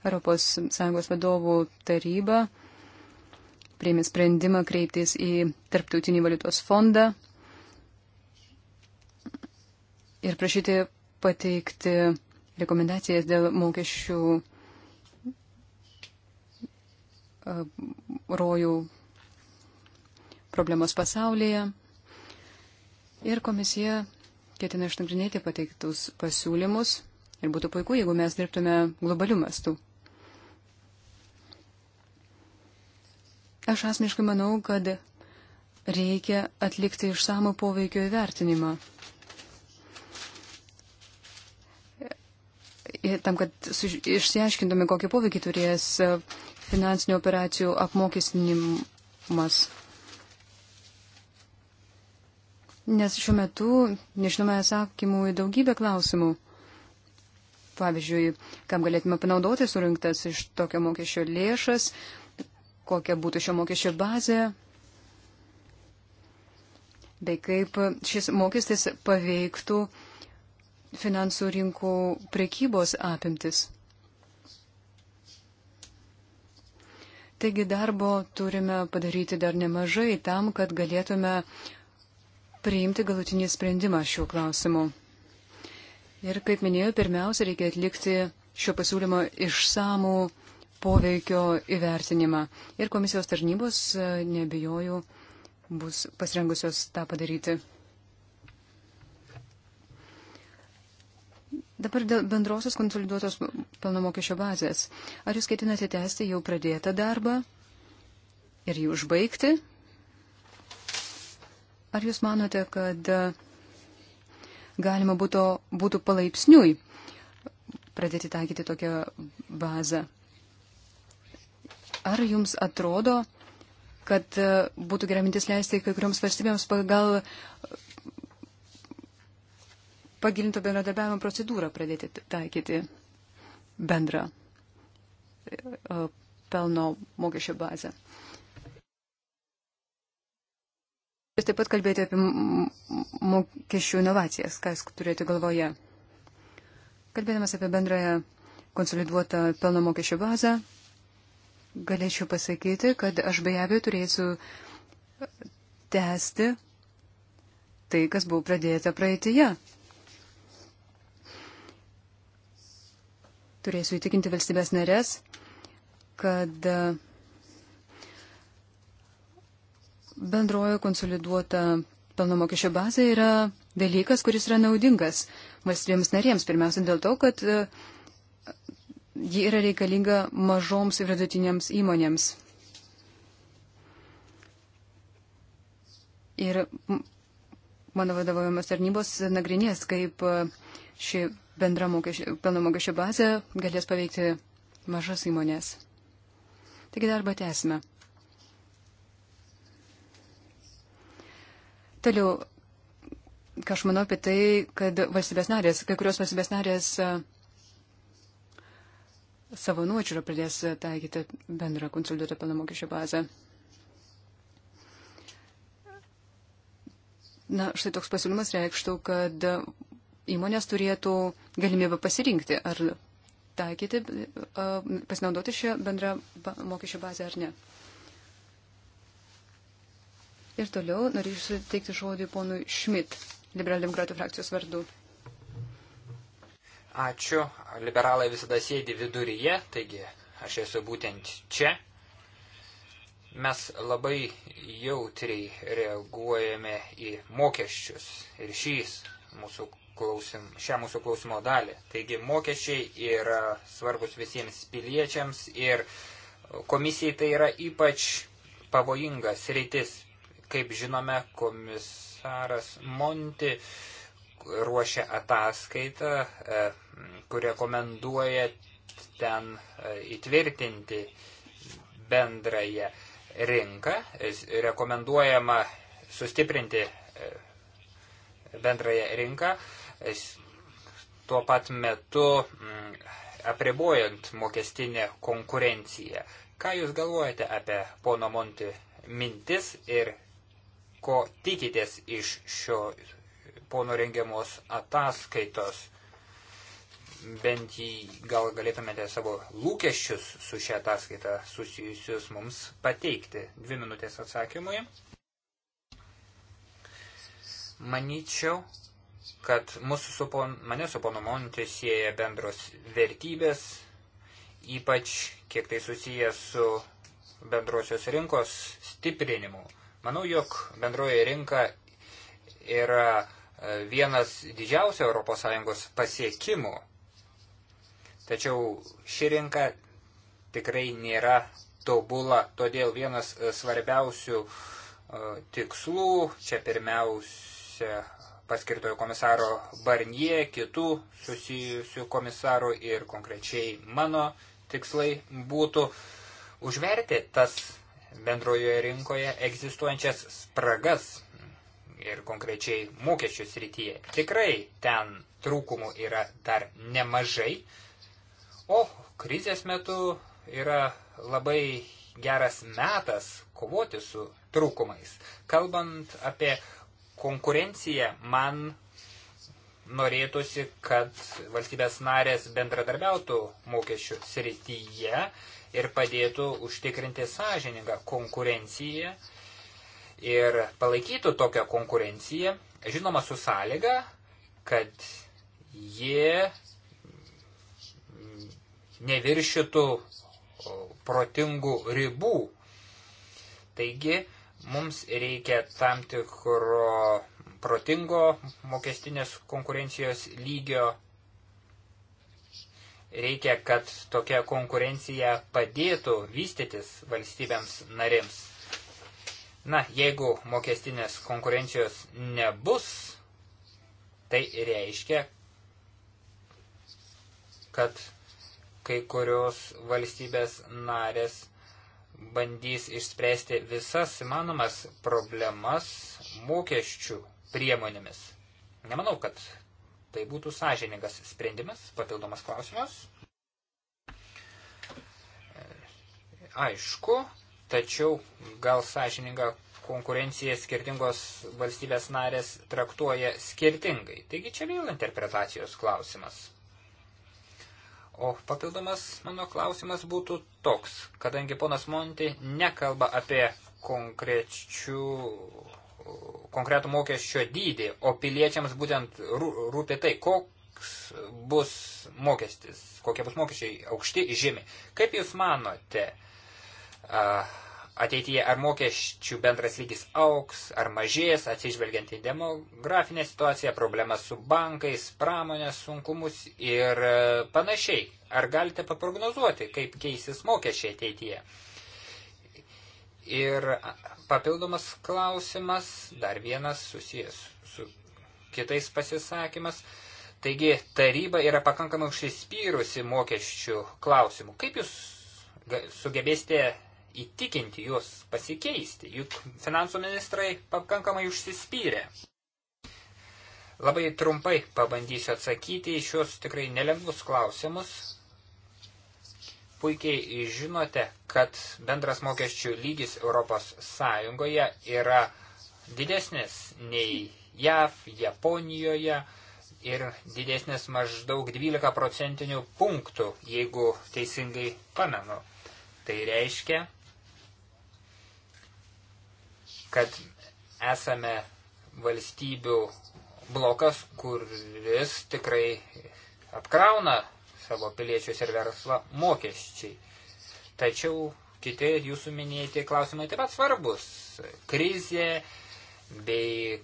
ES vadovų taryba priėmė sprendimą kreiptis į Tarptautinį valiutos fondą ir prašyti pateikti rekomendacijas dėl mokesčių rojų problemos pasaulyje. Ir komisija ketina išnagrinėti pateiktus pasiūlymus. Ir būtų puiku, jeigu mes dirbtume globalių mastų. Aš asmeniškai manau, kad reikia atlikti išsamų poveikio įvertinimą. Tam, kad išsiaiškintume, kokį poveikį turės e, finansinių operacijų apmokestinimas. Nes šiuo metu nežinome atsakymų į daugybę klausimų. Pavyzdžiui, kam galėtume panaudoti surinktas iš tokio mokesčio lėšas, kokia būtų šio mokesčio bazė, bei kaip šis mokestis paveiktų finansų rinkų prekybos apimtis. Taigi darbo turime padaryti dar nemažai tam, kad galėtume priimti galutinį sprendimą šiuo klausimu. Ir kaip minėjau, pirmiausia, reikia atlikti šio pasiūlymo išsamų poveikio įvertinimą. Ir komisijos tarnybos, e, nebejoju, bus pasirengusios tą padaryti. Dabar dėl bendrosios konsoliduotos pelno mokesčio bazės. Ar jūs ketinate tęsti jau pradėtą darbą ir jį užbaigti? Ar jūs manote, kad e, galima būtų, būtų palaipsniui pradėti taikyti tokią bazą? Ar jums atrodo, kad e, būtų gera mintis leisti kai kurioms valstybėms pagal e, pagilinto bendradarbiavimo procedūrą pradėti taikyti bendrą e, pelno mokesčio bazę? Jūs taip pat kalbėjote apie mokesčių inovacijas, ką jūs turėjote galvoje. Kalbėdamas apie bendrąją konsoliduotą pelno mokesčio bazę, galėčiau pasakyti, kad aš be abejo turėsiu tęsti tai, kas buvo pradėta praeitėje. Turėsiu įtikinti valstybės narės, kad bendrojo konsoliduota pelno mokesčio bazė yra dalykas, kuris yra naudingas valstybėms narėms. Pirmiausia dėl to, kad uh, ji yra reikalinga mažoms ir vidutinėms įmonėms. Ir mano vadovavimas tarnybos nagrinės, kaip e, ši bendra mokesčio, pelno mokesčio bazė galės paveikti mažas įmonės. Taigi darbą tęsime. Toliau, ką aš manau apie tai, kad valstybės narės, kai kurios valstybės narės uh, savo nuočiūro pradės taikyti bendrą konsoliduotą pelno mokesčio bazę. Na, štai toks pasiūlymas reikštų, kad įmonės turėtų galimybę pasirinkti, ar taikyti, pasinaudoti šią bendrą mokesčio bazę ar ne. Ir toliau norėčiau suteikti žodį ponui Šmit, liberaldemokratų frakcijos vardu. Ačiū. Liberalai visada sėdi viduryje, taigi aš esu būtent čia. Mes labai jautriai reaguojame į mokesčius ir šys mūsų klausim, šią mūsų klausimo dalį. Taigi mokesčiai yra svarbus visiems piliečiams ir komisijai tai yra ypač pavojingas rytis. Kaip žinome, komisaras Monti uh, ruošia ataskaitą, e, kur rekomenduoja ten e, įtvirtinti bendrąją rinką, rekomenduojama sustiprinti e, bendrąją rinką, tuo pat metu apribojant mokestinę konkurenciją. Ką Jūs galvojate apie pono Monti mintis ir ko tikitės iš šio pono rengiamos ataskaitos. Bent jį gal galėtumėte savo lūkesčius su šią ataskaitą susijusius mums pateikti. Dvi minutės atsakymui. Manyčiau, kad mūsų su pon, mane su ponu Monti sieja bendros vertybės, ypač kiek tai susijęs su bendrosios rinkos stiprinimu. Manau, jog bendroji rinka yra vienas didžiausių ES pasiekimų. Tačiau ši rinka tikrai nėra tobula, todėl vienas e, svarbiausių e, tikslų, čia pirmiausia paskirtojo komisaro Barnie, kitų susijusių komisarų ir konkrečiai mano tikslai būtų užverti tas bendrojoje rinkoje egzistuojančias spragas ir konkrečiai mokesčių srityje. Tikrai ten trūkumų yra dar nemažai, o krizės metu yra labai geras metas kovoti su trūkumais. Kalbant apie konkurenciją, man norėtųsi, kad valstybės narės bendradarbiautų mokesčių srityje ir padėtų užtikrinti sąžiningą konkurenciją ir palaikytų tokią konkurenciją, žinoma, su sąlyga, kad jie neviršytų protingų ribų. Taigi, mums reikia tam tikro protingo mokestinės konkurencijos lygio. Reikia, kad tokia konkurencija padėtų vystytis valstybėms narėms. Na, jeigu mokestinės konkurencijos nebus, tai reiškia, kad kai kurios valstybės narės bandys išspręsti visas įmanomas problemas mokesčių priemonėmis. Nemanau, kad tai būtų sąžiningas sprendimas, papildomas klausimas. Aišku, Tačiau gal sąžininga konkurenciją skirtingos valstybės narės traktuoja skirtingai. Taigi čia vėl interpretacijos klausimas. O papildomas mano klausimas būtų toks, kadangi ponas Monti nekalba apie konkrečių, konkretų mokesčio dydį, o piliečiams būtent rūpė tai, koks bus mokestis, kokie bus mokesčiai aukšti žymi. Kaip Jūs manote, ateityje ar mokesčių bendras lygis auks, ar mažės, atsižvelgiant į demografinę situaciją, problemas su bankais, pramonės sunkumus ir e, panašiai. Ar galite paprognozuoti, kaip keisis mokesčiai ateityje? Ir papildomas klausimas, dar vienas susijęs su kitais pasisakymas. Taigi taryba yra pakankamai užsispyrusi mokesčių klausimų. Kaip jūs sugebėsite įtikinti juos pasikeisti, juk finansų ministrai pakankamai užsispyrė. Labai trumpai pabandysiu atsakyti į šios tikrai nelengvus klausimus. Puikiai žinote, kad bendras mokesčių lygis Europos Sąjungoje yra didesnis nei JAV, Japonijoje ir didesnis maždaug 12 procentinių punktų, jeigu teisingai pamenu. Tai reiškia, kad esame valstybių blokas, kuris tikrai apkrauna savo piliečius ir verslą mokesčiai. Tačiau kiti jūsų minėti klausimai taip pat svarbus. Krizė bei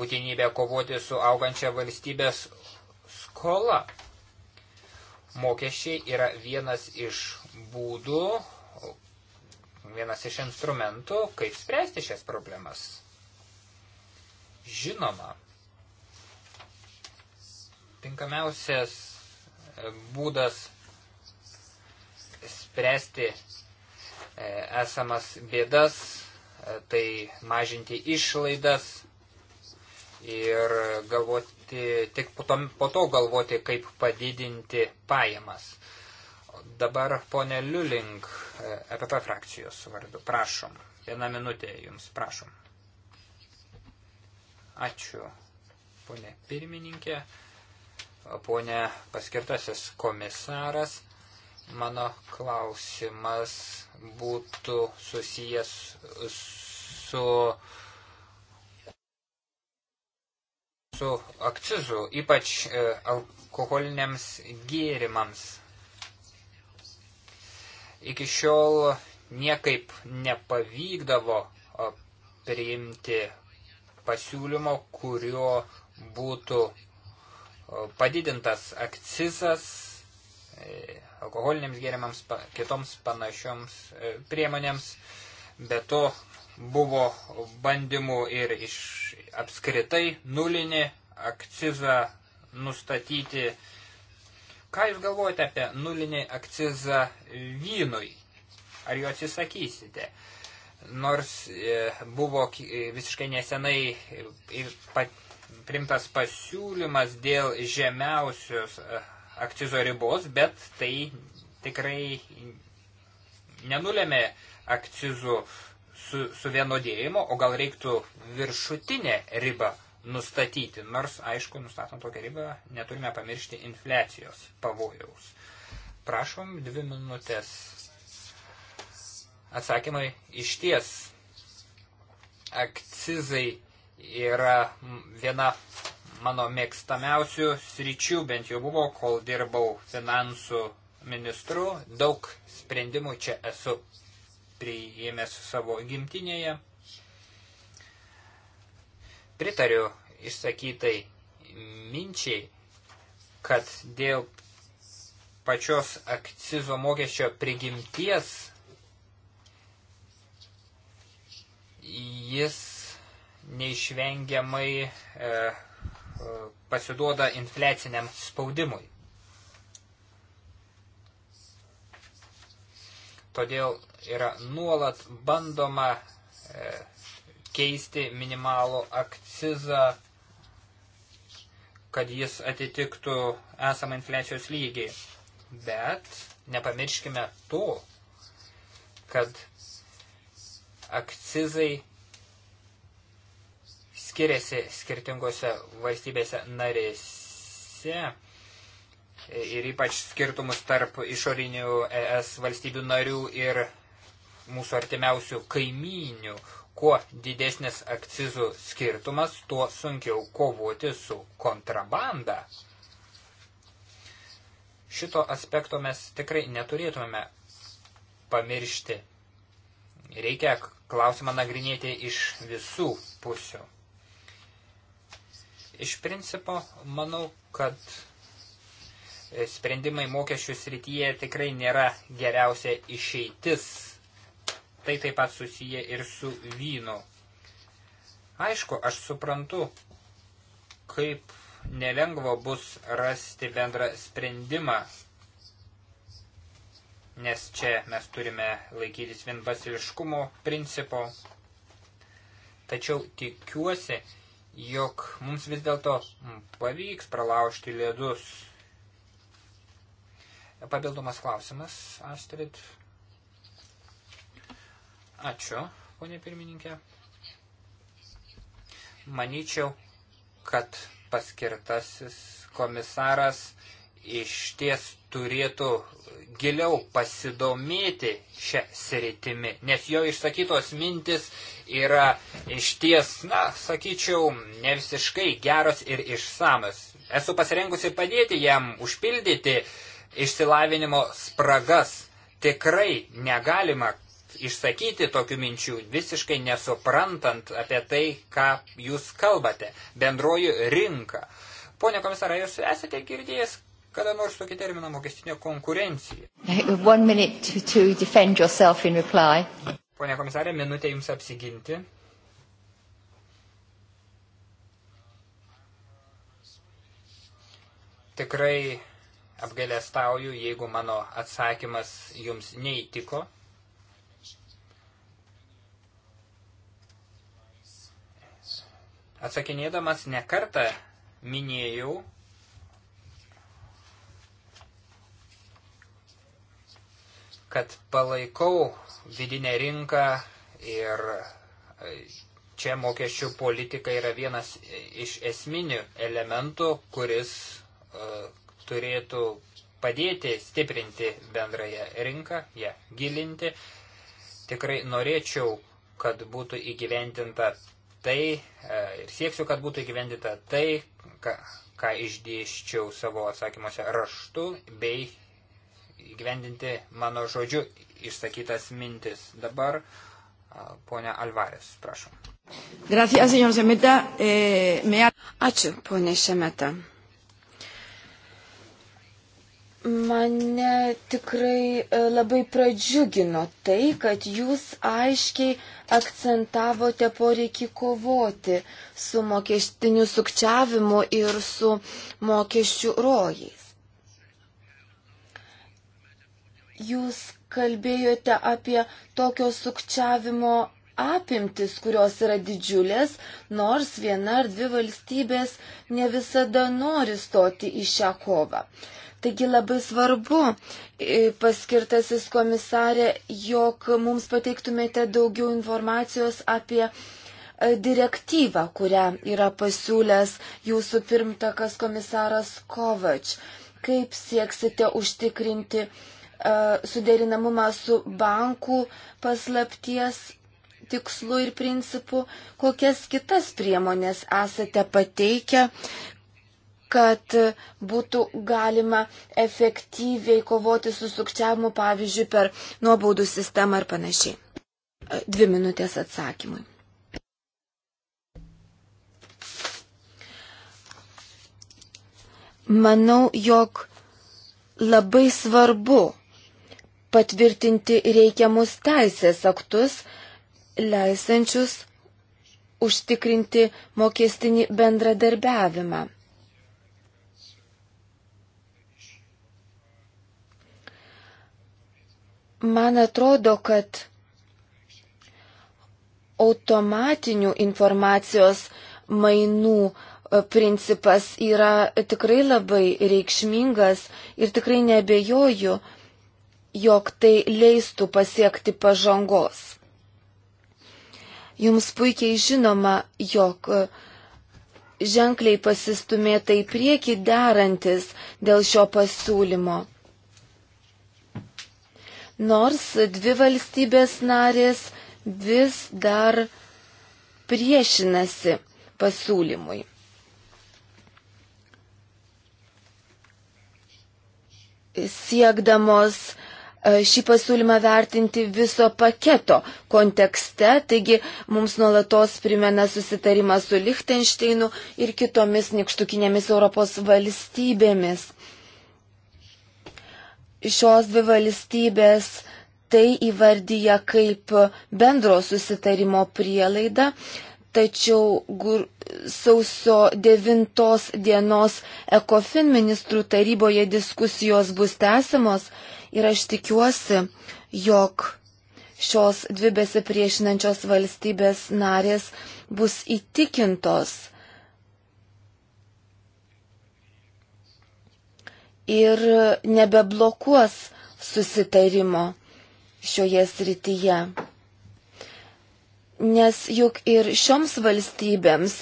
būtinybė kovoti su augančia valstybės skola. Mokesčiai yra vienas iš būdų vienas iš instrumentų, kaip spręsti šias problemas. Žinoma, tinkamiausias e, būdas spręsti e, esamas bėdas, e, tai mažinti išlaidas ir galvoti, tik po to, po to galvoti, kaip padidinti pajamas. Dabar ponė Liulink, EPP e frakcijos vardu, prašom. Viena minutė jums, prašom. Ačiū, ponė pirmininkė, ponė paskirtasis komisaras. Mano klausimas būtų susijęs su, su akcizu, ypač e, alkoholiniams gėrimams iki šiol niekaip nepavykdavo priimti pasiūlymo, kurio būtų padidintas akcizas e, alkoholiniams gėrimams, kitoms panašioms e, priemonėms. Be to buvo bandymų ir iš apskritai nulinį akcizą nustatyti Ką jūs galvojate apie nulinį akcizą vynui? Ar jo atsisakysite? Nors e, buvo e, visiškai nesenai e, primtas pasiūlymas dėl žemiausios akcizo ribos, bet tai tikrai nenulėmė akcizų su, suvienodėjimo, o gal reiktų viršutinę ribą nustatyti, nors aišku, nustatant tokią ribą, neturime pamiršti infliacijos pavojaus. Prašom, dvi minutės. Atsakymai iš ties. Akcizai yra viena mano mėgstamiausių sričių, bent jau buvo, kol dirbau finansų ministru. Daug sprendimų čia esu priėmęs savo gimtinėje. Pritariu išsakytai minčiai, kad dėl pačios akcizo mokesčio prigimties jis neišvengiamai e, e pasiduoda infliaciniam spaudimui. Todėl yra nuolat bandoma e, keisti minimalų akcizą, kad jis atitiktų esamą infliacijos lygį. Bet nepamirškime to, kad akcizai skiriasi skirtingose valstybėse narėse ir ypač skirtumus tarp išorinių ES valstybių narių ir mūsų artimiausių kaimynių, kuo didesnis akcizų skirtumas, tuo sunkiau kovoti su kontrabanda. Šito aspekto mes tikrai neturėtume pamiršti. Reikia klausimą nagrinėti iš visų pusių. Iš principo, manau, kad sprendimai mokesčių srityje tikrai nėra geriausia išeitis Tai taip pat susiję ir su vynu. Aišku, aš suprantu, kaip nelengva bus rasti bendrą sprendimą, nes čia mes turime laikytis vienbasiliškumo principo. Tačiau tikiuosi, jog mums vis dėlto pavyks pralaužti ledus. Papildomas klausimas, Astrid. Ačiū, ponė pirmininkė. Manyčiau, kad paskirtasis komisaras iš ties turėtų giliau pasidomėti šią sritimi, nes jo išsakytos mintis yra iš ties, na, sakyčiau, ne visiškai geros ir išsamas. Esu pasirengusi padėti jam užpildyti išsilavinimo spragas. Tikrai negalima išsakyti tokių minčių, visiškai nesuprantant apie tai, ką jūs kalbate. Bendroji rinka. Pone komisarai, jūs esate girdėjęs kada nors tokį terminą mokestinė konkurencija? Eh, Pone komisarė, minutė jums apsiginti. Tikrai apgailestauju, jeigu mano atsakymas jums neįtiko. Atsakinėdamas nekartą minėjau, kad palaikau vidinę rinką ir čia mokesčių politika yra vienas iš esminių elementų, kuris uh, turėtų padėti stiprinti bendrąją rinką, ją gilinti. Tikrai norėčiau, kad būtų įgyventinta tai e, ir sieksiu, kad būtų įgyvendita tai, ką, ką išdėščiau savo atsakymuose raštu, bei įgyvendinti mano žodžiu išsakytas mintis. Dabar e, ponia Alvarės, prašom. Gracias, señor Semeta. Eh, me... Ačiū, ponia Šemeta. Mane tikrai e, labai pradžiugino tai, kad jūs aiškiai akcentavote poreikį kovoti su mokestiniu sukčiavimu ir su mokesčių rojais. Jūs kalbėjote apie tokio sukčiavimo apimtis, kurios yra didžiulės, nors viena ar dvi valstybės ne visada nori stoti į šią kovą. Taigi labai svarbu, e, paskirtasis komisarė, jog mums pateiktumėte daugiau informacijos apie e, direktyvą, kurią yra pasiūlęs jūsų pirmtakas komisaras Kovač. Kaip sieksite užtikrinti uh, suderinamumą su bankų paslapties tikslu ir principu, kokias kitas priemonės esate pateikę, kad būtų galima efektyviai kovoti su sukčiavimu, pavyzdžiui, per nuobaudų sistemą ir panašiai. Dvi minutės atsakymui. Manau, jog labai svarbu patvirtinti reikiamus teisės aktus, leisančius užtikrinti mokestinį bendradarbiavimą. Man atrodo, kad automatinių informacijos mainų e, principas yra tikrai labai reikšmingas ir tikrai nebejoju, jog tai leistų pasiekti pažangos. Jums puikiai žinoma, jog e, ženkliai pasistumėta į priekį derantis dėl šio pasiūlymo nors dvi valstybės narės vis dar priešinasi pasiūlymui. Siekdamos e, šį pasiūlymą vertinti viso paketo kontekste, taigi mums nuolatos primena susitarimą su Lichtensteinu ir kitomis nikštukinėmis Europos valstybėmis šios dvi valstybės tai įvardyja kaip bendro susitarimo prielaidą, tačiau gur, sausio 9 dienos ECOFIN ministrų taryboje diskusijos bus tęsiamos ir aš tikiuosi, jog šios dvi besipriešinančios valstybės narės bus įtikintos ir nebeblokuos susitarimo šioje srityje. Nes juk ir šioms valstybėms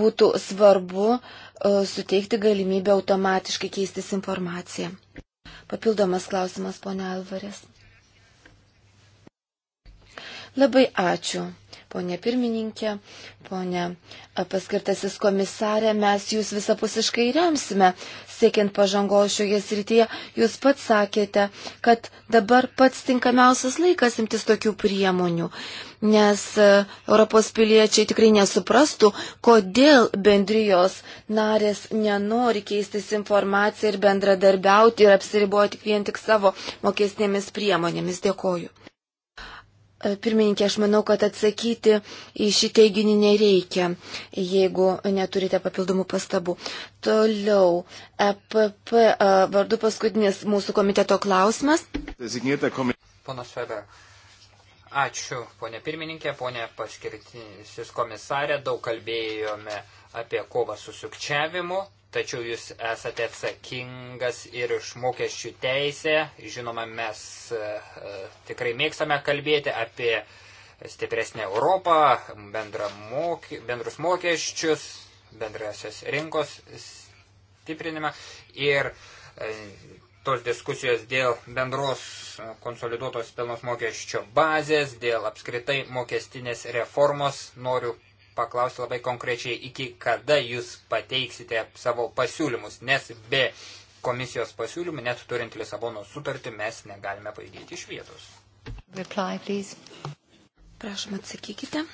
būtų svarbu e, suteikti galimybę automatiškai keistis informaciją. Papildomas klausimas, ponia Alvarės. Labai ačiū. Pone pirmininkė, pone paskirtasis komisarė, mes jūs visapusiškai remsime, siekiant pažangos šioje srityje. Jūs pats sakėte, kad dabar pats tinkamiausias laikas imtis tokių priemonių, nes e, Europos piliečiai tikrai nesuprastų, kodėl bendrijos narės nenori keistis informaciją ir bendradarbiauti ir apsiribuoti vien tik savo mokesnėmis priemonėmis. Dėkoju. Pirmininkė, aš manau, kad atsakyti į šį teiginį nereikia, jeigu neturite papildomų pastabų. Toliau, EPP vardu paskutinis mūsų komiteto klausimas. Pana Švebe, ačiū, ponė pirmininkė, ponė paskirtinis komisarė, daug kalbėjome apie kovą su sukčiavimu, tačiau jūs esate atsakingas ir iš mokesčių teisė. Žinoma, mes e, e, tikrai mėgstame kalbėti apie stipresnę Europą, moki, bendrus mokesčius, bendrasios rinkos stiprinimą ir e, tos diskusijos dėl bendros konsoliduotos pelnos mokesčio bazės, dėl apskritai mokestinės reformos noriu paklausti labai konkrečiai, iki kada jūs pateiksite savo pasiūlymus, nes be komisijos pasiūlymų, net turint Lisabono sutartį, mes negalime pajudėti iš vietos. Reply, please. Prašom, atsakykite.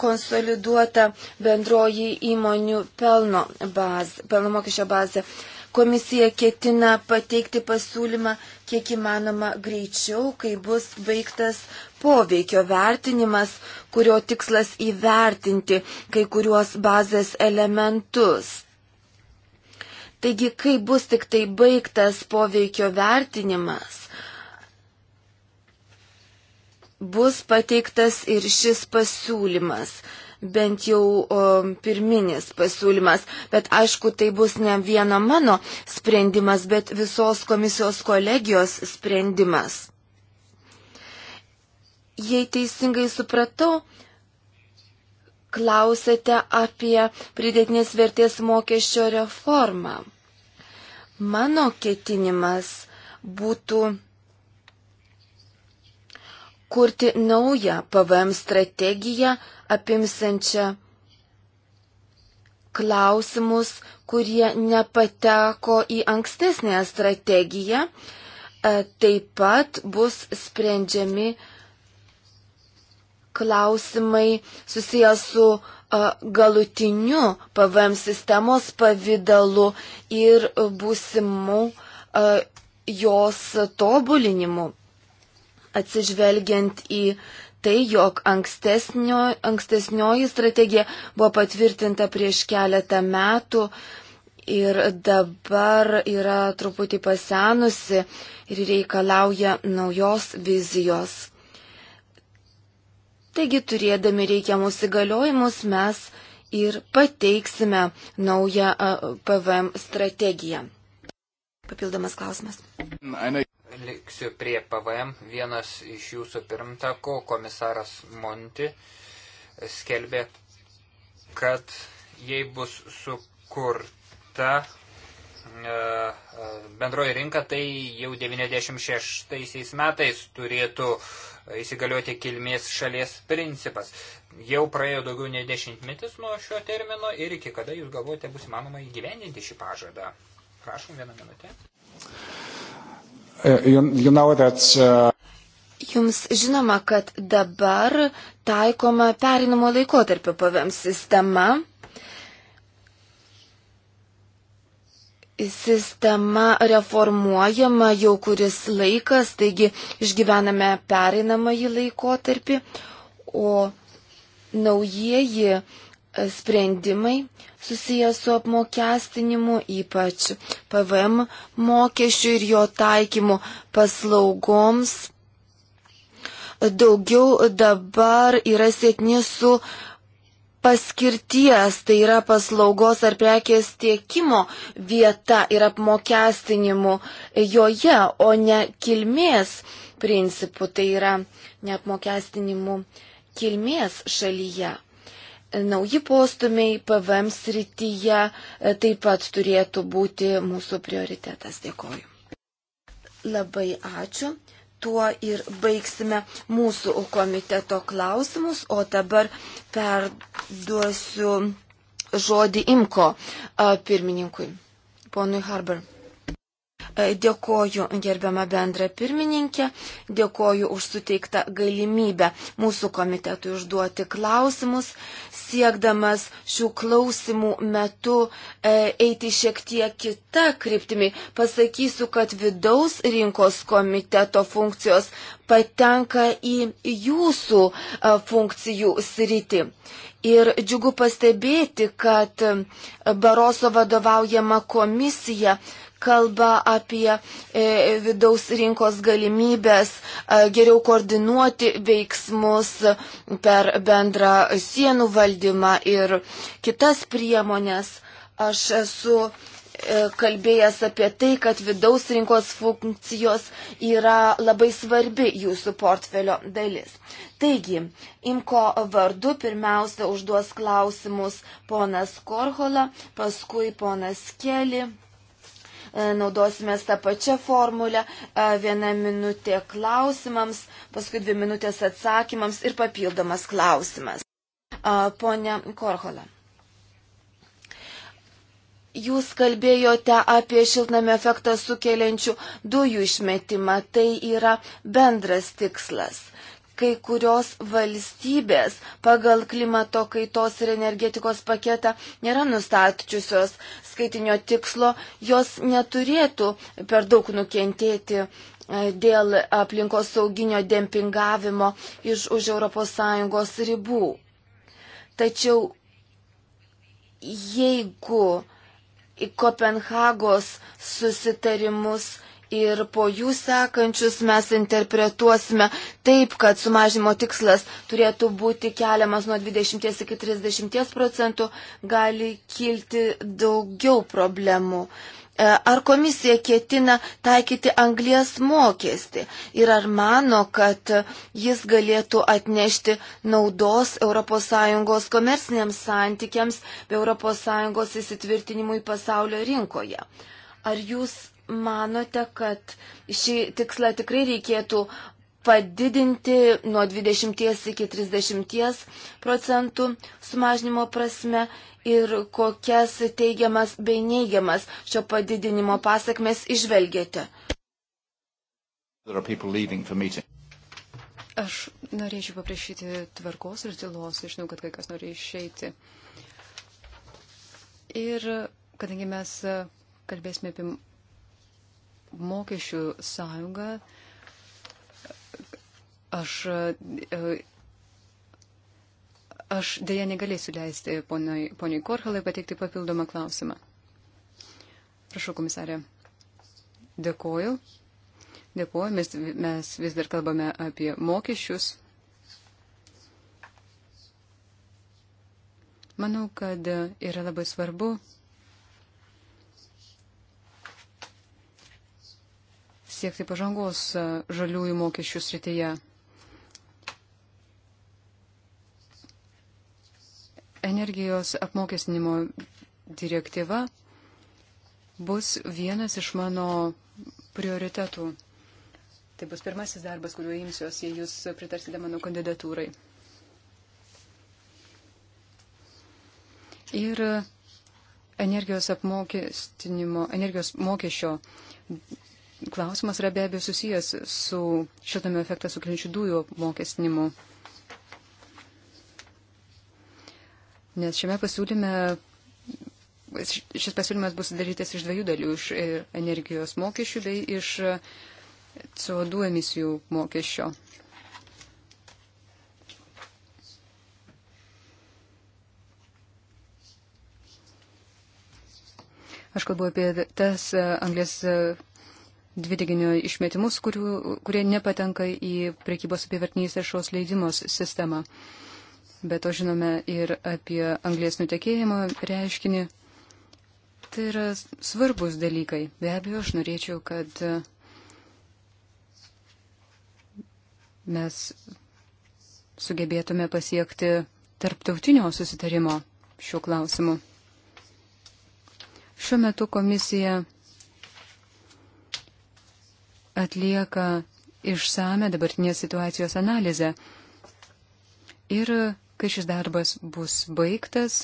konsoliduota bendroji įmonių pelno, baz, pelno mokesčio bazė. Komisija ketina pateikti pasiūlymą kiek įmanoma greičiau, kai bus baigtas poveikio vertinimas, kurio tikslas įvertinti kai kuriuos bazės elementus. Taigi, kai bus tik tai baigtas poveikio vertinimas, bus pateiktas ir šis pasiūlymas bent jau o, pirminis pasiūlymas. Bet aišku, tai bus ne viena mano sprendimas, bet visos komisijos kolegijos sprendimas. Jei teisingai supratau, klausėte apie pridėtinės vertės mokesčio reformą. Mano ketinimas būtų kurti naują PVM strategiją apimsančią klausimus, kurie nepateko į ankstesnę strategiją, e, taip pat bus sprendžiami klausimai susijęs su e, galutiniu PVM sistemos pavydalu ir būsimu e, jos tobulinimu atsižvelgiant į tai, jog ankstesnioji strategija buvo patvirtinta prieš keletą metų ir dabar yra truputį pasenusi ir reikalauja naujos vizijos. Taigi, turėdami reikiamus įgaliojimus, mes ir pateiksime naują PVM strategiją. Papildomas klausimas liksiu prie PVM. Vienas iš jūsų pirmtakų, komisaras Monti, skelbė, kad jei bus sukurta e, e, bendroji rinka, tai jau 96 metais turėtų įsigalioti kilmės šalies principas. Jau praėjo daugiau nei dešimtmetis nuo šio termino ir iki kada jūs galvojate bus įmanoma įgyvendinti šį pažadą. Prašom, vieną minutę. Uh, you, you know that, uh... Jums žinoma, kad dabar taikoma perinamo laikotarpio PVM sistema. Sistema reformuojama jau kuris laikas, taigi išgyvename perinamąjį laikotarpį, o naujieji sprendimai susijęs su apmokestinimu, ypač PVM mokesčiu ir jo taikymu paslaugoms, daugiau dabar yra sėtni su paskirties, tai yra paslaugos ar prekės tiekimo vieta ir apmokestinimu joje, o ne kilmės principu, tai yra neapmokestinimu kilmės šalyje. Nauji postumiai PVM srityje e, taip pat turėtų būti mūsų prioritetas. Dėkoju. Labai ačiū. Tuo ir baigsime mūsų komiteto klausimus, o dabar perduosiu žodį Imko e, pirmininkui, ponui Harber. E, dėkoju gerbiamą bendrą pirmininkę, dėkoju už suteiktą galimybę mūsų komitetui užduoti klausimus, siekdamas šių klausimų metu e, eiti šiek tiek kitą kryptimį. Pasakysiu, kad vidaus rinkos komiteto funkcijos patenka į jūsų e, funkcijų sritį. Ir džiugu pastebėti, kad Baroso vadovaujama komisija e, kalba apie e, vidaus rinkos galimybės e, geriau koordinuoti veiksmus per bendrą sienų valdymą ir kitas priemonės. Aš esu e, kalbėjęs apie tai, kad vidaus rinkos funkcijos yra labai svarbi jūsų portfelio dalis. Taigi, Imko vardu pirmiausia užduos klausimus ponas Korhola, paskui ponas Keli E, naudosime tą pačią formulę, e, viena minutė klausimams, paskui dvi minutės atsakymams ir papildomas klausimas. E, Pone Korhola. Jūs kalbėjote apie šiltnamio efektą sukeliančių dujų išmetimą. Tai yra bendras tikslas kai kurios valstybės pagal klimato kaitos ir energetikos paketą nėra nustatčiusios skaitinio tikslo, jos neturėtų per daug nukentėti e, dėl aplinkos sauginio dempingavimo iš už ES ribų. Tačiau jeigu į Kopenhagos susitarimus ir po jų sekančius mes interpretuosime taip, kad sumažimo tikslas turėtų būti keliamas nuo 20 iki 30 procentų, gali kilti daugiau problemų. E, ar komisija ketina taikyti anglės mokestį ir ar mano, kad jis galėtų atnešti naudos ES komerciniams santykiams bei ES įsitvirtinimui pasaulio rinkoje? Ar jūs manote, kad šį tikslą tikrai reikėtų padidinti nuo 20 iki 30 procentų sumažinimo prasme ir kokias teigiamas bei neigiamas šio padidinimo pasakmes išvelgėte? Aš norėčiau paprašyti tvarkos ir tylos, žinau, kad kai kas nori išeiti. Ir kadangi mes kalbėsime apie mokesčių sąjungą aš, e, aš dėja negalėsiu leisti poniai, poniai Korhalai pateikti papildomą klausimą. Prašau, komisarė. Dėkoju. Dėkoju, mes, mes vis dar kalbame apie mokesčius. Manau, kad yra labai svarbu siekti pažangos e, žaliųjų mokesčių srityje. Energijos apmokestinimo direktyva bus vienas iš mano prioritetų. Tai bus pirmasis darbas, kuriuo imsiuosi, jei jūs pritarsite mano kandidatūrai. Ir energijos apmokestinimo, energijos mokesčio klausimas yra be abejo susijęs su šiltame efektą sukeliančių dujų apmokestinimu. Nes šiame pasiūlyme, šis pasiūlymas bus darytas iš dviejų dalių, iš e, energijos mokesčių bei iš e, CO2 emisijų mokesčio. Aš kalbu apie tas e, anglės dvideginio išmetimus, kurių, kurie nepatenka į prekybos apivartiniais taršos leidimos sistemą. Bet to žinome ir apie anglės nutekėjimo reiškinį. Tai yra svarbus dalykai. Be abejo, aš norėčiau, kad mes sugebėtume pasiekti tarptautinio susitarimo šiuo klausimu. Šiuo metu komisija atlieka išsame dabartinės situacijos analizę. Ir kai šis darbas bus baigtas,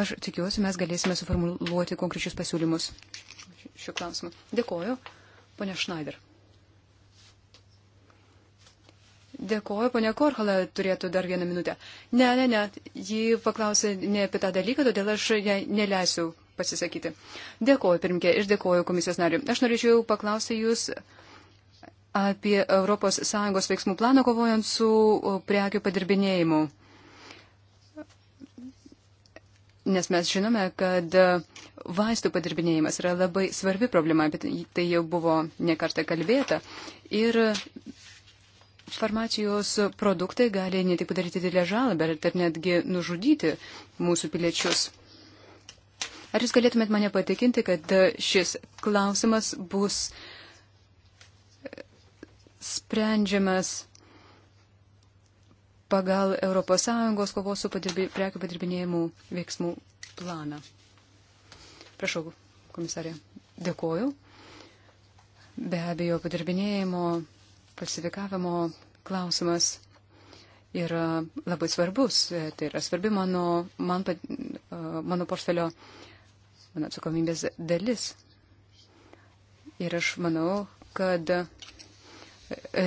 aš tikiuosi, mes galėsime suformuluoti konkrečius pasiūlymus šiuo klausimu. Dėkoju, ponia Schneider. Dėkoju, ponia Korhala turėtų dar vieną minutę. Ne, ne, ne, ji paklausė ne apie tą dalyką, todėl aš jai neleisiu pasisakyti. Dėkoju, pirmkė, ir dėkoju komisijos nariu. Aš norėčiau paklausti jūs apie ES veiksmų planą kovojant su prekių padirbinėjimu. Nes mes žinome, kad e, vaistų padirbinėjimas yra labai svarbi problema, bet tai jau buvo nekartą kalbėta. Ir farmacijos produktai gali ne tik padaryti didelę žalą, bet ir netgi nužudyti mūsų piliečius. Ar jūs galėtumėt mane patikinti, kad e, šis klausimas bus e, sprendžiamas pagal ES kovos su padirbi, prekių padirbinėjimu veiksmų planą? Prašau, komisarė, dėkoju. Be abejo, padirbinėjimo, falsifikavimo klausimas yra labai svarbus. E, tai yra svarbi mano, man, mano portfelio mano atsakomybės dalis. Ir aš manau, kad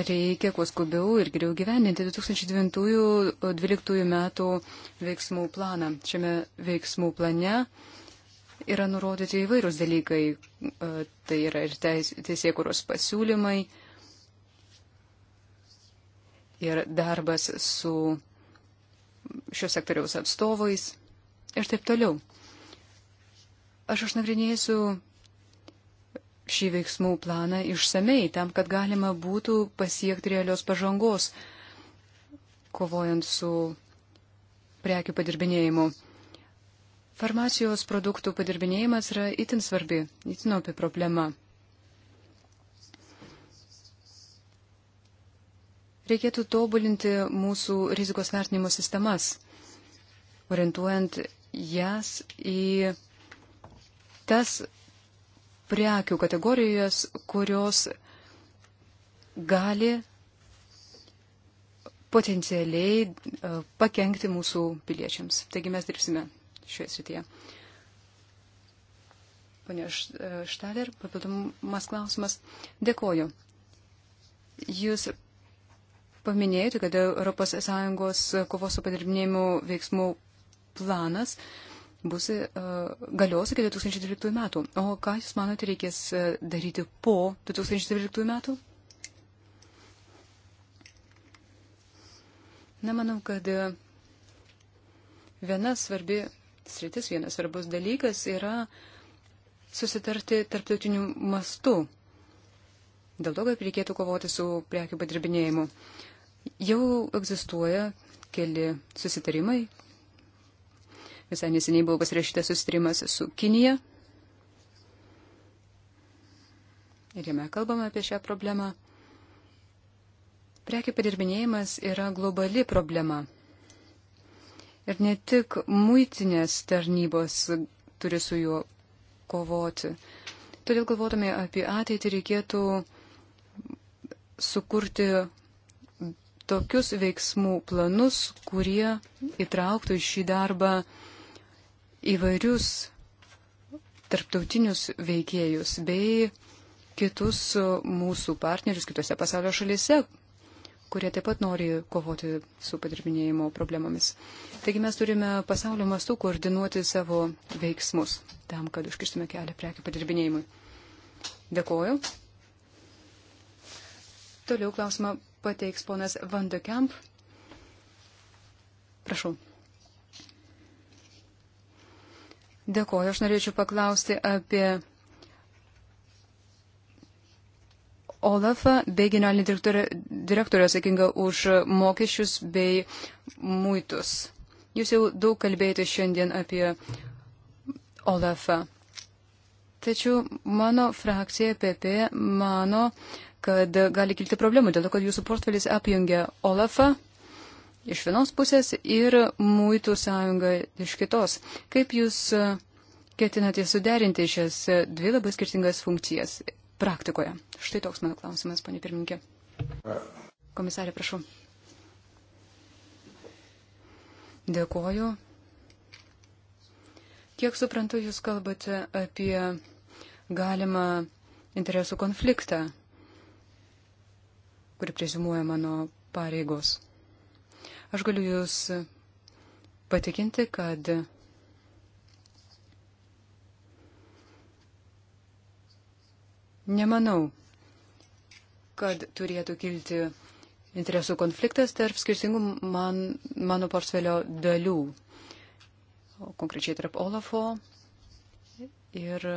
reikia kuo skubiau ir geriau gyveninti 2012 metų veiksmų planą. Šiame veiksmų plane yra nurodyti įvairūs dalykai. E, tai yra ir teisėkuros pasiūlymai, ir darbas su šios sektoriaus atstovais ir taip toliau. Aš išnagrinėsiu šį veiksmų planą išsamei, tam, kad galima būtų pasiekti realios pažangos, kovojant su prekių padirbinėjimu. Farmacijos produktų padirbinėjimas yra itin svarbi, itin opi problema. Reikėtų tobulinti mūsų rizikos vertinimo sistemas, orientuojant jas į tas prekių kategorijas, kurios gali potencialiai e, pakengti mūsų piliečiams. Taigi mes dirbsime šioje srityje. Pane e, Štaler, papildomas klausimas. Dėkoju. Jūs paminėjote, kad ES kovos su padirbinėjimu veiksmų planas uh, bus uh, galios iki 2012 metų. O ką Jūs manote reikės e, daryti po 2012 metų? Na, manau, kad e, viena svarbi sritis, vienas svarbus dalykas yra susitarti tarptautiniu mastu. Dėl to, kad reikėtų kovoti su prekių padirbinėjimu. Jau egzistuoja keli susitarimai, Visai neseniai buvo pasirašytas sustrimas su Kinija. Ir jame kalbame apie šią problemą. Prekių padirbinėjimas yra globali problema. Ir ne tik muitinės tarnybos turi su juo kovoti. Todėl galvodami apie ateitį reikėtų sukurti tokius veiksmų planus, kurie įtrauktų į šį darbą įvairius tarptautinius veikėjus bei kitus mūsų partnerius kitose pasaulio šalyse, kurie taip pat nori kovoti su padirbinėjimo problemomis. Taigi mes turime pasaulio mastu koordinuoti savo veiksmus tam, kad užkirstume kelią prekių padirbinėjimui. Dėkoju. Toliau klausimą pateiks ponas Vandekamp. Prašau. Dėkoju, aš norėčiau paklausti apie Olafą bei generalinį direktorę, direktorę atsakingą už mokesčius bei muitus. Jūs jau daug kalbėjote šiandien apie Olafą. Tačiau mano frakcija PP mano, kad gali kilti problemų dėl to, kad jūsų portfelis apjungia Olafą iš vienos pusės ir muitų sąjunga iš kitos. Kaip jūs e, ketinate suderinti šias e, dvi labai skirtingas funkcijas praktikoje? Štai toks mano klausimas, panė pirmininkė. Komisarė, prašau. Dėkoju. Kiek suprantu, jūs kalbate apie galimą interesų konfliktą, kuri prezimuoja mano pareigos. Aš galiu Jūs patikinti, kad nemanau, kad turėtų kilti interesų konfliktas tarp skirtingų man, mano portfelio dalių, konkrečiai tarp Olafo ir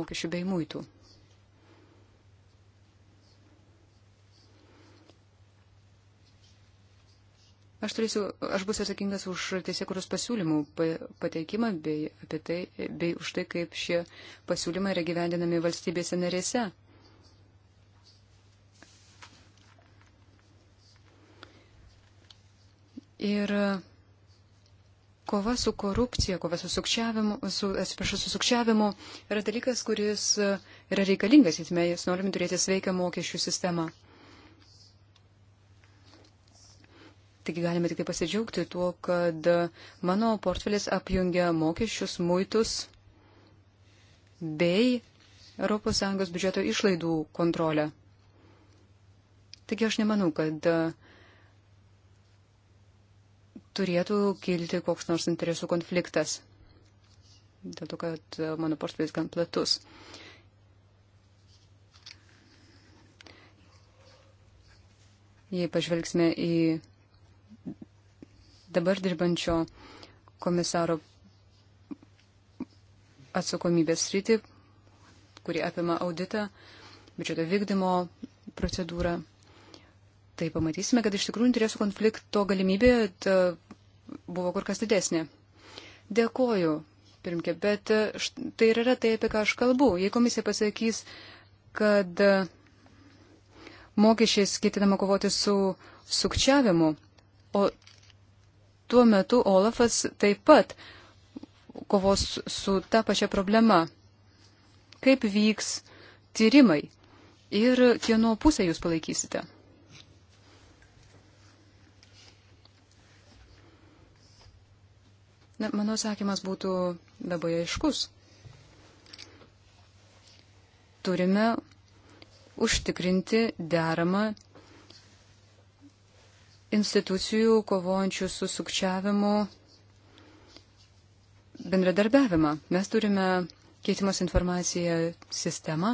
mokesčių bei muitų. Aš, turėsiu, aš bus atsakingas už teisėkurus pasiūlymų pateikimą bei, apie tai, bei už tai, kaip šie pasiūlymai yra gyvendinami valstybėse narėse. Ir kova su korupcija, kova su sukčiavimu, su, atsiprašau, su sukčiavimu yra dalykas, kuris yra reikalingas, jei mes norime turėti sveiką mokesčių sistemą. Taigi galime tik tai pasidžiaugti tuo, kad mano portfelis apjungia mokesčius, muitus bei ES biudžeto išlaidų kontrolę. Taigi aš nemanau, kad turėtų kilti koks nors interesų konfliktas. Dėl to, kad mano portfelis gan platus. Jei pažvelgsime į dabar dirbančio komisaro atsakomybės rytį, kuri apima auditą, biudžeto vykdymo procedūrą. Tai pamatysime, kad iš tikrųjų interesų konflikto galimybė buvo kur kas didesnė. Dėkoju, pirmkė, bet e, tai ir yra tai, apie ką aš kalbu. Jei komisija pasakys, kad e, mokesčiais ketinama kovoti su sukčiavimu, o tuo metu Olafas taip pat kovos su ta pačia problema. Kaip vyks tyrimai ir kieno pusę jūs palaikysite? Na, mano sakymas būtų labai aiškus. Turime užtikrinti deramą institucijų kovojančių su sukčiavimu bendradarbiavimą. Mes turime keitimos informaciją sistemą.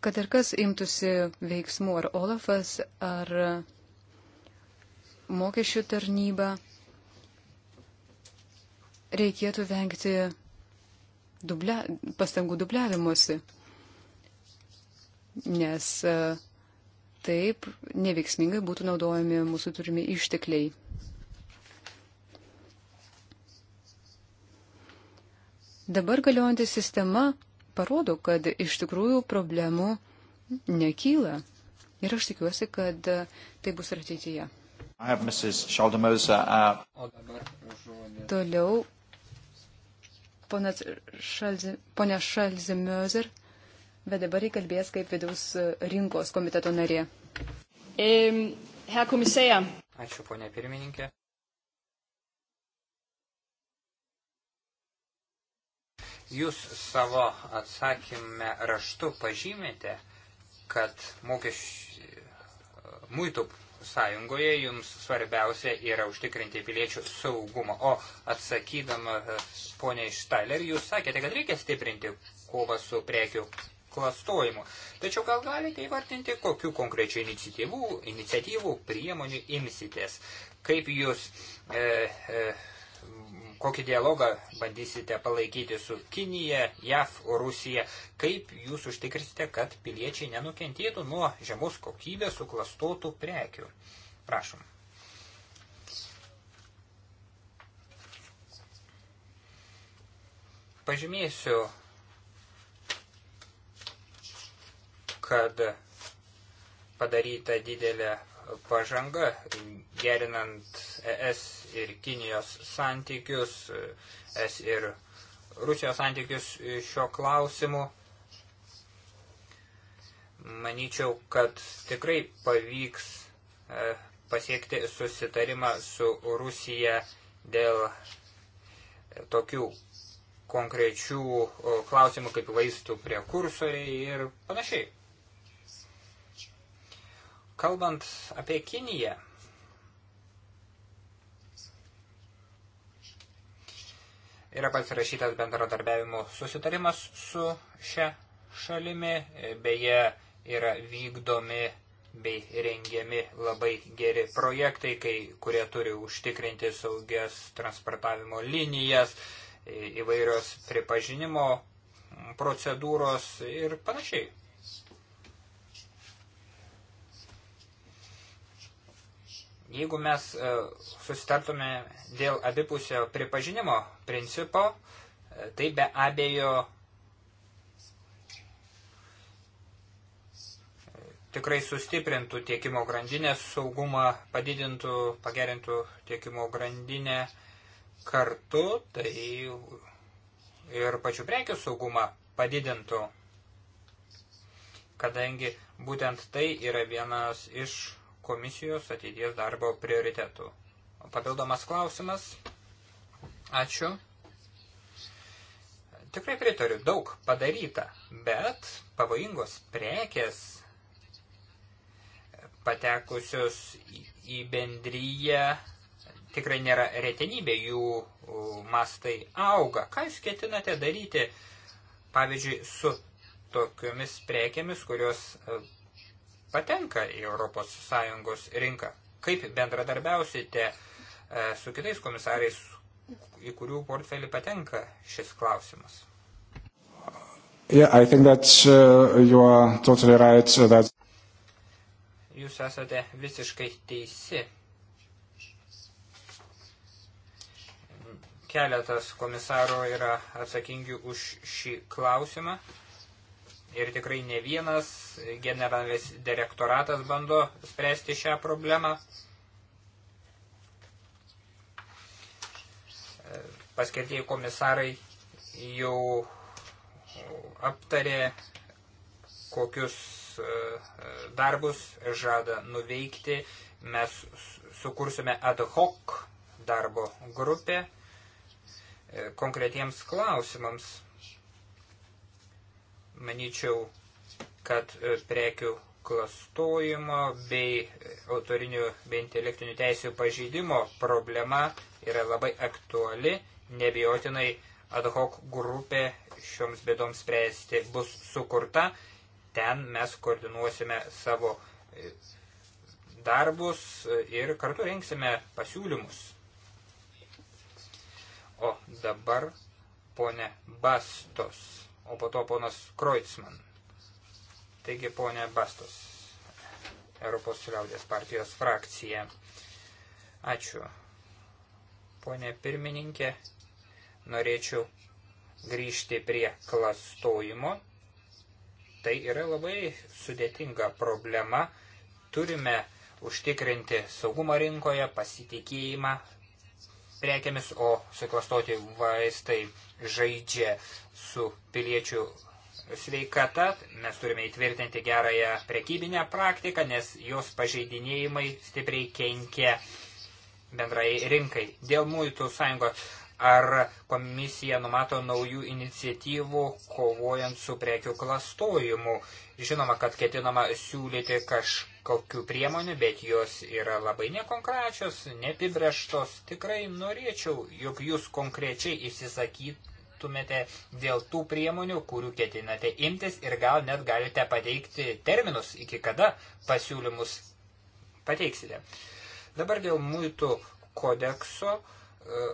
Kad ir kas imtųsi veiksmų, ar Olafas, ar mokesčių tarnybą, reikėtų vengti dublia, pastangų dubliavimuose, nes e, taip neveiksmingai būtų naudojami mūsų turimi ištekliai. Dabar galiojanti sistema parodo, kad iš tikrųjų problemų nekyla. Ir aš tikiuosi, kad e, tai bus ir ateityje. Uh, Toliau, Šalzi, ponia Šalzimözer, bet dabar įkalbės kaip vidaus uh, rinkos komiteto narė. E, Herr Kommissär. Ačiū, ponia pirmininkė. Jūs savo atsakymę raštu pažymėte, kad mokesčių, uh, muitų Sąjungoje jums svarbiausia yra užtikrinti piliečių saugumą. O atsakydama e, ponia Štailer, jūs sakėte, kad reikia stiprinti kovą su prekių klastojimu. Tačiau gal galite įvartinti, kokiu konkrečiu iniciatyvų, iniciatyvų priemonių imsitės, kaip jūs e, e, kokį dialogą bandysite palaikyti su Kinija, JAV, Rusija, kaip jūs užtikrisite, kad piliečiai nenukentėtų nuo žemos kokybės suklastotų prekių. Prašom. Pažymėsiu, kad padaryta didelė pažanga gerinant ES ir Kinijos santykius, es ir Rusijos santykius šio klausimu. Manyčiau, kad tikrai pavyks e, pasiekti susitarimą su Rusija dėl tokių konkrečių klausimų kaip vaistų prie kursoriai ir panašiai. Kalbant apie Kiniją, Yra pasirašytas bendradarbiavimo susitarimas su šia šalimi, beje, yra vykdomi bei rengiami labai geri projektai, kai, kurie turi užtikrinti saugias transportavimo linijas, įvairios pripažinimo procedūros ir panašiai. Jeigu mes e, susitartume dėl abipusio pripažinimo principo, e, tai be abejo e, tikrai sustiprintų tiekimo grandinės saugumą, padidintų, pagerintų tiekimo grandinę kartu, tai ir pačių prekių saugumą padidintų, kadangi būtent tai yra vienas iš komisijos ateities darbo prioritetų. Papildomas klausimas. Ačiū. Tikrai pritariu, daug padaryta, bet pavojingos prekės patekusios į bendryje tikrai nėra retenybė, jų mastai auga. Ką jūs ketinate daryti, pavyzdžiui, su tokiomis prekėmis, kurios e, patenka į ES rinką? Kaip bendradarbiausite e, su kitais komisariais, į kurių portfelį patenka šis klausimas? Yeah, I think that uh, you are totally right uh, that Jūs esate visiškai teisi. Keletas komisaro yra atsakingi už šį klausimą ir tikrai ne vienas generalinis direktoratas bando spręsti šią problemą. Paskirtieji komisarai jau aptarė, kokius e, darbus žada nuveikti. Mes sukursime ad hoc darbo grupę e, konkretiems klausimams Manyčiau, kad e, prekių klastojimo bei e, autorinių bei intelektinių teisų pažeidimo problema yra labai aktuali, nebijotinai ad hoc grupė šioms bėdoms spręsti bus sukurta, ten mes koordinuosime savo e, darbus ir kartu rengsime pasiūlymus. O dabar ponė Bastos o po to ponas Kreutzmann. Taigi, ponė Bastos, Europos liaudės partijos frakcija. Ačiū. Pone pirmininkė, norėčiau grįžti prie klastojimo. Tai yra labai sudėtinga problema. Turime užtikrinti saugumą rinkoje, pasitikėjimą prekiamis, o suklastoti vaistai žaidžia su piliečių sveikata. Mes turime įtvirtinti gerąją prekybinę praktiką, nes jos pažeidinėjimai stipriai kenkia bendrai rinkai. Dėl muitų sąjungos ar komisija numato naujų iniciatyvų kovojant su prekių klastojimu Žinoma, kad ketinama siūlyti kažkokių priemonių, bet jos yra labai nekonkrečios, neapibreštos. Tikrai norėčiau, jog jūs konkrečiai įsisakytumėte dėl tų priemonių, kurių ketinate imtis ir gal net galite pateikti terminus, iki kada pasiūlymus pateiksite. Dabar dėl muitų kodekso. E,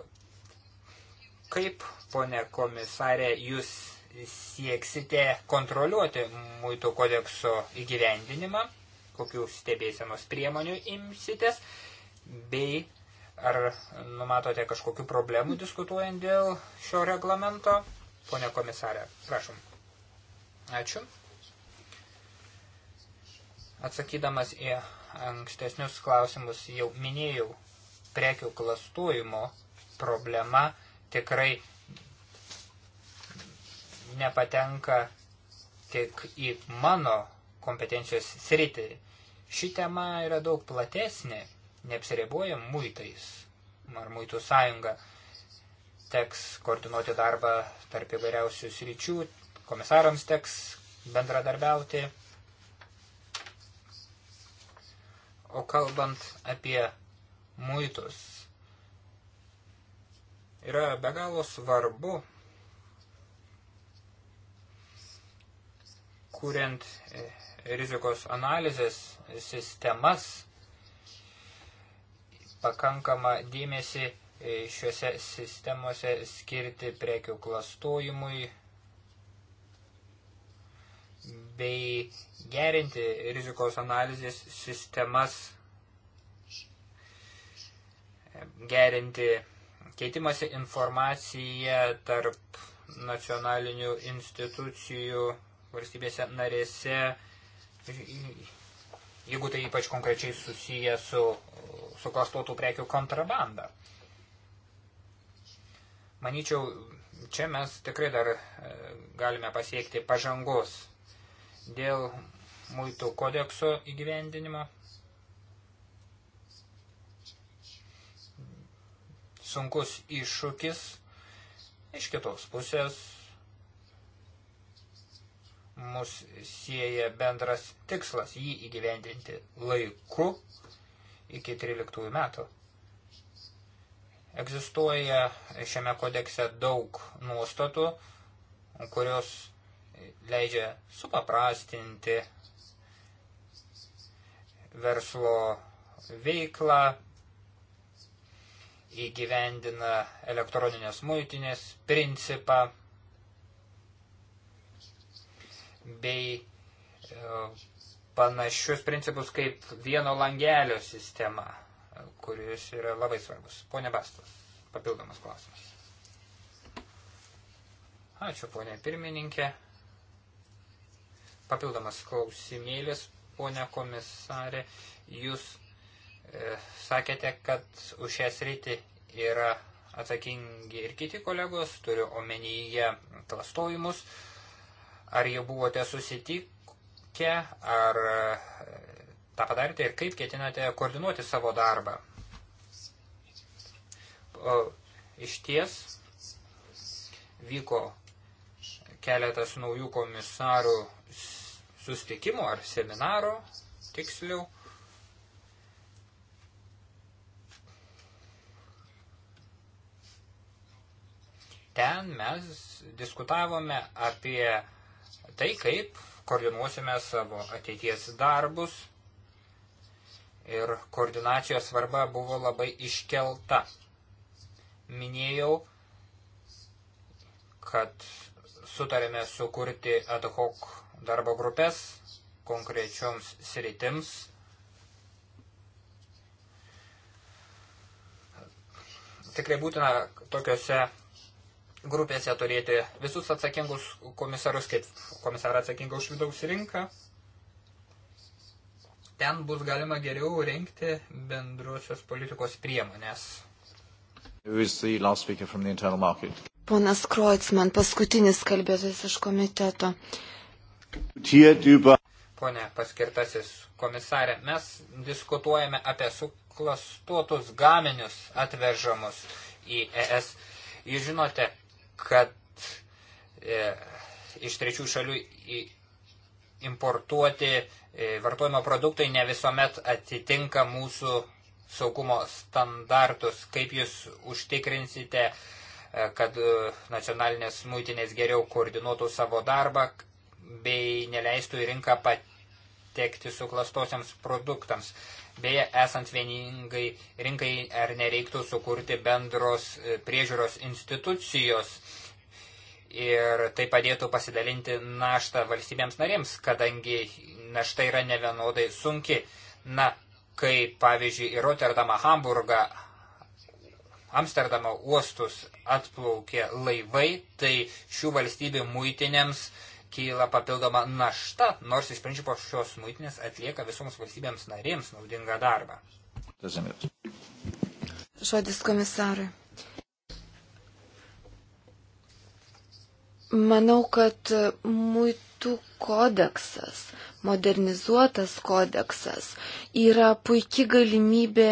kaip, ponė komisarė, jūs sieksite kontroliuoti muito kodekso įgyvendinimą, kokių stebėsenos priemonių imsitės, bei ar numatote kažkokių problemų diskutuojant dėl šio reglamento? Pone komisarė, prašom. Ačiū. Atsakydamas į ankstesnius klausimus jau minėjau prekių klastojimo problema tikrai nepatenka tik į mano kompetencijos sritį. Ši tema yra daug platesnė, neapsiriboja muitais ar muitų sąjunga. Teks koordinuoti darbą tarp įvairiausių sričių, komisarams teks bendradarbiauti. O kalbant apie muitus, yra be galo svarbu kuriant e, rizikos analizės sistemas, pakankama dėmesį e, šiuose sistemuose skirti prekių klastojimui bei gerinti rizikos analizės sistemas, gerinti keitimąsi informaciją tarp nacionalinių institucijų valstybėse narėse, jeigu tai ypač konkrečiai susiję su suklastotų prekių kontrabanda. Manyčiau, čia mes tikrai dar e, galime pasiekti pažangos dėl muitų kodekso įgyvendinimo. Sunkus iššūkis iš kitos pusės mus sieja bendras tikslas jį įgyvendinti laiku iki 13 metų. Egzistuoja šiame kodekse daug nuostatų, kurios leidžia supaprastinti verslo veiklą, įgyvendina elektroninės muitinės principą, bei e, panašius principus kaip vieno langelio sistema, kuris yra labai svarbus. Pone Bastas, papildomas klausimas. Ačiū, ponė pirmininkė. Papildomas klausimėlis, ponė komisarė. Jūs e, sakėte, kad už šią sritį yra atsakingi ir kiti kolegos, turiu omenyje klastojimus. E, Ar jau buvote susitikę, ar e, tą padarėte ir kaip ketinate koordinuoti savo darbą? O, iš ties vyko keletas naujų komisarų sustikimų ar seminaro, tiksliau. Ten mes diskutavome apie tai, kaip koordinuosime savo ateities darbus ir koordinacijos svarba buvo labai iškelta. Minėjau, kad sutarėme sukurti ad hoc darbo grupės konkrečioms sritims. Tikrai būtina tokiuose grupėse turėti visus atsakingus komisarus, kaip komisarą atsakingą už vidaus rinką. Ten bus galima geriau renkti bendruosios politikos priemonės. Ponas Kroitsman, paskutinis kalbėtojas iš komiteto. Pone paskirtasis komisarė, mes diskutuojame apie suklastuotus gaminius atvežamus į ES. Jūs žinote, kad e, iš trečių šalių į, importuoti e, vartojimo produktai ne visuomet atitinka mūsų saugumo standartus. Kaip jūs užtikrinsite, e, kad e, nacionalinės muitinės geriau koordinuotų savo darbą bei neleistų į rinką patekti suklastosiams produktams. Beje, esant vieningai rinkai, ar nereiktų sukurti bendros e, priežiūros institucijos ir tai padėtų pasidalinti naštą valstybėms narėms, kadangi našta yra nevienodai sunki. Na, kai pavyzdžiui į Rotterdamą, Hamburgą, Amsterdamo uostus atplaukė laivai, tai šių valstybių muitinėms kyla papildoma našta, nors iš principo šios muitinės atlieka visoms valstybėms narėms naudingą darbą. Žodis komisarui. Manau, kad muitų kodeksas, modernizuotas kodeksas yra puikia galimybė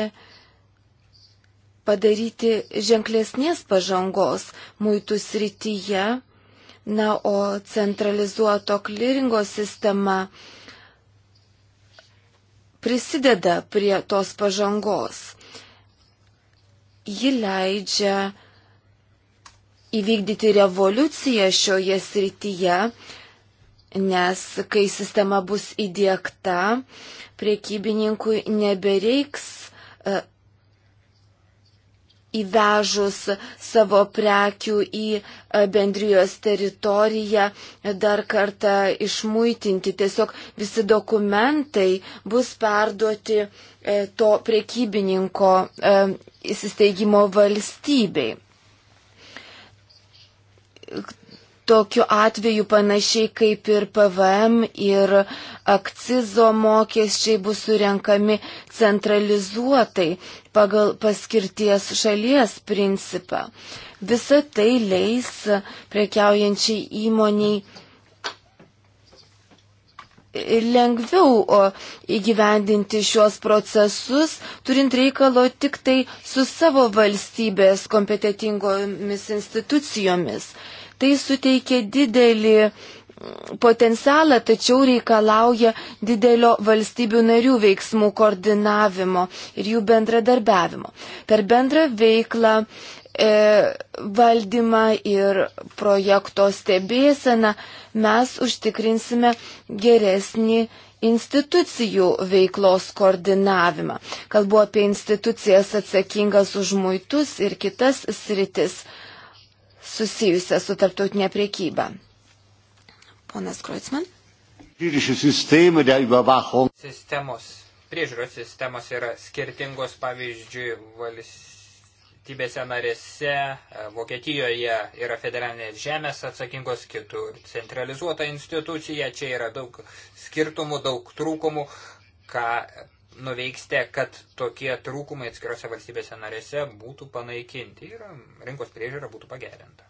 padaryti ženklesnės pažangos muitų srityje, na, o centralizuoto kliringo sistema prisideda prie tos pažangos. Ji leidžia įvykdyti revoliuciją šioje srityje, nes kai sistema bus įdėkta, priekybininkui nebereiks e, įvežus savo prekių į e, bendrijos teritoriją dar kartą išmuitinti. Tiesiog visi dokumentai bus perduoti e, to priekybininko įsisteigimo valstybei tokiu atveju panašiai kaip ir PVM ir akcizo mokesčiai bus surenkami centralizuotai pagal paskirties šalies principą. Visa tai leis prekiaujančiai įmoniai lengviau įgyvendinti šiuos procesus, turint reikalo tik tai su savo valstybės kompetitingomis institucijomis. Tai suteikia didelį potencialą, tačiau reikalauja didelio valstybių narių veiksmų koordinavimo ir jų bendradarbiavimo. Per bendrą veiklą e, valdymą ir projekto stebėseną mes užtikrinsime geresnį institucijų veiklos koordinavimą. Kalbu apie institucijas atsakingas už muitus ir kitas sritis. E, susijusią su tarptautinė priekyba. Ponas Kreutzmann. Sistemos, priežiūros sistemos yra skirtingos, pavyzdžiui, valstybėse narėse, e, Vokietijoje yra federalinės žemės atsakingos, kitur centralizuota institucija, čia yra daug skirtumų, daug trūkumų, ką nuveiksite, kad tokie trūkumai atskirose valstybėse narėse būtų panaikinti ir rinkos priežiūra būtų pagerinta.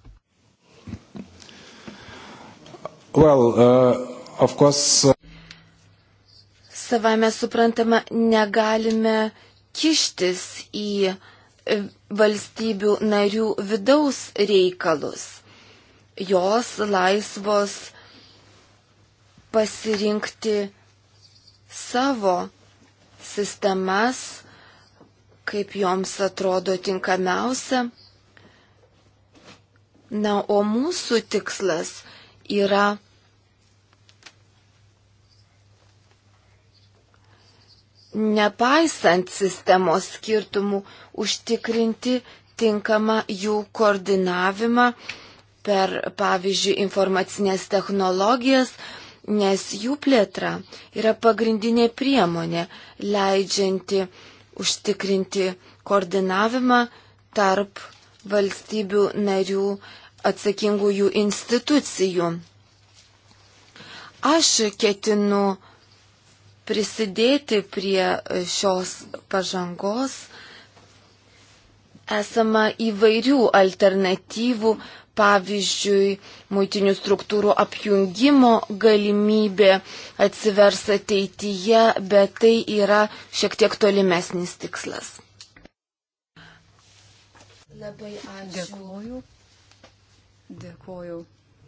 Well, uh, of course. Uh, Savame suprantama, negalime kištis į e, valstybių narių vidaus reikalus. Jos laisvos pasirinkti savo sistemas, kaip joms atrodo tinkamiausia. Na, o mūsų tikslas yra nepaisant sistemos skirtumų, užtikrinti tinkamą jų koordinavimą per, pavyzdžiui, informacinės technologijas, nes jų plėtra yra pagrindinė priemonė leidžianti užtikrinti koordinavimą tarp valstybių narių atsakingųjų institucijų. Aš ketinu uh, prisidėti prie šios pažangos. Esama įvairių alternatyvų, pavyzdžiui, muitinių struktūrų apjungimo galimybė atsivers ateityje, bet tai yra šiek tiek tolimesnis tikslas. Labai ačiū. Dėkuoju. Dėkuoju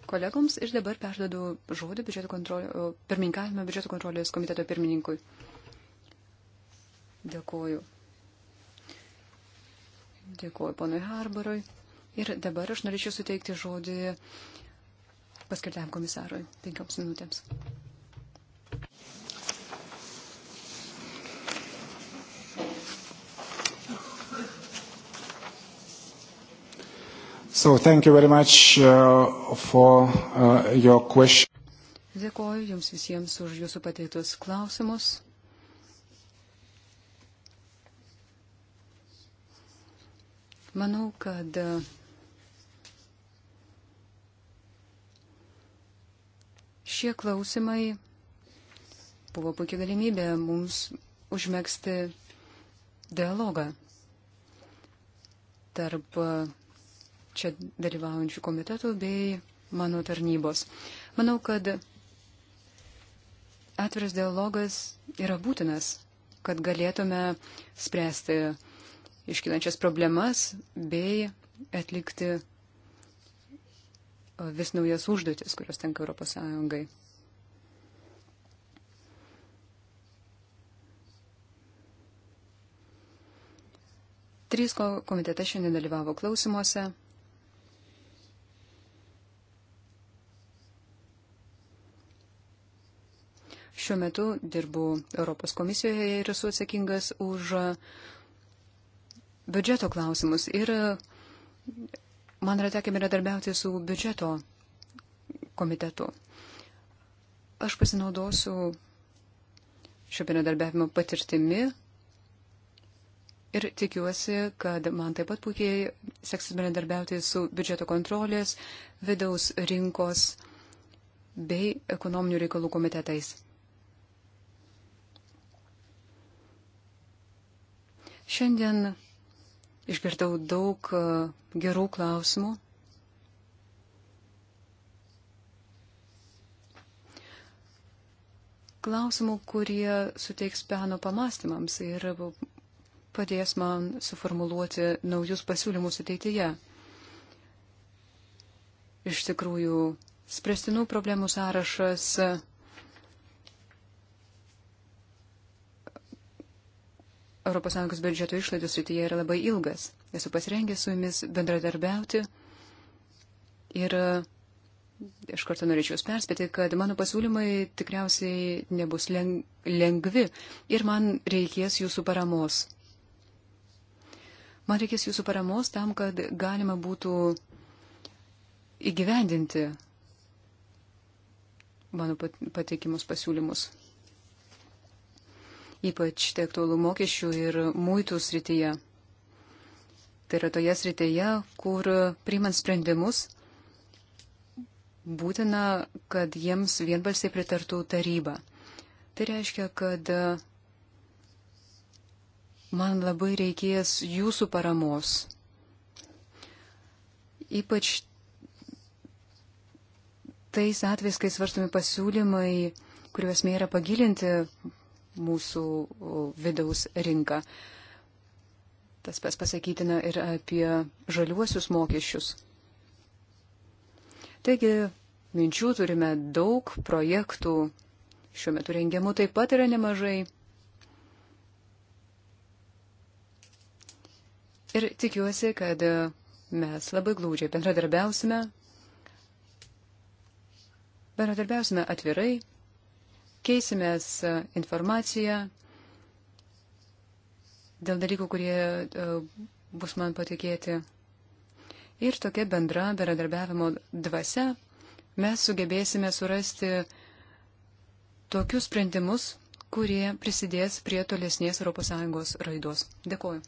kolegoms ir dabar perdodu žodį biudžeto kontrolio, pirmininkavimo biudžeto kontrolės komiteto pirmininkui. Dėkuoju. Dėkuoju ponui Harbarui. Ir dabar aš norėčiau suteikti žodį paskirtam komisarui penkioms minutėms. So thank you very much uh, for uh, your question. Dėkoju Jums visiems už Jūsų pateiktus klausimus. Manau, kad uh, šie klausimai buvo puikia galimybė mums užmėgsti dialogą tarp uh, čia dalyvaujančių komitetų bei mano tarnybos. Manau, kad atviras dialogas yra būtinas, kad galėtume spręsti iškilančias problemas bei atlikti vis naujas užduotis, kurios tenka Europos Sąjungai. Trys komitetai šiandien dalyvavo klausimuose. Šiuo metu dirbu Europos komisijoje ir esu atsakingas už biudžeto klausimus. Ir man yra tekę bendradarbiauti su biudžeto komitetu. Aš pasinaudosiu šio bendradarbiavimo patirtimi ir tikiuosi, kad man taip pat puikiai seksis bendradarbiauti su biudžeto kontrolės, vidaus rinkos bei ekonominių reikalų komitetais. Šiandien išgirdau daug e, gerų klausimų. Klausimų, kurie suteiks peno pamastymams ir padės man suformuluoti naujus pasiūlymus ateityje. Iš tikrųjų, spręstinų problemų sąrašas ES biudžeto išlaidų srityje yra labai ilgas. Esu pasirengęs su jumis bendradarbiauti ir e, iš karto norėčiau jūs perspėti, kad mano pasiūlymai tikriausiai nebus lengvi ir man reikės jūsų paramos. Man reikės jūsų paramos tam, kad galima būtų įgyvendinti mano patikimus pasiūlymus ypač tai aktualų mokesčių ir muitų srityje. Tai yra toje srityje, kur priimant sprendimus būtina, kad jiems vienbalsiai pritartų taryba. Tai reiškia, kad man labai reikės jūsų paramos. Ypač tais atvejais, kai svarstomi pasiūlymai, kuriuos mėra pagilinti mūsų vidaus rinką. Tas pas pasakytina ir apie žaliuosius mokesčius. Taigi, minčių turime daug, projektų šiuo metu rengiamų taip pat yra nemažai. Ir tikiuosi, kad mes labai glaudžiai bendradarbiausime, bendradarbiausime atvirai keisimės e, informaciją dėl dalykų, kurie e, bus man patikėti. Ir tokia bendra bendradarbiavimo dvasia mes sugebėsime surasti tokius sprendimus, kurie prisidės prie tolesnės ES raidos. Dėkuoju.